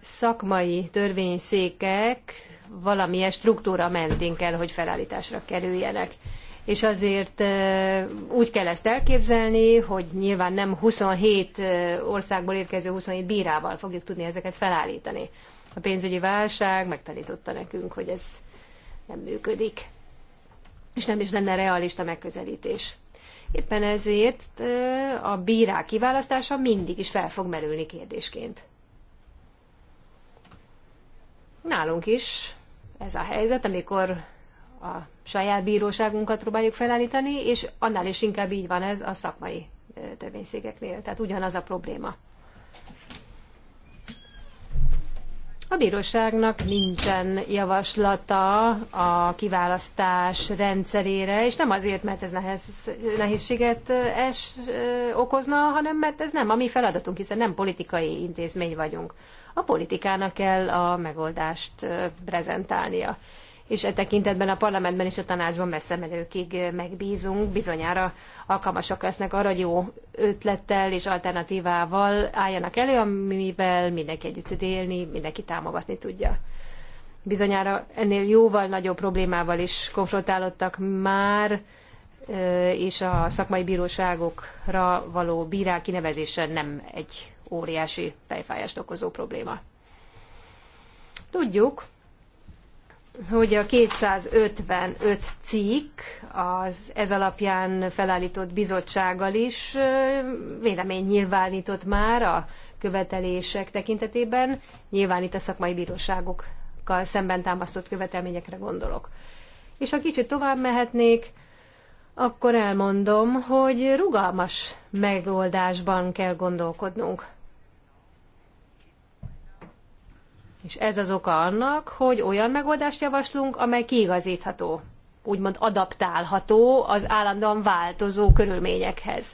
szakmai törvényszékek valamilyen struktúra mentén kell, hogy felállításra kerüljenek. És azért úgy kell ezt elképzelni, hogy nyilván nem 27 országból érkező 27 bírával fogjuk tudni ezeket felállítani. A pénzügyi válság megtanította nekünk, hogy ez nem működik. És nem is lenne realista megközelítés. Éppen ezért a bírák kiválasztása mindig is fel fog merülni kérdésként. Nálunk is ez a helyzet, amikor a saját bíróságunkat próbáljuk felállítani, és annál is inkább így van ez a szakmai törvényszégeknél. Tehát ugyanaz a probléma. A bíróságnak nincsen javaslata a kiválasztás rendszerére, és nem azért, mert ez nehez, nehézséget eh, es, ö, eh, okozna, hanem mert ez nem a mi feladatunk, hiszen nem politikai intézmény vagyunk. A politikának kell a megoldást eh, prezentálnia és e tekintetben a parlamentben és a tanácsban messze menőkig eh, megbízunk, bizonyára alkalmasak lesznek arra, hogy jó ötlettel és alternatívával álljanak elő, amivel mindenki együtt tud élni, mindenki támogatni tudja. Bizonyára ennél jóval nagyobb problémával is konfrontálódtak már, eh, és a szakmai bíróságokra való bírák kinevezése nem egy óriási fejfájást okozó probléma. Tudjuk, hogy a 255 cikk az ez alapján felállított bizottsággal is vélemény nyilvánított már a követelések tekintetében, nyilván itt a szakmai bíróságokkal szemben támasztott követelményekre gondolok. És ha kicsit tovább mehetnék, akkor elmondom, hogy rugalmas megoldásban kell gondolkodnunk. És ez az oka annak, hogy olyan megoldást javaslunk, amely kiigazítható, úgymond adaptálható az állandóan változó körülményekhez.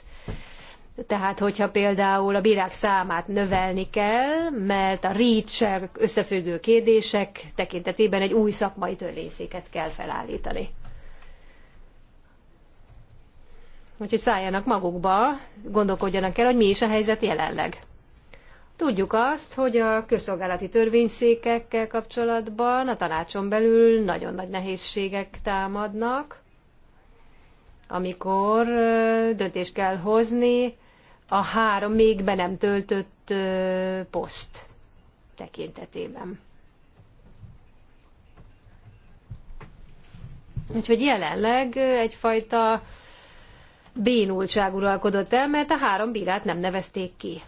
Tehát, hogyha például a bírák számát növelni kell, mert a reach összefüggő kérdések tekintetében egy új szakmai törvényszéket kell felállítani. Úgyhogy szálljanak magukba, gondolkodjanak el, hogy mi is a helyzet jelenleg. Tudjuk azt, hogy a közszolgálati törvényszékekkel kapcsolatban a tanácson belül nagyon nagy nehézségek támadnak, amikor döntést kell hozni a három még be nem töltött poszt tekintetében. Úgyhogy jelenleg egyfajta bénultság uralkodott el, mert a három bírát nem nevezték ki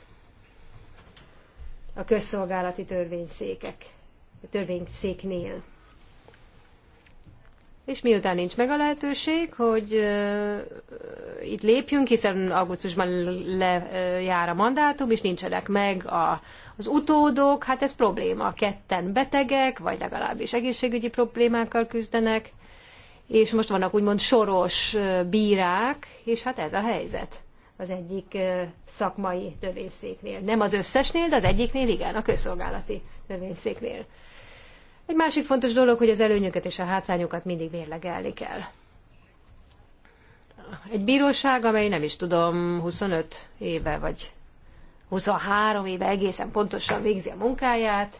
a közszolgálati törvényszékek, a törvényszéknél. És miután nincs meg a lehetőség, hogy uh, itt lépjünk, hiszen augusztusban lejár uh, a mandátum, és nincsenek meg a, az utódok, hát ez probléma. Ketten betegek, vagy legalábbis egészségügyi problémákkal küzdenek, és most vannak úgymond soros uh, bírák, és hát ez a helyzet az egyik szakmai törvényszéknél. Nem az összesnél, de az egyiknél igen, a közszolgálati törvényszéknél. Egy másik fontos dolog, hogy az előnyöket és a hátrányokat mindig mérlegelni kell. Egy bíróság, amely nem is tudom, 25 éve vagy 23 éve egészen pontosan végzi a munkáját,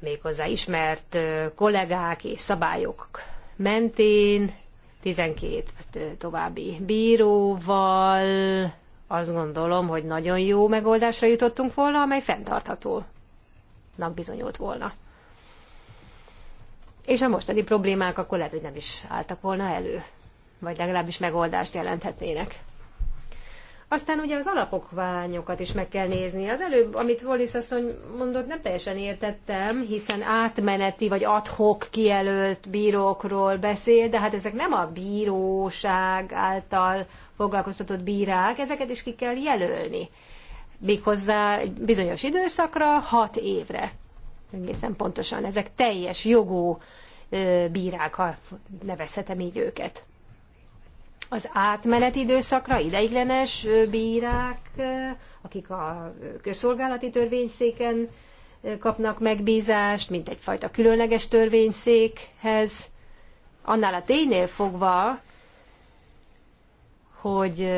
méghozzá ismert kollégák és szabályok mentén, 12 további bíróval, azt gondolom, hogy nagyon jó megoldásra jutottunk volna, amely fenntarthatónak bizonyult volna. És a mostani problémák akkor lehet, hogy nem is álltak volna elő, vagy legalábbis megoldást jelenthetnének. Aztán ugye az alapokványokat is meg kell nézni. Az előbb, amit Wallis asszony mondott, nem teljesen értettem, hiszen átmeneti vagy adhok kijelölt bírókról beszél, de hát ezek nem a bíróság által foglalkoztatott bírák, ezeket is ki kell jelölni. Méghozzá bizonyos időszakra, hat évre. Egészen pontosan ezek teljes jogú bírák, ha nevezhetem így őket az átmeneti időszakra ideiglenes bírák, akik a közszolgálati törvényszéken kapnak megbízást, mint egyfajta különleges törvényszékhez, annál a ténynél fogva, hogy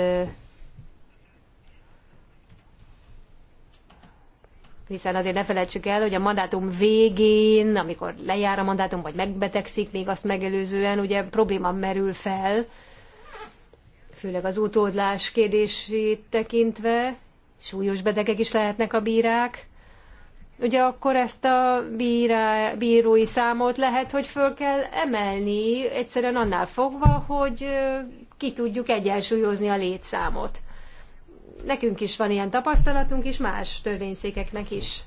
hiszen azért ne felejtsük el, hogy a mandátum végén, amikor lejár a mandátum, vagy megbetegszik még azt megelőzően, ugye probléma merül fel, főleg az utódlás kérdését tekintve, súlyos betegek is lehetnek a bírák, ugye akkor ezt a bírá, bírói számot lehet, hogy föl kell emelni, egyszerűen annál fogva, hogy ki tudjuk egyensúlyozni a létszámot. Nekünk is van ilyen tapasztalatunk, és más törvényszékeknek is.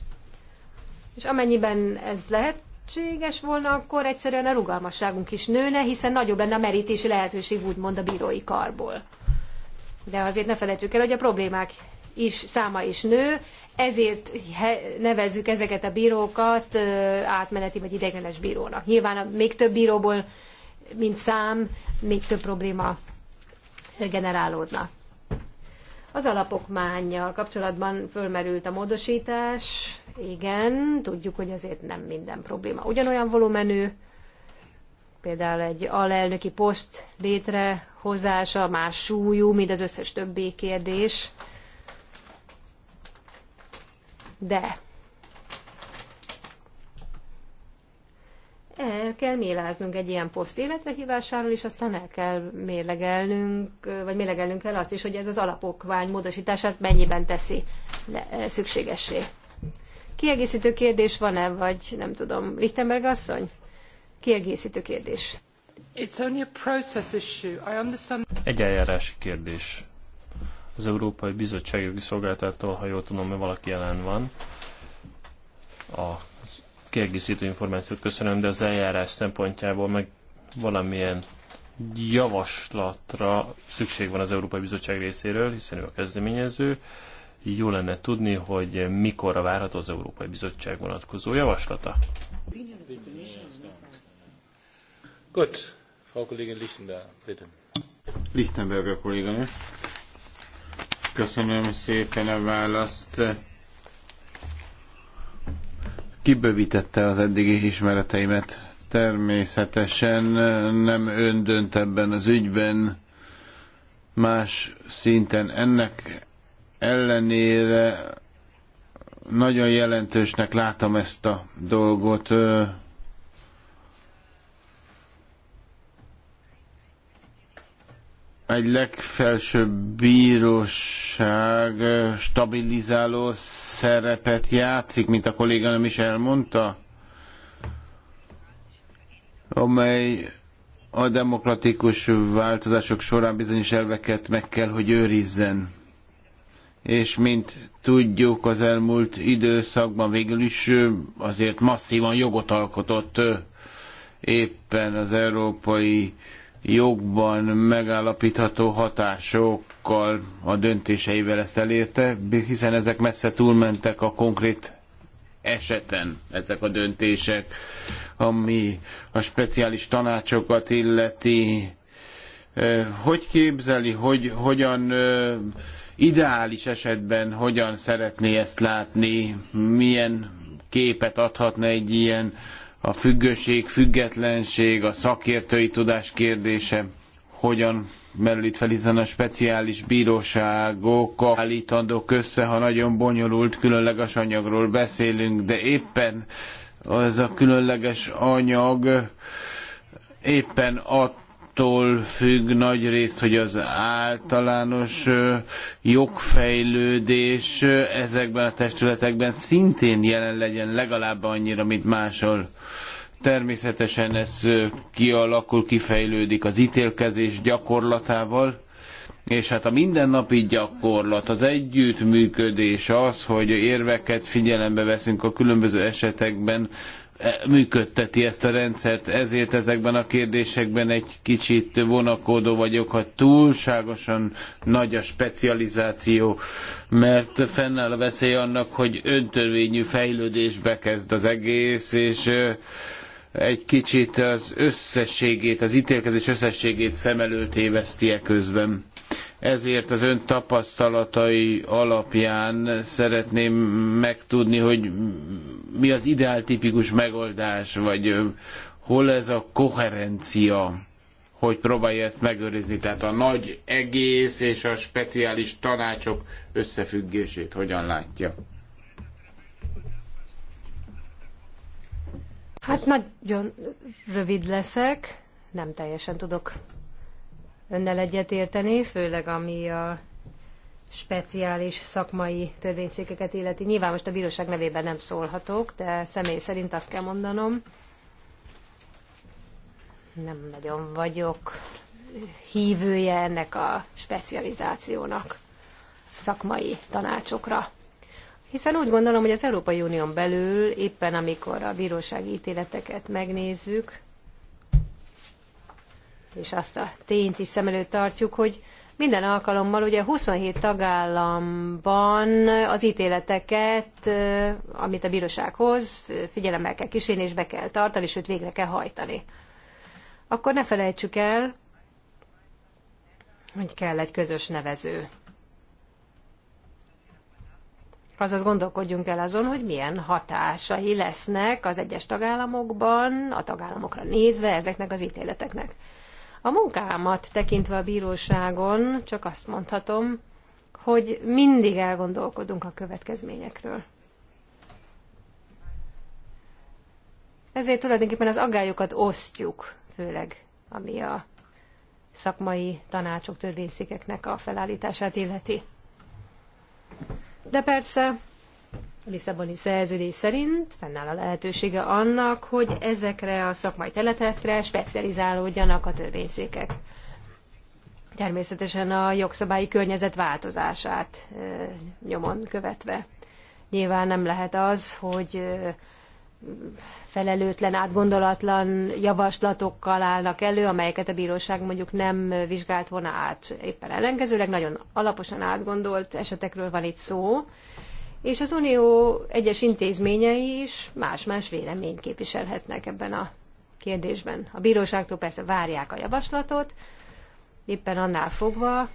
És amennyiben ez lehet, lehetséges volna, akkor egyszerűen a rugalmasságunk is nőne, hiszen nagyobb lenne a merítési lehetőség, úgymond a bírói karból. De azért ne felejtsük el, hogy a problémák is száma is nő, ezért nevezzük ezeket a bírókat átmeneti vagy idegenes bírónak. Nyilván a még több bíróból, mint szám, még több probléma generálódna. Az alapokmányjal kapcsolatban fölmerült a módosítás, igen, tudjuk, hogy azért nem minden probléma. Ugyanolyan volumenű, például egy alelnöki poszt létrehozása más súlyú, mint az összes többi kérdés. De el kell méláznunk egy ilyen poszt életre hívásáról, és aztán el kell mérlegelnünk, vagy mérlegelnünk kell azt is, hogy ez az alapokvány módosítását mennyiben teszi le, szükségessé. Kiegészítő kérdés van-e, vagy nem tudom. Lichtenberg asszony? Kiegészítő kérdés. It's only a process issue. I understand... Egy eljárási kérdés. Az Európai Bizottság jogi szolgáltától, ha jól tudom, mert valaki jelen van. A kiegészítő információt köszönöm, de az eljárás szempontjából meg valamilyen javaslatra szükség van az Európai Bizottság részéről, hiszen ő a kezdeményező jó lenne tudni, hogy mikorra várható az Európai Bizottság vonatkozó javaslata. Gut, Frau Kollegin Lichtenberg, bitte. Lichtenberger kolléganő. Köszönöm szépen a választ. Kibővítette az eddigi ismereteimet. Természetesen nem ön dönt ebben az ügyben, más szinten ennek ellenére nagyon jelentősnek látom ezt a dolgot. Egy legfelsőbb bíróság stabilizáló szerepet játszik, mint a nem is elmondta, amely a demokratikus változások során bizonyos elveket meg kell, hogy őrizzen és mint tudjuk az elmúlt időszakban végül is azért masszívan jogot alkotott éppen az európai jogban megállapítható hatásokkal a döntéseivel ezt elérte, hiszen ezek messze túlmentek a konkrét eseten ezek a döntések, ami a speciális tanácsokat illeti. Hogy képzeli, hogy hogyan ideális esetben hogyan szeretné ezt látni, milyen képet adhatna egy ilyen a függőség, függetlenség, a szakértői tudás kérdése, hogyan merül itt fel, hiszen a speciális bíróságok állítandók össze, ha nagyon bonyolult, különleges anyagról beszélünk, de éppen az a különleges anyag éppen att attól függ nagy részt, hogy az általános jogfejlődés ezekben a testületekben szintén jelen legyen legalább annyira, mint máshol. Természetesen ez kialakul, kifejlődik az ítélkezés gyakorlatával, és hát a mindennapi gyakorlat, az együttműködés az, hogy érveket figyelembe veszünk a különböző esetekben, E, működteti ezt a rendszert, ezért ezekben a kérdésekben egy kicsit vonakodó vagyok, ha túlságosan nagy a specializáció, mert fennáll a veszély annak, hogy öntörvényű fejlődésbe kezd az egész, és egy kicsit az összességét, az ítélkezés összességét szem előtt éveszti -e közben ezért az ön tapasztalatai alapján szeretném megtudni, hogy mi az ideáltipikus megoldás, vagy hol ez a koherencia, hogy próbálja ezt megőrizni, tehát a nagy egész és a speciális tanácsok összefüggését hogyan látja? Hát nagyon rövid leszek, nem teljesen tudok önnel egyetérteni, főleg ami a speciális szakmai törvényszékeket illeti. Nyilván most a bíróság nevében nem szólhatok, de személy szerint azt kell mondanom, nem nagyon vagyok hívője ennek a specializációnak szakmai tanácsokra. Hiszen úgy gondolom, hogy az Európai Unión belül éppen amikor a bírósági ítéleteket megnézzük, és azt a tényt is szem előtt tartjuk, hogy minden alkalommal ugye 27 tagállamban az ítéleteket, amit a bíróság hoz, figyelemmel kell kísérni, és be kell tartani, sőt végre kell hajtani. Akkor ne felejtsük el, hogy kell egy közös nevező. Azaz gondolkodjunk el azon, hogy milyen hatásai lesznek az egyes tagállamokban, a tagállamokra nézve ezeknek az ítéleteknek. A munkámat tekintve a bíróságon csak azt mondhatom, hogy mindig elgondolkodunk a következményekről. Ezért tulajdonképpen az aggályokat osztjuk, főleg ami a szakmai tanácsok, törvényszékeknek a felállítását illeti. De persze a Lisszaboni szerződés szerint fennáll a lehetősége annak, hogy ezekre a szakmai területekre specializálódjanak a törvényszékek. Természetesen a jogszabályi környezet változását nyomon követve. Nyilván nem lehet az, hogy felelőtlen, átgondolatlan javaslatokkal állnak elő, amelyeket a bíróság mondjuk nem vizsgált volna át. Éppen ellenkezőleg nagyon alaposan átgondolt esetekről van itt szó, és az Unió egyes intézményei is más-más véleményt képviselhetnek ebben a kérdésben. A bíróságtól persze várják a javaslatot, éppen annál fogva,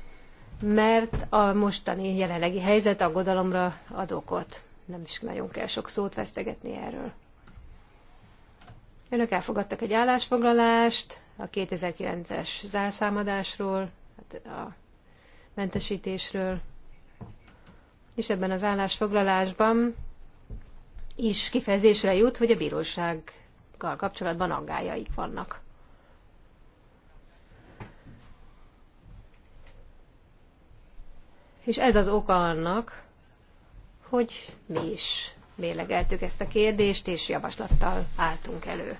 mert a mostani jelenlegi helyzet aggodalomra ad okot. Nem is nagyon kell sok szót vesztegetni erről. Önök elfogadtak egy állásfoglalást a 2009-es zárszámadásról, hát a mentesítésről, és ebben az állásfoglalásban is kifejezésre jut, hogy a bírósággal kapcsolatban aggájaik vannak. És ez az oka annak, hogy mi is mélegeltük ezt a kérdést, és javaslattal álltunk elő.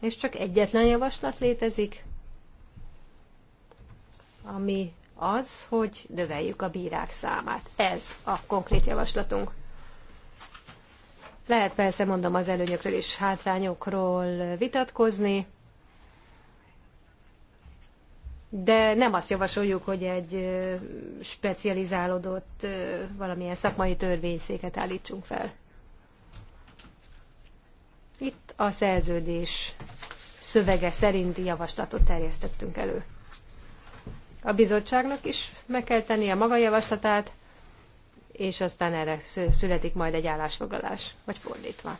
És csak egyetlen javaslat létezik, ami az, hogy növeljük a bírák számát. Ez a konkrét javaslatunk. Lehet persze, mondom, az előnyökről és hátrányokról vitatkozni, de nem azt javasoljuk, hogy egy specializálódott valamilyen szakmai törvényszéket állítsunk fel. Itt a szerződés szövege szerinti javaslatot terjesztettünk elő. A bizottságnak is meg kell tennie a maga javaslatát, és aztán erre születik majd egy állásfoglalás, vagy fordítva.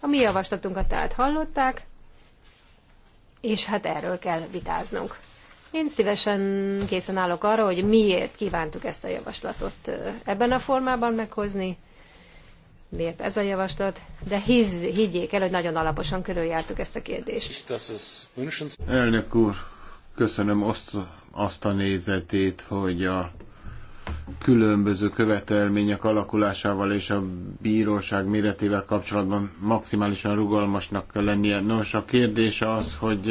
A mi javaslatunkat tehát hallották, és hát erről kell vitáznunk. Én szívesen készen állok arra, hogy miért kívántuk ezt a javaslatot ebben a formában meghozni, miért ez a javaslat, de hisz, higgyék el, hogy nagyon alaposan körüljártuk ezt a kérdést. Elnök úr, köszönöm, azt azt a nézetét, hogy a különböző követelmények alakulásával és a bíróság méretével kapcsolatban maximálisan rugalmasnak kell lennie. Nos, a kérdés az, hogy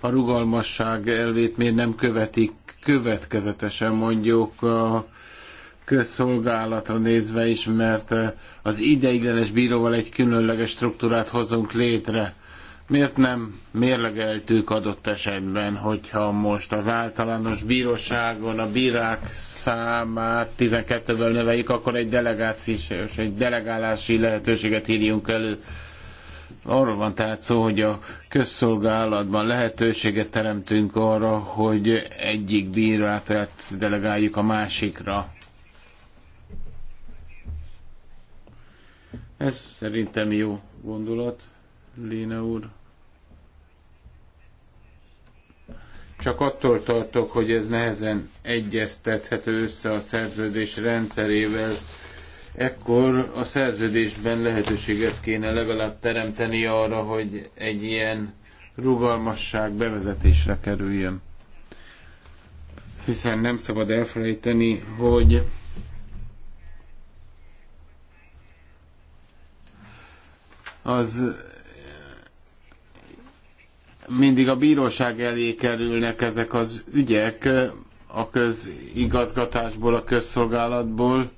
a rugalmasság elvét miért nem követik következetesen mondjuk a közszolgálatra nézve is, mert az ideiglenes bíróval egy különleges struktúrát hozunk létre Miért nem mérlegeltük adott esetben, hogyha most az általános bíróságon a bírák számát 12-vel növeljük, akkor egy delegációs, egy delegálási lehetőséget írjunk elő. Arról van tehát szó, hogy a közszolgálatban lehetőséget teremtünk arra, hogy egyik bírát hát delegáljuk a másikra. Ez szerintem jó gondolat, Léna úr. Csak attól tartok, hogy ez nehezen egyeztethető össze a szerződés rendszerével. Ekkor a szerződésben lehetőséget kéne legalább teremteni arra, hogy egy ilyen rugalmasság bevezetésre kerüljön. Hiszen nem szabad elfelejteni, hogy az mindig a bíróság elé kerülnek ezek az ügyek a közigazgatásból, a közszolgálatból,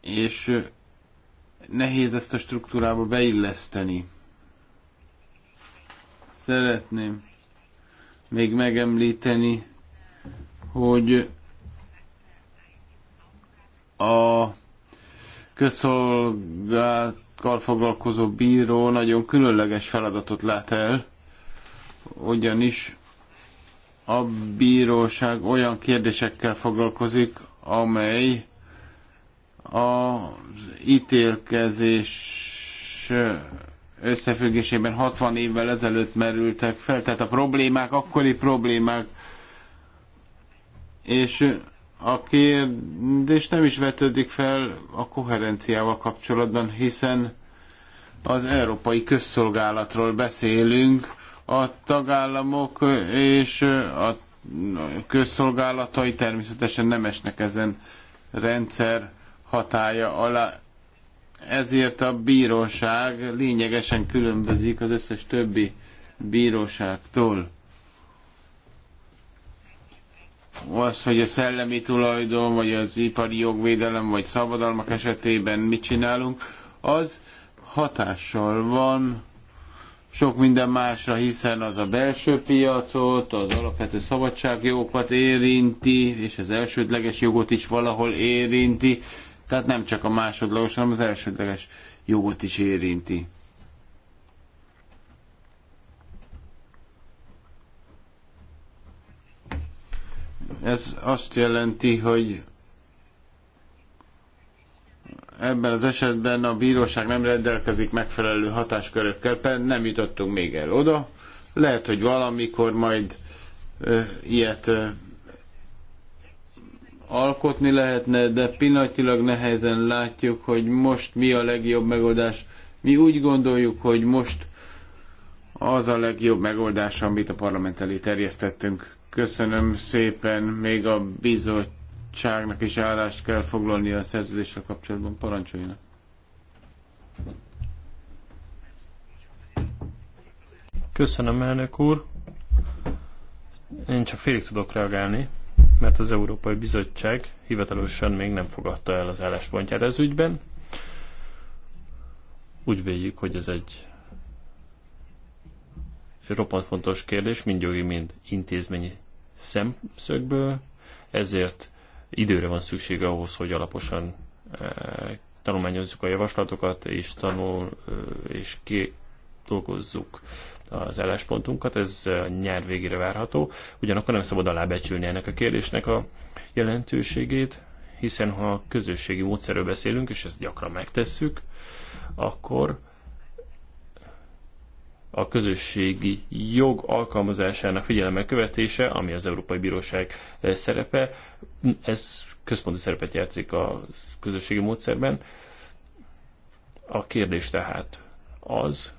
és nehéz ezt a struktúrába beilleszteni. Szeretném még megemlíteni, hogy a közszolgálat kal foglalkozó bíró nagyon különleges feladatot lát el, ugyanis a bíróság olyan kérdésekkel foglalkozik, amely az ítélkezés összefüggésében 60 évvel ezelőtt merültek fel, tehát a problémák akkori problémák, és a kérdés nem is vetődik fel a koherenciával kapcsolatban, hiszen az európai közszolgálatról beszélünk, a tagállamok és a közszolgálatai természetesen nem esnek ezen rendszer hatája alá. Ezért a bíróság lényegesen különbözik az összes többi bíróságtól az, hogy a szellemi tulajdon, vagy az ipari jogvédelem, vagy szabadalmak esetében mit csinálunk, az hatással van sok minden másra, hiszen az a belső piacot, az alapvető szabadságjogokat érinti, és az elsődleges jogot is valahol érinti, tehát nem csak a másodlagos, hanem az elsődleges jogot is érinti. Ez azt jelenti, hogy ebben az esetben a bíróság nem rendelkezik megfelelő hatáskörökkel, nem jutottunk még el oda. Lehet, hogy valamikor majd ö, ilyet ö, alkotni lehetne, de pillanatilag nehezen látjuk, hogy most mi a legjobb megoldás. Mi úgy gondoljuk, hogy most az a legjobb megoldás, amit a parlament elé terjesztettünk. Köszönöm szépen. Még a bizottságnak is állást kell foglalni a szerződéssel kapcsolatban. Parancsoljanak. Köszönöm, elnök úr. Én csak félig tudok reagálni, mert az Európai Bizottság hivatalosan még nem fogadta el az álláspontját az ügyben. Úgy véljük, hogy ez egy roppant fontos kérdés, mind jogi, mind intézményi szemszögből, ezért időre van szükség ahhoz, hogy alaposan eh, tanulmányozzuk a javaslatokat, és tanul, eh, és kidolgozzuk az álláspontunkat, ez eh, nyár végére várható. Ugyanakkor nem szabad alábecsülni ennek a kérdésnek a jelentőségét, hiszen ha közösségi módszerről beszélünk, és ezt gyakran megtesszük, akkor a közösségi jog alkalmazásának figyelemmel követése, ami az Európai Bíróság eh, szerepe, ez központi szerepet játszik a közösségi módszerben. A kérdés tehát az,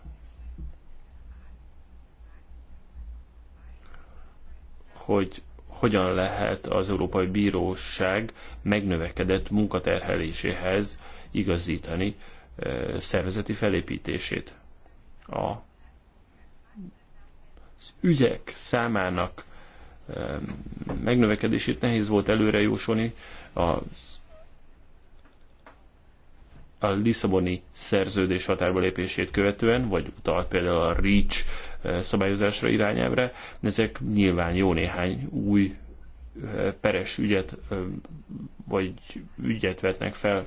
hogy hogyan lehet az Európai Bíróság megnövekedett munkaterheléséhez igazítani eh, szervezeti felépítését. A ügyek számának eh, megnövekedését nehéz volt előre jósolni a, a Lisszaboni szerződés határba lépését követően, vagy utalt például a REACH eh, szabályozásra irányelvre. Ezek nyilván jó néhány új eh, peres ügyet, vagy ügyet vetnek fel.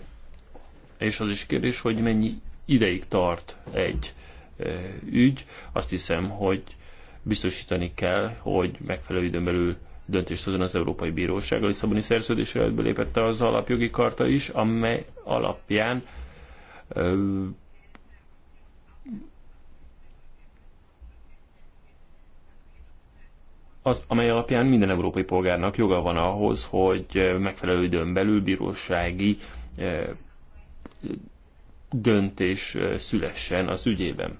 És az is kérdés, hogy mennyi ideig tart egy ügy. Azt hiszem, hogy biztosítani kell, hogy megfelelő időn belül döntést hozzon az Európai Bíróság. A Lisszaboni szerződés életbe lépette az alapjogi karta is, amely alapján ö, az, amely alapján minden európai polgárnak joga van ahhoz, hogy megfelelő időn belül bírósági döntés szülessen az ügyében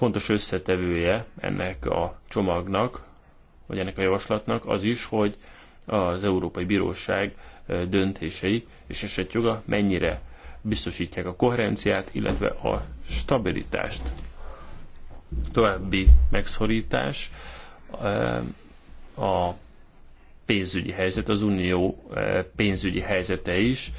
fontos összetevője ennek a csomagnak, vagy ennek a javaslatnak az is, hogy az Európai Bíróság döntései és esetjoga mennyire biztosítják a koherenciát, illetve a stabilitást. További megszorítás a pénzügyi helyzet, az unió pénzügyi helyzete is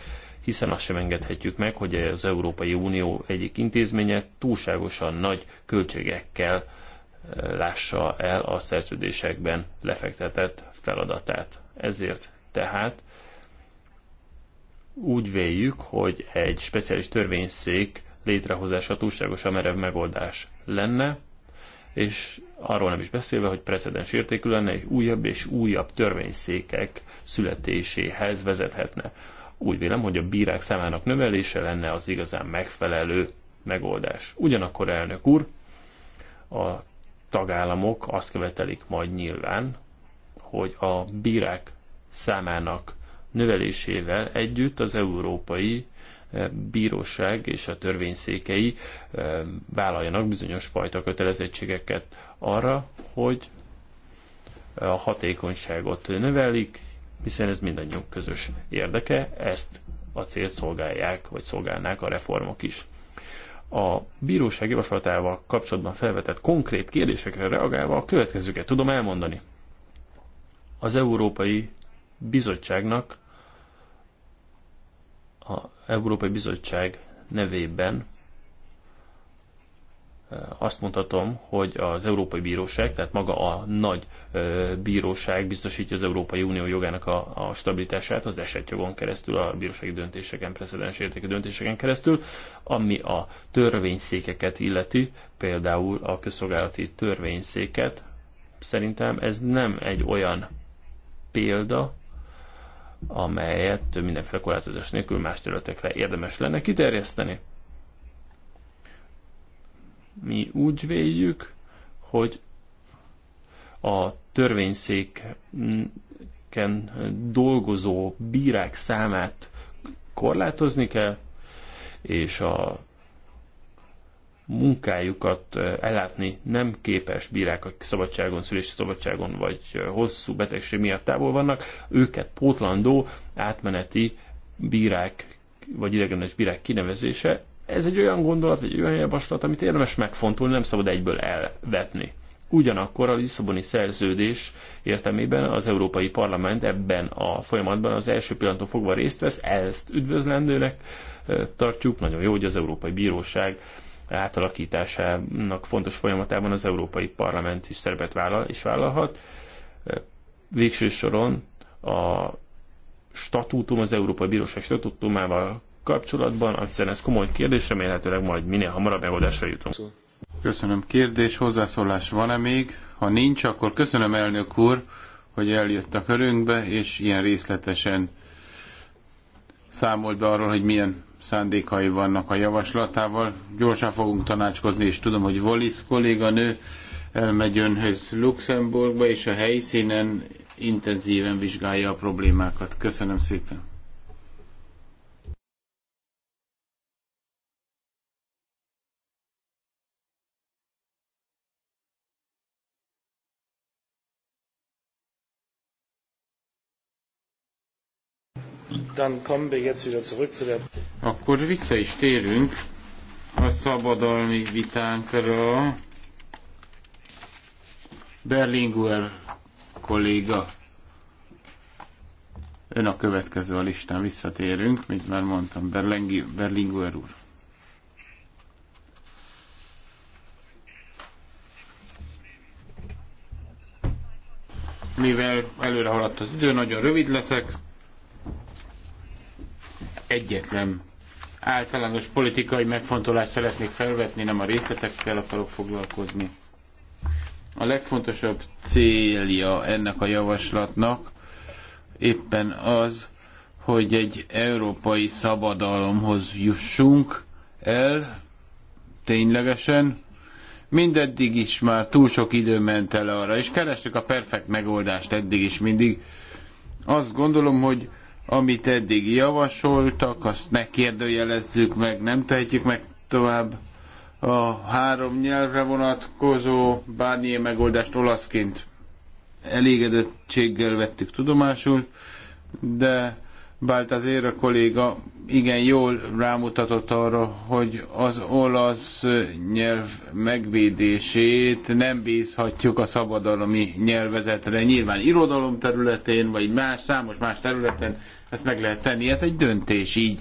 hiszen azt sem engedhetjük meg, hogy az Európai Unió egyik intézménye túlságosan nagy költségekkel eh, lássa el a szerződésekben lefektetett feladatát. Ezért tehát úgy véljük, hogy egy speciális törvényszék létrehozása túlságosan merev megoldás lenne, és arról nem is beszélve, hogy precedens értékű lenne, és újabb és újabb törvényszékek születéséhez vezethetne. Úgy vélem, hogy a bírák számának növelése lenne az igazán megfelelő megoldás. Ugyanakkor, elnök úr, a tagállamok azt követelik majd nyilván, hogy a bírák számának növelésével együtt az európai eh, bíróság és a törvényszékei eh, vállaljanak bizonyos fajta kötelezettségeket arra, hogy a hatékonyságot növelik, hiszen ez mindannyiunk közös érdeke, ezt a célt szolgálják, vagy szolgálnák a reformok is. A bíróság javaslatával kapcsolatban felvetett konkrét kérdésekre reagálva a következőket tudom elmondani. Az Európai Bizottságnak a Európai Bizottság nevében azt mondhatom, hogy az Európai Bíróság, tehát maga a nagy bíróság biztosítja az Európai Unió jogának a, a stabilitását az esetjogon keresztül, a bírósági döntéseken, precedens értékű döntéseken keresztül, ami a törvényszékeket illeti, például a közszolgálati törvényszéket. Szerintem ez nem egy olyan példa, amelyet mindenféle korlátozás nélkül más területekre érdemes lenne kiterjeszteni. Mi úgy véljük, hogy a törvényszéken dolgozó bírák számát korlátozni kell, és a munkájukat ellátni nem képes bírák, akik szabadságon, szülési szabadságon vagy hosszú betegség miatt távol vannak, őket pótlandó átmeneti bírák vagy idegenes bírák kinevezése ez egy olyan gondolat, vagy olyan javaslat, amit érdemes megfontolni, nem szabad egyből elvetni. Ugyanakkor a Lisszaboni szerződés értelmében az Európai Parlament ebben a folyamatban az első pillanattól fogva részt vesz, ezt üdvözlendőnek tartjuk. Nagyon jó, hogy az Európai Bíróság átalakításának fontos folyamatában az Európai Parlament is szerepet vállal és vállalhat. Végső soron a statútum, az Európai Bíróság statútumával kapcsolatban, hiszen ez komoly kérdés, remélhetőleg majd minél hamarabb megoldásra jutunk. Köszönöm. Kérdés, hozzászólás van-e még? Ha nincs, akkor köszönöm elnök úr, hogy eljött a körünkbe, és ilyen részletesen számolt be arról, hogy milyen szándékai vannak a javaslatával. Gyorsan fogunk tanácskozni, és tudom, hogy Wallis kolléganő elmegy önhöz Luxemburgba, és a helyszínen intenzíven vizsgálja a problémákat. Köszönöm szépen. Dann kommen wir jetzt wieder zurück zu der... Akkor vissza is térünk a szabadalmi vitánkra. Berlinguer kolléga. Ön a következő a listán, visszatérünk, mint már mondtam, Berlengi, Berlinguer úr. Mivel előre haladt az idő, nagyon rövid leszek egyetlen általános politikai megfontolást szeretnék felvetni, nem a részletekkel akarok foglalkozni. A legfontosabb célja ennek a javaslatnak éppen az, hogy egy európai szabadalomhoz jussunk el, ténylegesen. Mindeddig is már túl sok idő ment el arra, és kerestük a perfekt megoldást eddig is mindig. Azt gondolom, hogy amit eddig javasoltak, azt megkérdőjelezzük meg, nem tehetjük meg tovább. A három nyelvre vonatkozó bármilyen megoldást olaszként elégedettséggel vettük tudomásul, de Bált a kolléga igen jól rámutatott arra, hogy az olasz nyelv megvédését nem bízhatjuk a szabadalmi nyelvezetre. Nyilván irodalom területén, vagy más, számos más területen ezt meg lehet tenni. Ez egy döntés így.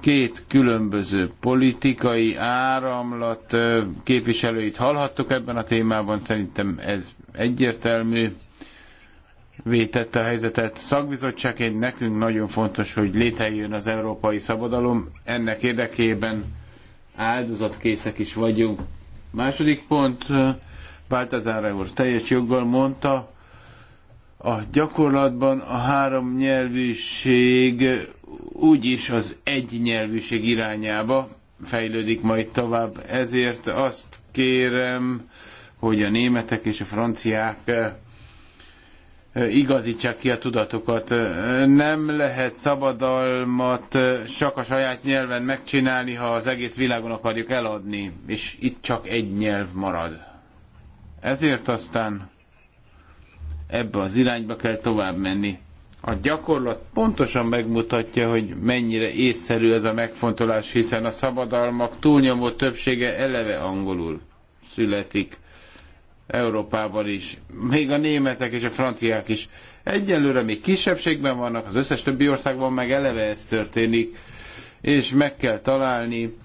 Két különböző politikai áramlat képviselőit hallhattuk ebben a témában, szerintem ez egyértelmű vétette a helyzetet. Szakbizottságként nekünk nagyon fontos, hogy létrejön az európai szabadalom. Ennek érdekében áldozatkészek is vagyunk. Második pont, Báltazár úr teljes joggal mondta, a gyakorlatban a három nyelvűség úgyis az egy nyelvűség irányába fejlődik majd tovább. Ezért azt kérem, hogy a németek és a franciák igazítsák ki a tudatokat. Nem lehet szabadalmat csak a saját nyelven megcsinálni, ha az egész világon akarjuk eladni, és itt csak egy nyelv marad. Ezért aztán ebbe az irányba kell tovább menni. A gyakorlat pontosan megmutatja, hogy mennyire észszerű ez a megfontolás, hiszen a szabadalmak túlnyomó többsége eleve angolul születik Európában is, még a németek és a franciák is. Egyelőre még kisebbségben vannak, az összes többi országban meg eleve ez történik, és meg kell találni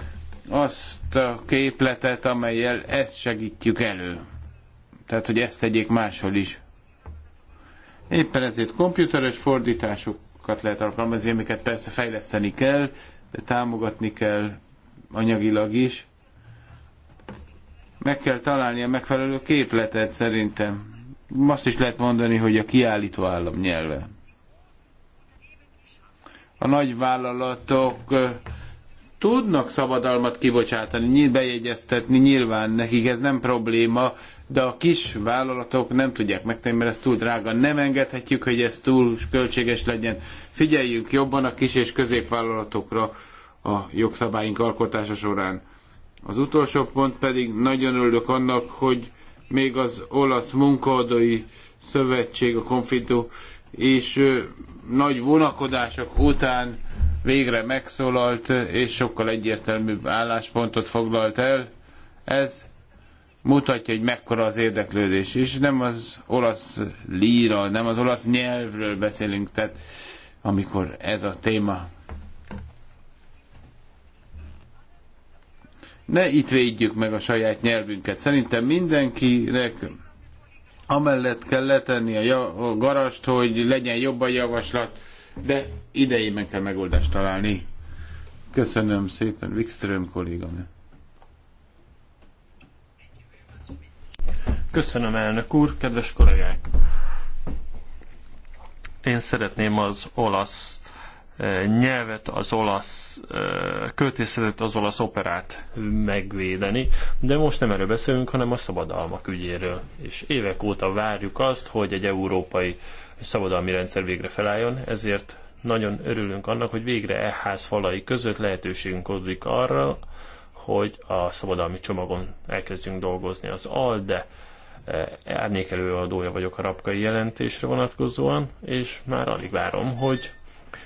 azt a képletet, amelyel ezt segítjük elő. Tehát, hogy ezt tegyék máshol is. Éppen ezért komputeres fordításokat lehet alkalmazni, amiket persze fejleszteni kell, de támogatni kell anyagilag is. Meg kell találni a megfelelő képletet szerintem. Azt is lehet mondani, hogy a kiállító állam nyelve. A nagyvállalatok tudnak szabadalmat kibocsátani, bejegyeztetni, nyilván nekik ez nem probléma, de a kis vállalatok nem tudják megtenni, mert ez túl drága. Nem engedhetjük, hogy ez túl költséges legyen. Figyeljünk jobban a kis és középvállalatokra a jogszabályink alkotása során. Az utolsó pont pedig nagyon örülök annak, hogy még az olasz munkahadói szövetség, a konfitu, és nagy vonakodások után végre megszólalt, és sokkal egyértelműbb álláspontot foglalt el. Ez mutatja, hogy mekkora az érdeklődés. És nem az olasz líra, nem az olasz nyelvről beszélünk, tehát amikor ez a téma Ne itt védjük meg a saját nyelvünket. Szerintem mindenkinek amellett kell letenni a garast, hogy legyen jobb a javaslat, de idejében kell megoldást találni. Köszönöm szépen, Wikström kolléganő. Köszönöm, elnök úr, kedves kollégák! Én szeretném az olasz nyelvet, az olasz költészetet, az olasz operát megvédeni, de most nem erről beszélünk, hanem a szabadalmak ügyéről. És évek óta várjuk azt, hogy egy európai szabadalmi rendszer végre felálljon, ezért nagyon örülünk annak, hogy végre e ház falai között lehetőségünk adódik arra, hogy a szabadalmi csomagon elkezdjünk dolgozni. Az ALDE árnyékelő adója vagyok a rapkai jelentésre vonatkozóan, és már alig várom, hogy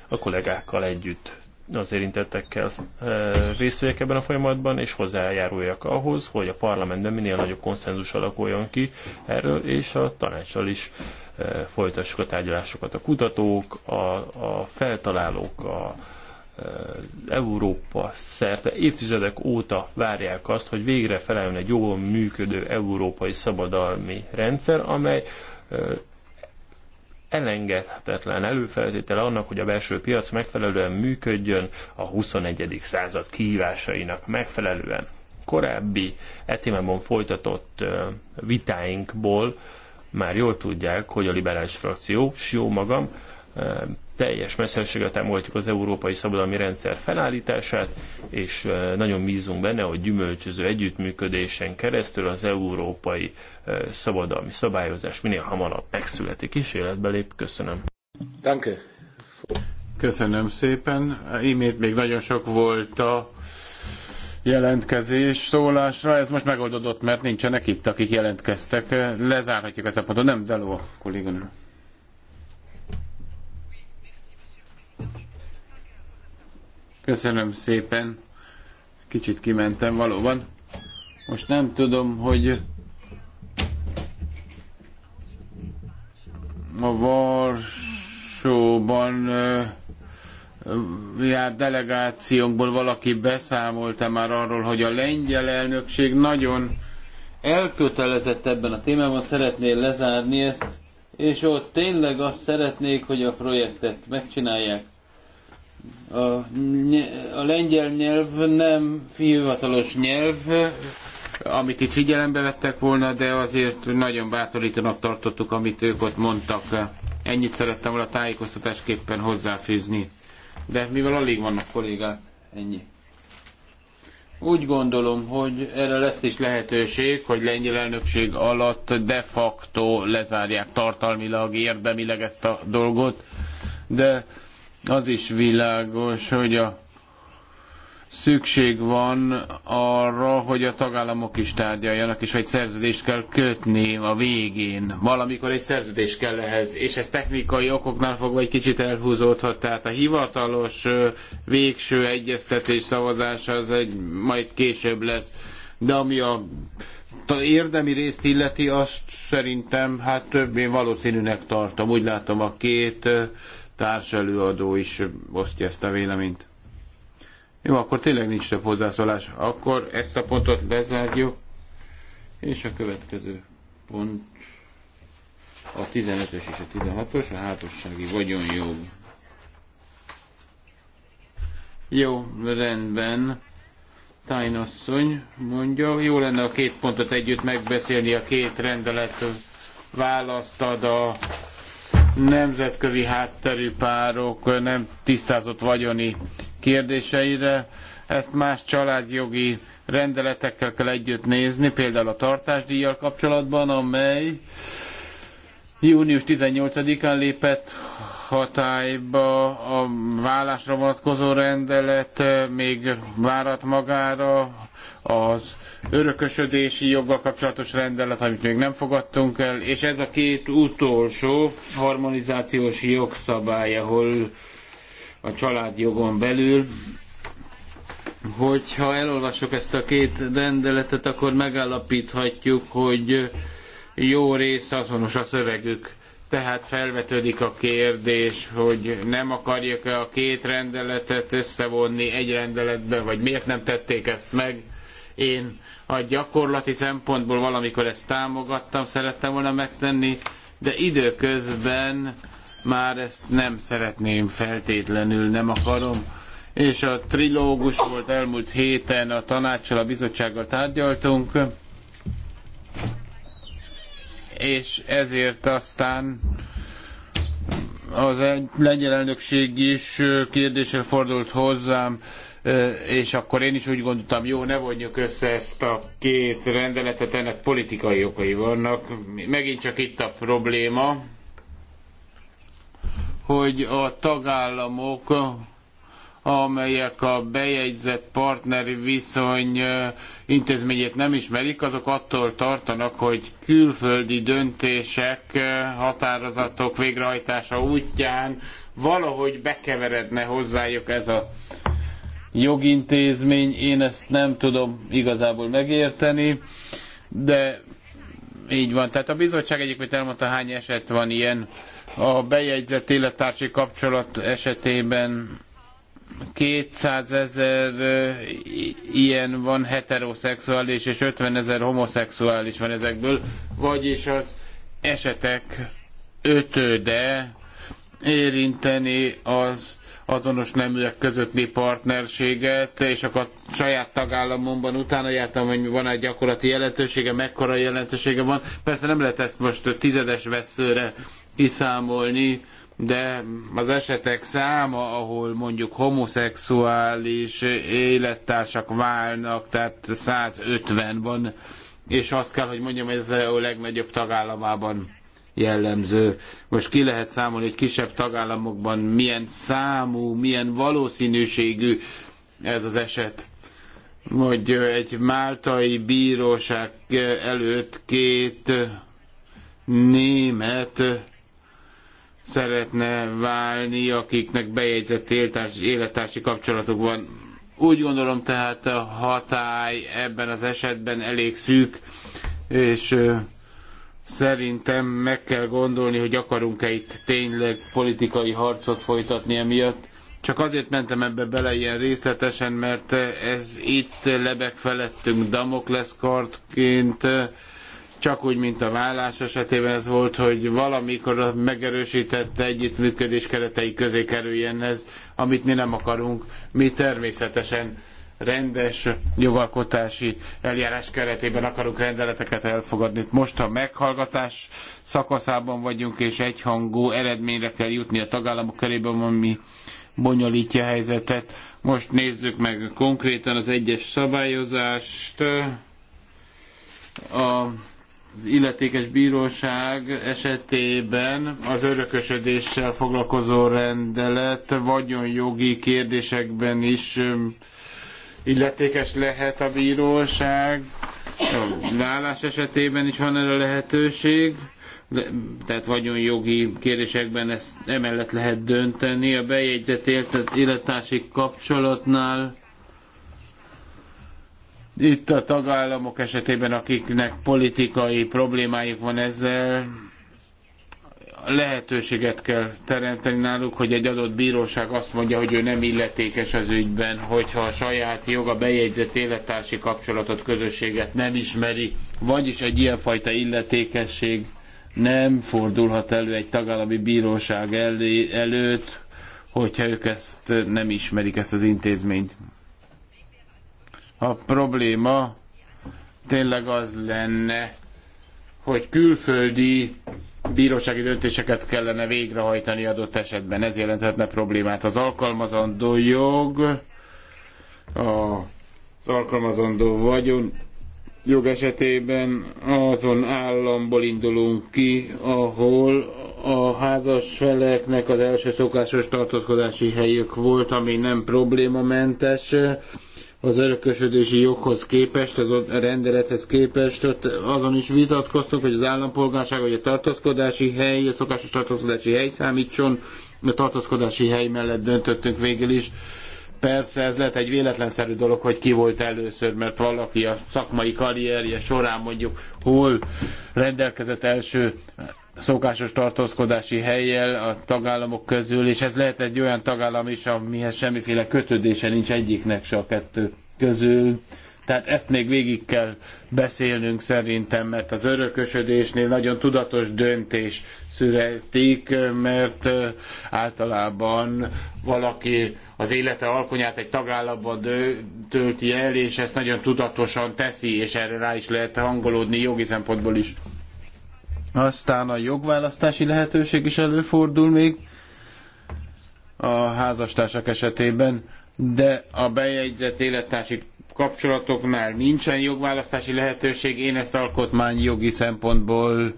a kollégákkal együtt az érintettekkel eh, részt vegyek ebben a folyamatban, és hozzájáruljak ahhoz, hogy a parlamentben minél nagyobb konszenzus alakuljon ki erről, és a tanácssal is eh, folytassuk a tárgyalásokat. A kutatók, a, a feltalálók, a, eh, Európa szerte évtizedek óta várják azt, hogy végre felálljon egy jól működő európai szabadalmi rendszer, amely elengedhetetlen előfeltétele annak, hogy a belső piac megfelelően működjön a 21. század kihívásainak megfelelően. Korábbi etimában folytatott vitáinkból már jól tudják, hogy a liberális frakció, és jó magam, teljes messzeséggel támogatjuk az európai szabadalmi rendszer felállítását, és e, nagyon bízunk benne, hogy gyümölcsöző együttműködésen keresztül az európai e, szabadalmi szabályozás minél hamarabb megszületik és életbe lép. Köszönöm. Danke. Köszönöm szépen. Imént még nagyon sok volt a jelentkezés szólásra. Ez most megoldódott, mert nincsenek itt, akik jelentkeztek. Lezárhatjuk ezt a pontot. Nem, Deló kolléganő. Köszönöm szépen. Kicsit kimentem valóban. Most nem tudom, hogy a Varsóban járt delegációnkból valaki beszámolta már arról, hogy a lengyel elnökség nagyon elkötelezett ebben a témában, szeretné lezárni ezt, és ott tényleg azt szeretnék, hogy a projektet megcsinálják a, a lengyel nyelv nem hivatalos nyelv, amit itt figyelembe vettek volna, de azért nagyon bátorítanak tartottuk, amit ők ott mondtak. Ennyit szerettem volna tájékoztatásképpen hozzáfűzni. De mivel alig vannak kollégák, ennyi. Úgy gondolom, hogy erre lesz is lehetőség, hogy lengyel elnökség alatt de facto lezárják tartalmilag, érdemileg ezt a dolgot, de az is világos, hogy a szükség van arra, hogy a tagállamok is tárgyaljanak, és egy szerződést kell kötni a végén. Valamikor egy szerződés kell ehhez, és ez technikai okoknál fogva egy kicsit elhúzódhat. Tehát a hivatalos végső egyeztetés szavazása az egy majd később lesz. De ami a érdemi részt illeti, azt szerintem hát többé valószínűnek tartom. Úgy látom a két társelőadó is osztja ezt a véleményt. Jó, akkor tényleg nincs több hozzászólás. Akkor ezt a pontot lezárjuk, és a következő pont a 15-ös és a 16-os, a hátossági vagyonjog. Jó, rendben. Tájnasszony mondja, jó lenne a két pontot együtt megbeszélni, a két rendelet választ ad a nemzetközi hátterű párok nem tisztázott vagyoni kérdéseire. Ezt más családjogi rendeletekkel kell együtt nézni, például a tartásdíjjal kapcsolatban, amely június 18-án lépett hatályba a vállásra vonatkozó rendelet még várat magára, az örökösödési joggal kapcsolatos rendelet, amit még nem fogadtunk el, és ez a két utolsó harmonizációs jogszabály, ahol a családjogon belül hogyha elolvassuk ezt a két rendeletet, akkor megállapíthatjuk, hogy jó része azonos a szövegük. Tehát felvetődik a kérdés, hogy nem akarjuk-e a két rendeletet összevonni egy rendeletbe, vagy miért nem tették ezt meg. Én a gyakorlati szempontból valamikor ezt támogattam, szerettem volna megtenni, de időközben már ezt nem szeretném feltétlenül, nem akarom. És a trilógus volt elmúlt héten, a tanácssal, a bizottsággal tárgyaltunk és ezért aztán az egy lengyel elnökség is kérdéssel fordult hozzám, és akkor én is úgy gondoltam, jó, ne vonjuk össze ezt a két rendeletet, ennek politikai okai vannak. Megint csak itt a probléma, hogy a tagállamok amelyek a bejegyzett partneri viszony intézményét nem ismerik, azok attól tartanak, hogy külföldi döntések, határozatok végrehajtása útján valahogy bekeveredne hozzájuk ez a jogintézmény. Én ezt nem tudom igazából megérteni, de így van. Tehát a bizottság egyébként elmondta, hány eset van ilyen. A bejegyzett élettársi kapcsolat esetében 200 ezer ilyen van heteroszexuális, és 50 ezer homoszexuális van ezekből, vagyis az esetek ötöde érinteni az azonos neműek közötti partnerséget, és akkor a saját tagállamomban utána jártam, hogy van egy gyakorlati jelentősége, mekkora jelentősége van. Persze nem lehet ezt most tizedes veszőre kiszámolni, de az esetek száma, ahol mondjuk homoszexuális élettársak válnak, tehát 150 van, és azt kell, hogy mondjam, ez a legnagyobb tagállamában jellemző. Most ki lehet számolni, hogy kisebb tagállamokban milyen számú, milyen valószínűségű ez az eset hogy egy máltai bíróság előtt két német szeretne válni, akiknek bejegyzett éltárs, élettársi kapcsolatuk van. Úgy gondolom tehát a hatály ebben az esetben elég szűk, és szerintem meg kell gondolni, hogy akarunk-e itt tényleg politikai harcot folytatni emiatt. Csak azért mentem ebbe bele ilyen részletesen, mert ez itt lebeg felettünk Damoklesz kardként, csak úgy, mint a vállás esetében ez volt, hogy valamikor a megerősített együttműködés keretei közé kerüljen ez, amit mi nem akarunk. Mi természetesen rendes jogalkotási eljárás keretében akarunk rendeleteket elfogadni. Most a meghallgatás szakaszában vagyunk, és egyhangú eredményre kell jutni a tagállamok körében, ami bonyolítja a helyzetet. Most nézzük meg konkrétan az egyes szabályozást. A az illetékes bíróság esetében az örökösödéssel foglalkozó rendelet vagyonjogi kérdésekben is illetékes lehet a bíróság. A vállás esetében is van erre lehetőség, tehát vagyonjogi kérdésekben ezt emellett lehet dönteni. A bejegyzett élettársi kapcsolatnál itt a tagállamok esetében, akiknek politikai problémájuk van ezzel, lehetőséget kell teremteni náluk, hogy egy adott bíróság azt mondja, hogy ő nem illetékes az ügyben, hogyha a saját joga bejegyzett élettársi kapcsolatot, közösséget nem ismeri, vagyis egy ilyenfajta illetékesség nem fordulhat elő egy tagállami bíróság elé, előtt, hogyha ők ezt nem ismerik, ezt az intézményt. A probléma tényleg az lenne, hogy külföldi bírósági döntéseket kellene végrehajtani adott esetben. Ez jelenthetne problémát. Az alkalmazandó jog, az alkalmazandó vagyon jog esetében azon államból indulunk ki, ahol a házas feleknek az első szokásos tartózkodási helyük volt, ami nem problémamentes, az örökösödési joghoz képest, az a rendelethez képest, ott azon is vitatkoztunk, hogy az állampolgárság, vagy a tartózkodási hely, a szokásos tartózkodási hely számítson, a tartózkodási hely mellett döntöttünk végül is. Persze ez lett egy véletlenszerű dolog, hogy ki volt először, mert valaki a szakmai karrierje során mondjuk hol rendelkezett első szokásos tartózkodási helyjel a tagállamok közül, és ez lehet egy olyan tagállam is, amihez semmiféle kötődése nincs egyiknek se a kettő közül. Tehát ezt még végig kell beszélnünk szerintem, mert az örökösödésnél nagyon tudatos döntés születik, mert általában valaki az élete alkonyát egy tagállamban tölti el, és ezt nagyon tudatosan teszi, és erre rá is lehet hangolódni jogi szempontból is. Aztán a jogválasztási lehetőség is előfordul még a házastársak esetében, de a bejegyzett élettársi kapcsolatoknál nincsen jogválasztási lehetőség. Én ezt alkotmányjogi szempontból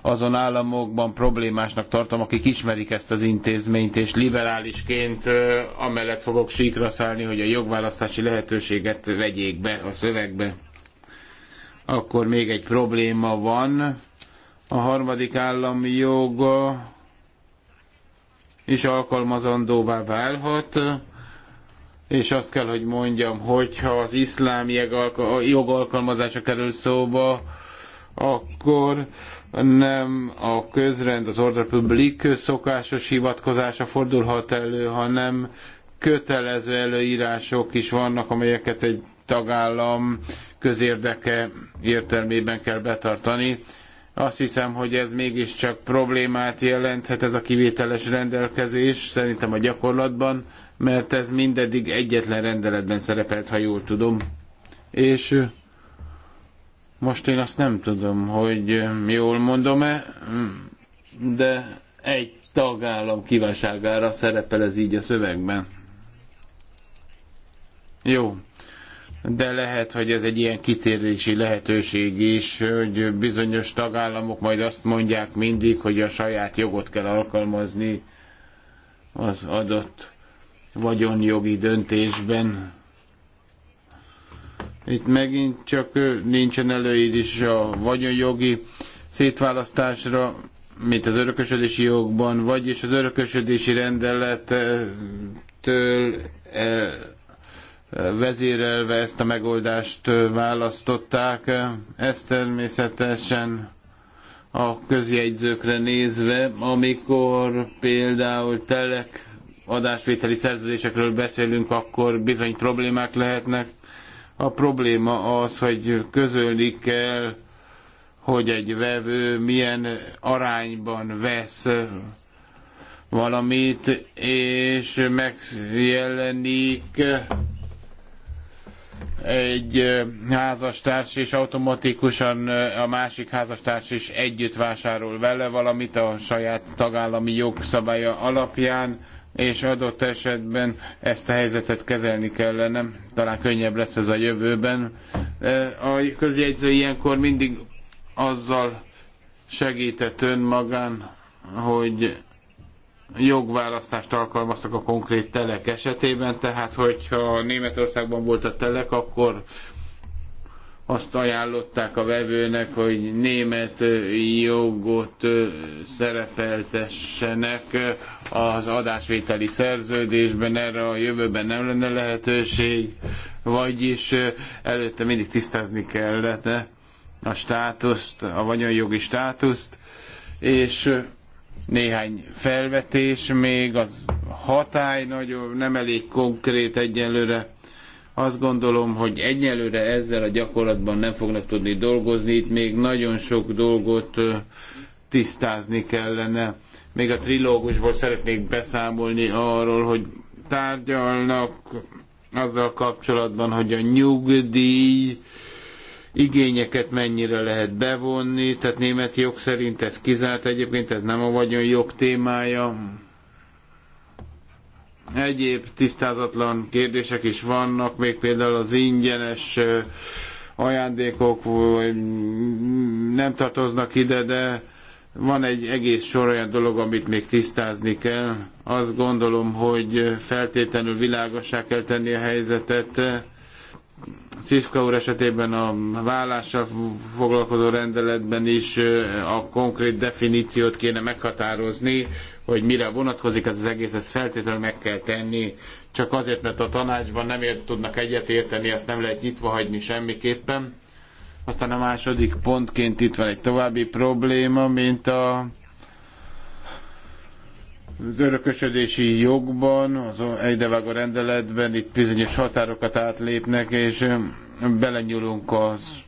azon államokban problémásnak tartom, akik ismerik ezt az intézményt, és liberálisként amellett fogok síkra szállni, hogy a jogválasztási lehetőséget vegyék be a szövegbe. Akkor még egy probléma van, a harmadik állam joga is alkalmazandóvá válhat, és azt kell, hogy mondjam, hogyha az iszlám jog alkalmazása kerül szóba, akkor nem a közrend, az ordre public szokásos hivatkozása fordulhat elő, hanem kötelező előírások is vannak, amelyeket egy tagállam közérdeke értelmében kell betartani azt hiszem, hogy ez mégiscsak problémát jelenthet ez a kivételes rendelkezés, szerintem a gyakorlatban, mert ez mindeddig egyetlen rendeletben szerepelt, ha jól tudom. És most én azt nem tudom, hogy jól mondom-e, de egy tagállam kívánságára szerepel ez így a szövegben. Jó, de lehet, hogy ez egy ilyen kitérési lehetőség is, hogy bizonyos tagállamok majd azt mondják mindig, hogy a saját jogot kell alkalmazni az adott vagyonjogi döntésben. Itt megint csak nincsen előírás is a vagyonjogi szétválasztásra, mint az örökösödési jogban, vagyis az örökösödési rendelettől eh, vezérelve ezt a megoldást választották. Ez természetesen a közjegyzőkre nézve, amikor például telek adásvételi szerződésekről beszélünk, akkor bizony problémák lehetnek. A probléma az, hogy közölni kell, hogy egy vevő milyen arányban vesz valamit, és megjelenik egy házastárs, és automatikusan a másik házastárs is együtt vásárol vele valamit a saját tagállami jogszabálya alapján, és adott esetben ezt a helyzetet kezelni kellene. Talán könnyebb lesz ez a jövőben. A közjegyző ilyenkor mindig azzal segített önmagán, hogy jogválasztást alkalmaztak a konkrét telek esetében, tehát hogyha Németországban volt a telek, akkor azt ajánlották a vevőnek, hogy német jogot szerepeltessenek az adásvételi szerződésben, erre a jövőben nem lenne lehetőség, vagyis előtte mindig tisztázni kellett a státuszt, a vagyonjogi státuszt, és néhány felvetés még, az hatály nagyon nem elég konkrét egyelőre. Azt gondolom, hogy egyelőre ezzel a gyakorlatban nem fognak tudni dolgozni, itt még nagyon sok dolgot tisztázni kellene. Még a trilógusból szeretnék beszámolni arról, hogy tárgyalnak azzal kapcsolatban, hogy a nyugdíj igényeket mennyire lehet bevonni, tehát német jog szerint ez kizárt egyébként, ez nem a vagyon jog témája. Egyéb tisztázatlan kérdések is vannak, még például az ingyenes ajándékok nem tartoznak ide, de van egy egész sor olyan dolog, amit még tisztázni kell. Azt gondolom, hogy feltétlenül világosá kell tenni a helyzetet Cifka úr esetében a vállással foglalkozó rendeletben is a konkrét definíciót kéne meghatározni, hogy mire vonatkozik ez az egész, ezt feltétlenül meg kell tenni, csak azért, mert a tanácsban nem ért, tudnak egyet ezt nem lehet nyitva hagyni semmiképpen. Aztán a második pontként itt van egy további probléma, mint a az örökösödési jogban, az egydevágó rendeletben itt bizonyos határokat átlépnek, és belenyúlunk az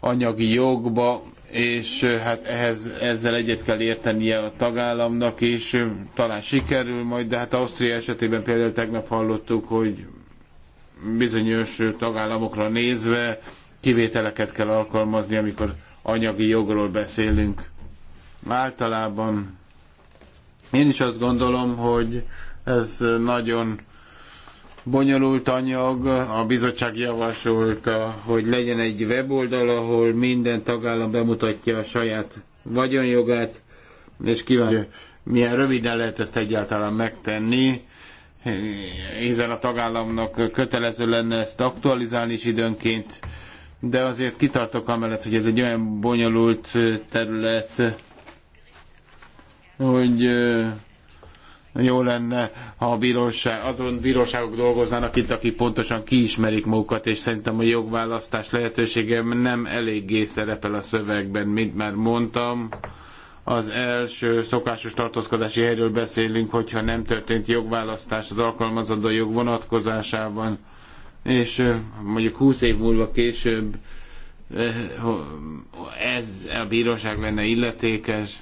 anyagi jogba, és hát ehhez, ezzel egyet kell értenie a tagállamnak, és talán sikerül majd, de hát Ausztria esetében például tegnap hallottuk, hogy bizonyos tagállamokra nézve kivételeket kell alkalmazni, amikor anyagi jogról beszélünk. Általában én is azt gondolom, hogy ez nagyon bonyolult anyag, a bizottság javasolta, hogy legyen egy weboldal, ahol minden tagállam bemutatja a saját vagyonjogát, és kíváncsi, milyen röviden lehet ezt egyáltalán megtenni, hiszen a tagállamnak kötelező lenne ezt aktualizálni is időnként, de azért kitartok amellett, hogy ez egy olyan bonyolult terület, hogy jó lenne, ha a bíróság, azon bíróságok dolgoznának itt, akik pontosan kiismerik magukat, és szerintem a jogválasztás lehetősége nem eléggé szerepel a szövegben, mint már mondtam. Az első szokásos tartózkodási helyről beszélünk, hogyha nem történt jogválasztás az alkalmazott a jog vonatkozásában, és mondjuk 20 év múlva később ez a bíróság lenne illetékes,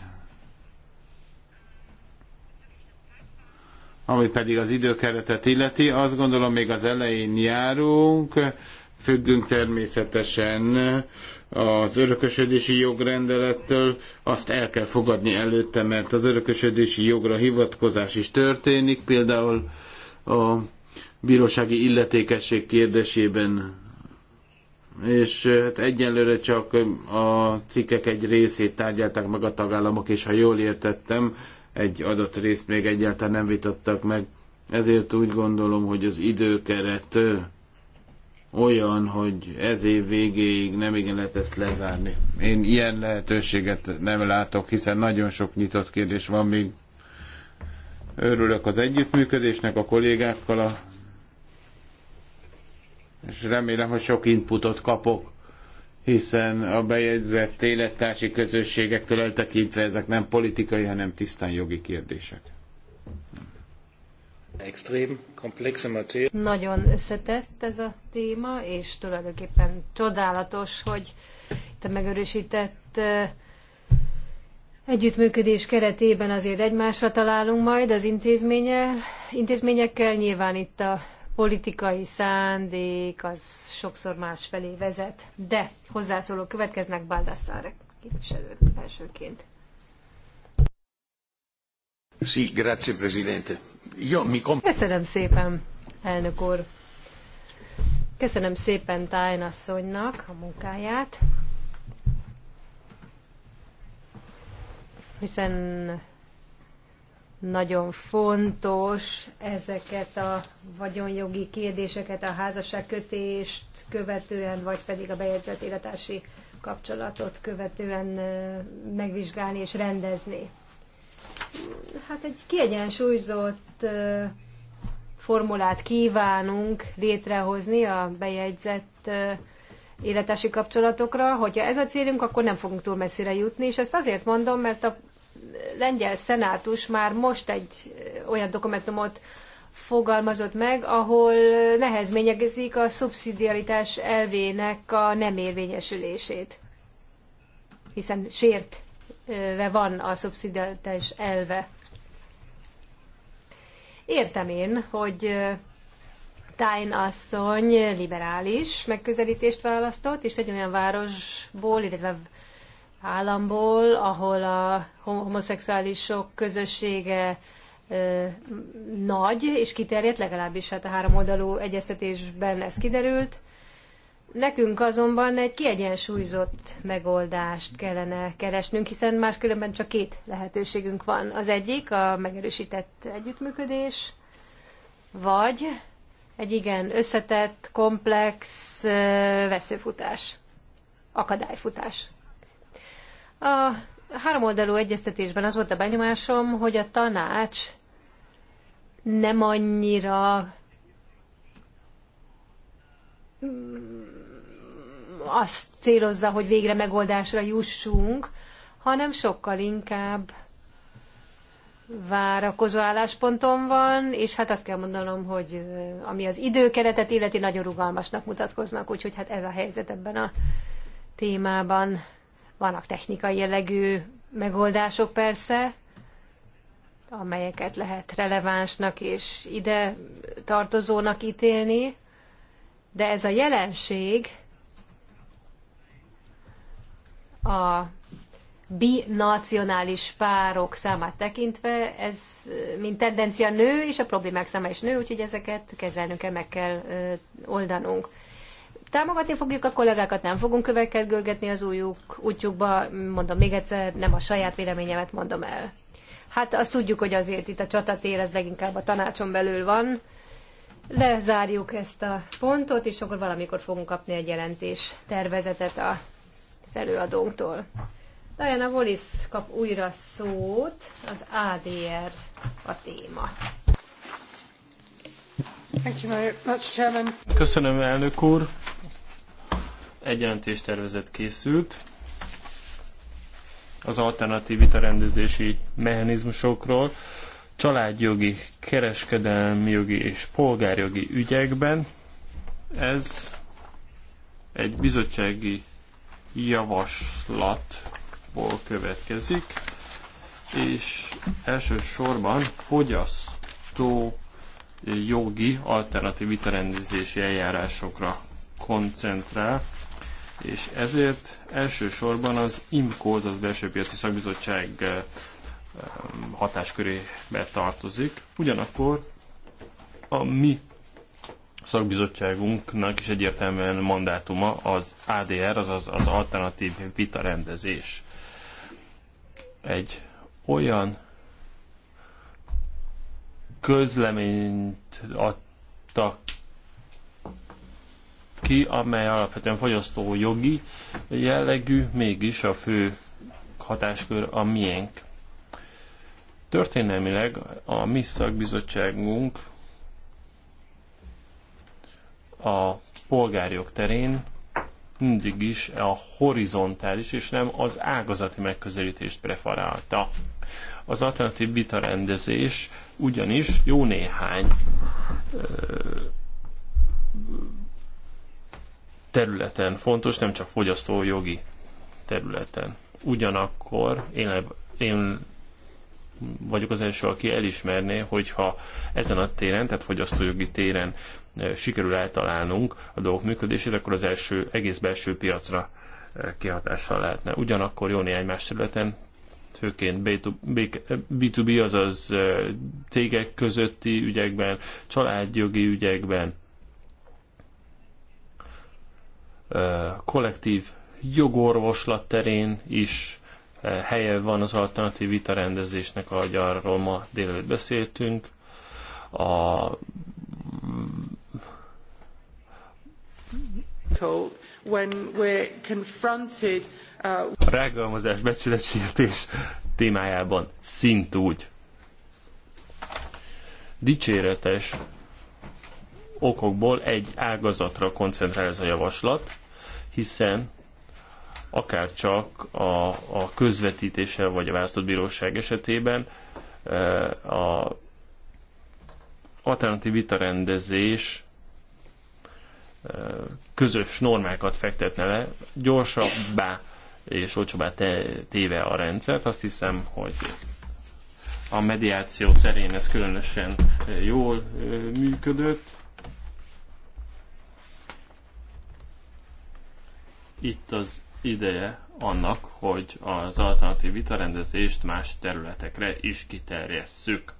Ami pedig az időkeretet illeti, azt gondolom még az elején járunk, függünk természetesen az örökösödési jogrendelettől, azt el kell fogadni előtte, mert az örökösödési jogra hivatkozás is történik, például a bírósági illetékesség kérdésében. És hát egyenlőre csak a cikkek egy részét tárgyalták meg a tagállamok, és ha jól értettem, egy adott részt még egyáltalán nem vitattak meg. Ezért úgy gondolom, hogy az időkeret olyan, hogy ez év végéig nem igen lehet ezt lezárni. Én ilyen lehetőséget nem látok, hiszen nagyon sok nyitott kérdés van még. Örülök az együttműködésnek a kollégákkal, a... és remélem, hogy sok inputot kapok hiszen a bejegyzett élettársi közösségektől eltekintve ezek nem politikai, hanem tisztán jogi kérdések. Nagyon összetett ez a téma, és tulajdonképpen csodálatos, hogy itt megörösített együttműködés keretében azért egymásra találunk majd az intézménye, intézményekkel. Nyilván itt a politikai szándék az sokszor másfelé vezet. De hozzászólók következnek Baldassare képviselő elsőként. Sí, grazie, presidente. Io mi kom- Köszönöm szépen, elnök úr. Köszönöm szépen Tájn asszonynak a munkáját, hiszen nagyon fontos ezeket a vagyonjogi kérdéseket, a házasságkötést követően, vagy pedig a bejegyzett életási kapcsolatot követően megvizsgálni és rendezni. Hát egy kiegyensúlyzott formulát kívánunk létrehozni a bejegyzett életási kapcsolatokra. Hogyha ez a célunk, akkor nem fogunk túl messzire jutni, és ezt azért mondom, mert a lengyel szenátus már most egy olyan dokumentumot fogalmazott meg, ahol nehezményegezik a szubszidiaritás elvének a nem érvényesülését. Hiszen sértve van a szubszidiaritás elve. Értem én, hogy Tájn asszony liberális megközelítést választott, és egy olyan városból, illetve államból, ahol a homoszexuálisok közössége nagy és kiterjedt, legalábbis hát a három oldalú egyeztetésben ez kiderült. Nekünk azonban egy kiegyensúlyozott megoldást kellene keresnünk, hiszen máskülönben csak két lehetőségünk van. Az egyik a megerősített együttműködés, vagy egy igen összetett, komplex veszőfutás, akadályfutás. A háromoldalú egyeztetésben az volt a benyomásom, hogy a tanács nem annyira mm, azt célozza, hogy végre megoldásra jussunk, hanem sokkal inkább várakozó állásponton van, és hát azt kell mondanom, hogy ami az időkeretet illeti, nagyon rugalmasnak mutatkoznak, úgyhogy hát ez a helyzet ebben a témában. Vannak technikai jellegű megoldások persze, amelyeket lehet relevánsnak és ide tartozónak ítélni, de ez a jelenség a binacionális párok számát tekintve, ez mint tendencia nő, és a problémák száma is nő, úgyhogy ezeket kezelnünk kell, meg kell oldanunk támogatni fogjuk a kollégákat, nem fogunk köveket görgetni az újuk, útjukba, mondom még egyszer, nem a saját véleményemet mondom el. Hát azt tudjuk, hogy azért itt a csatatér, ez leginkább a tanácson belül van. Lezárjuk ezt a pontot, és akkor valamikor fogunk kapni egy jelentés tervezetet az előadónktól. Diana Wallis kap újra szót, az ADR a téma. Köszönöm, elnök úr. Egy jelentéstervezet készült az alternatív vitarendezési mechanizmusokról, családjogi, kereskedelmi jogi és polgárjogi ügyekben. Ez egy bizottsági javaslatból következik, és elsősorban fogyasztó jogi alternatív vitarendezési eljárásokra koncentrál és ezért elsősorban az IMCO, az belső piaci szakbizottság hatáskörébe tartozik. Ugyanakkor a mi szakbizottságunknak is egyértelműen mandátuma az ADR, azaz az alternatív vita rendezés. Egy olyan közleményt adtak ki, amely alapvetően fogyasztó jogi jellegű, mégis a fő hatáskör a miénk. Történelmileg a mi szakbizottságunk a polgárjog terén mindig is a horizontális és nem az ágazati megközelítést preferálta. Az alternatív vitarendezés ugyanis jó néhány ö, területen fontos, nem csak fogyasztójogi területen. Ugyanakkor én, én vagyok az első, aki elismerné, hogyha ezen a téren, tehát fogyasztójogi téren e, sikerül eltalálnunk a dolgok működését, akkor az első, egész belső piacra e, kihatással lehetne. Ugyanakkor jó néhány más területen, főként B2B, azaz e, cégek közötti ügyekben, családjogi ügyekben, kollektív jogorvoslat terén is helye van az alternatív vitarendezésnek, ahogy arról ma délelőtt beszéltünk. A uh, a rágalmazás, becsületsértés témájában szintúgy dicséretes okokból egy ágazatra koncentrál ez a javaslat, hiszen akár csak a, a közvetítése vagy a választott bíróság esetében e, a alternatív vitarendezés e, közös normákat fektetne le, gyorsabbá és olcsóbbá téve a rendszert. Azt hiszem, hogy a mediáció terén ez különösen e, jól működött. itt az ideje annak, hogy az alternatív vitarendezést más területekre is kiterjesszük.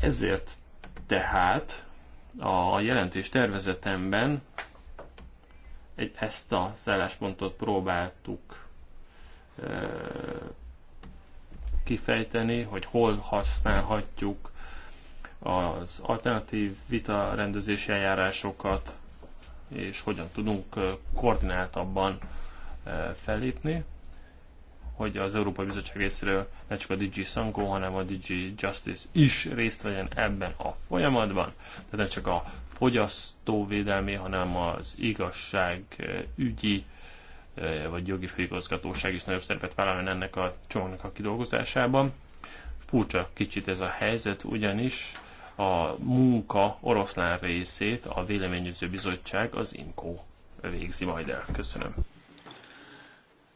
Ezért tehát a jelentés tervezetemben egy, ezt a szálláspontot próbáltuk e, kifejteni, hogy hol használhatjuk az alternatív vita rendezési eljárásokat, és hogyan tudunk koordináltabban fellépni, hogy az Európai Bizottság részéről ne csak a DG Sanko, hanem a DG Justice is részt vegyen ebben a folyamatban. Tehát ne csak a fogyasztóvédelmi, hanem az igazság ügyi vagy jogi főigazgatóság is nagyobb szerepet vállaljon ennek a csomagnak a kidolgozásában. Furcsa kicsit ez a helyzet, ugyanis a munka oroszlán részét a véleményező bizottság, az INKO végzi majd el. Köszönöm.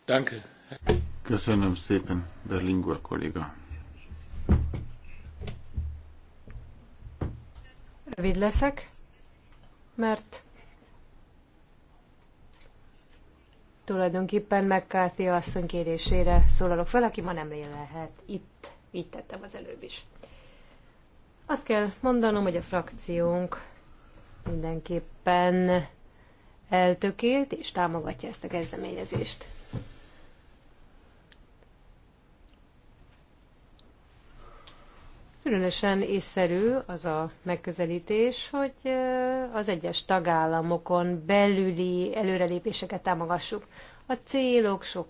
Danke. Köszönöm szépen, Berlingor kolléga. Rövid leszek, mert tulajdonképpen McCarthy asszony kérésére szólalok fel, aki ma nem lehet itt. Így tettem az előbb is. Azt kell mondanom, hogy a frakciónk mindenképpen eltökélt és támogatja ezt a kezdeményezést. Különösen észszerű az a megközelítés, hogy az egyes tagállamokon belüli előrelépéseket támogassuk. A célok sok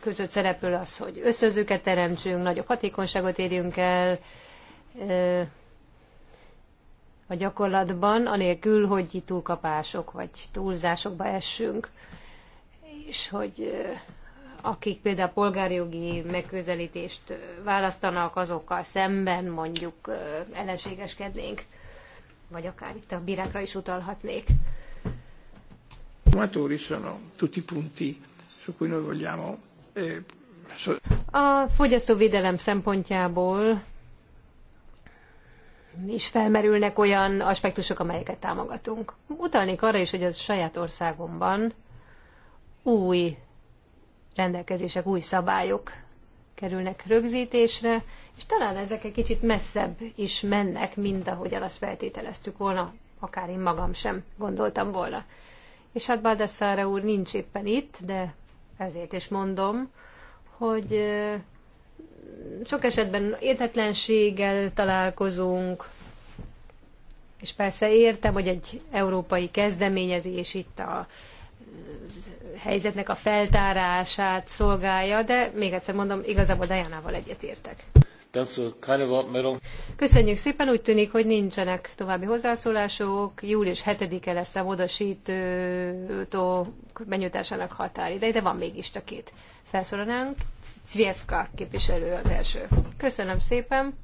között szerepül az, hogy összözőket teremtsünk, nagyobb hatékonyságot érjünk el, a gyakorlatban, anélkül, hogy túlkapások vagy túlzásokba essünk, és hogy akik például polgárjogi megközelítést választanak, azokkal szemben mondjuk ellenségeskednénk, vagy akár itt a bírákra is utalhatnék. A fogyasztóvédelem szempontjából is felmerülnek olyan aspektusok, amelyeket támogatunk. Utalnék arra is, hogy a saját országomban új rendelkezések, új szabályok kerülnek rögzítésre, és talán ezek egy kicsit messzebb is mennek, mint ahogyan azt feltételeztük volna, akár én magam sem gondoltam volna. És hát Baldassarra úr nincs éppen itt, de ezért is mondom, hogy sok esetben érthetlenséggel találkozunk, és persze értem, hogy egy európai kezdeményezés itt a helyzetnek a feltárását szolgálja, de még egyszer mondom, igazából Dajánával egyetértek. Köszönjük szépen, úgy tűnik, hogy nincsenek további hozzászólások. Július 7-e lesz a módosítók benyújtásának határideje, de van mégis csak két felszólalnánk. Cvjevka képviselő az első. Köszönöm szépen.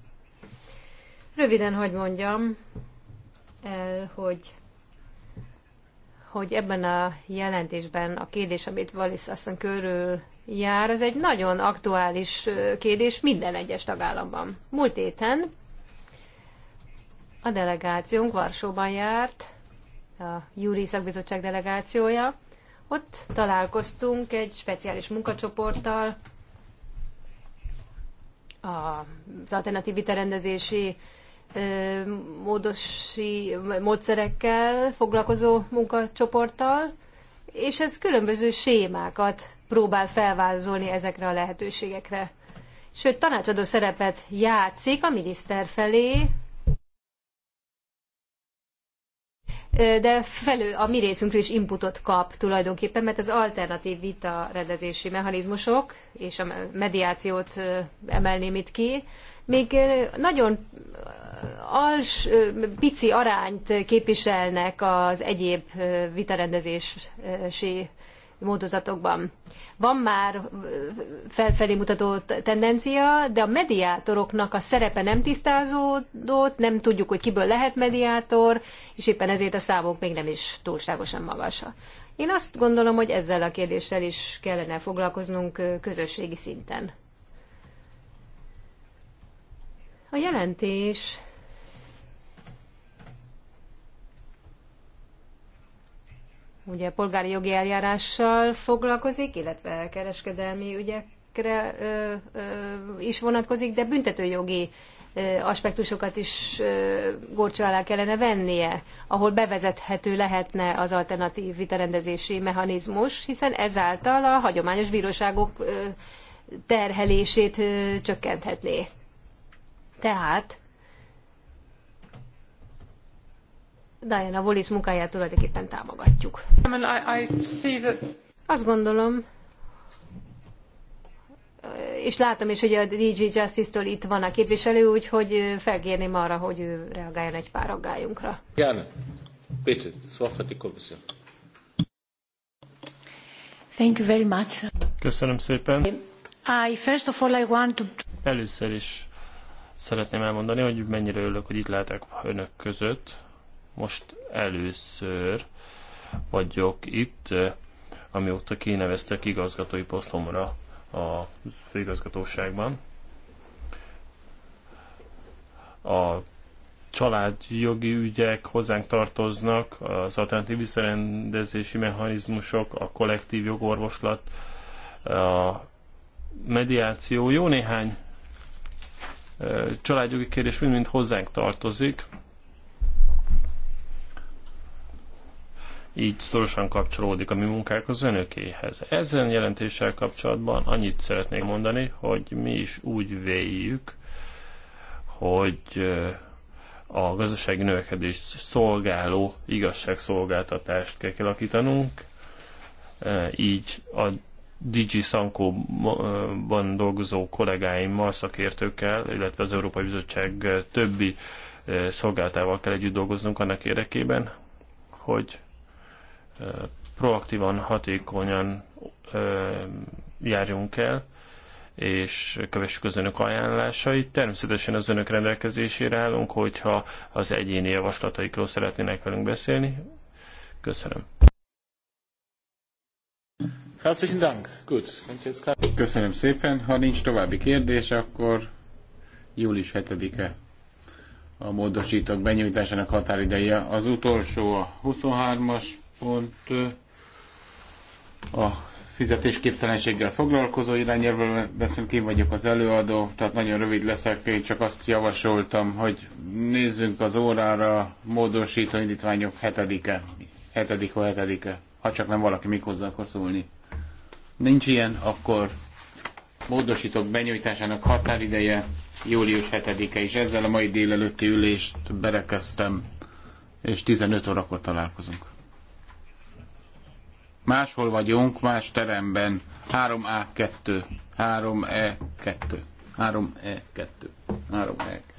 Röviden, hogy mondjam el, hogy hogy ebben a jelentésben a kérdés, amit Wallis asszony körül jár, ez egy nagyon aktuális kérdés minden egyes tagállamban. Múlt héten a delegációnk Varsóban járt, a Júri Szakbizottság delegációja, ott találkoztunk egy speciális munkacsoporttal, az alternatív viterendezési módosi módszerekkel foglalkozó munkacsoporttal, és ez különböző sémákat próbál felvázolni ezekre a lehetőségekre. Sőt, tanácsadó szerepet játszik a miniszter felé, de felül a mi részünkről is inputot kap tulajdonképpen, mert az alternatív vita rendezési mechanizmusok és a mediációt emelném itt ki, még nagyon als, pici arányt képviselnek az egyéb vitarendezési módozatokban. Van már felfelé mutató tendencia, de a mediátoroknak a szerepe nem tisztázódott, nem tudjuk, hogy kiből lehet mediátor, és éppen ezért a számok még nem is túlságosan magasak. Én azt gondolom, hogy ezzel a kérdéssel is kellene foglalkoznunk közösségi szinten. A jelentés ugye polgári jogi eljárással foglalkozik, illetve kereskedelmi ügyekre ö, ö, is vonatkozik, de büntetőjogi ö, aspektusokat is ö, alá kellene vennie, ahol bevezethető lehetne az alternatív vitarendezési mechanizmus, hiszen ezáltal a hagyományos bíróságok ö, terhelését ö, csökkenthetné. Tehát Diana Wallis munkáját tulajdonképpen támogatjuk. Azt gondolom, és látom is, hogy a DG Justice-től itt van a képviselő, úgyhogy felkérném arra, hogy ő reagáljon egy pár aggályunkra. Gerne. Bitte, das Wort hat die Kommission. Thank you very much. Köszönöm szépen. I first of all I want to... Először is szeretném elmondani, hogy mennyire örülök, hogy itt lehetek önök között. Most először vagyok itt, eh, amióta kineveztek igazgatói posztomra a főigazgatóságban. A családjogi ügyek hozzánk tartoznak, az alternatív visszarendezési mechanizmusok, a kollektív jogorvoslat, a mediáció, jó néhány eh, családjogi kérdés mind-mind hozzánk tartozik. így szorosan kapcsolódik a mi munkánk az önökéhez. Ezen jelentéssel kapcsolatban annyit szeretnék mondani, hogy mi is úgy véljük, hogy a gazdasági növekedést szolgáló igazságszolgáltatást kell kialakítanunk, így a Digi Sankóban dolgozó kollégáimmal, szakértőkkel, illetve az Európai Bizottság többi szolgáltával kell együtt dolgoznunk annak érdekében, hogy proaktívan, hatékonyan járjunk el, és kövessük az önök ajánlásait. Természetesen az önök rendelkezésére állunk, hogyha az egyéni javaslataikról szeretnének velünk beszélni. Köszönöm. Herzlichen Dank. Gut. Köszönöm szépen. Ha nincs további kérdés, akkor július 7-e a módosítók benyújtásának határideje. Az utolsó a 23-as pont a fizetésképtelenséggel foglalkozó irányelvről beszélünk, én vagyok az előadó, tehát nagyon rövid leszek, én csak azt javasoltam, hogy nézzünk az órára módosító indítványok hetedike, hetedik vagy hetedike, ha csak nem valaki mik hozzá akar szólni. Nincs ilyen, akkor módosítók benyújtásának határideje július 7-e, és ezzel a mai délelőtti ülést berekeztem, és 15 órakor találkozunk. Máshol vagyunk, más teremben. 3A2, 3E2, 3E2, 3E2.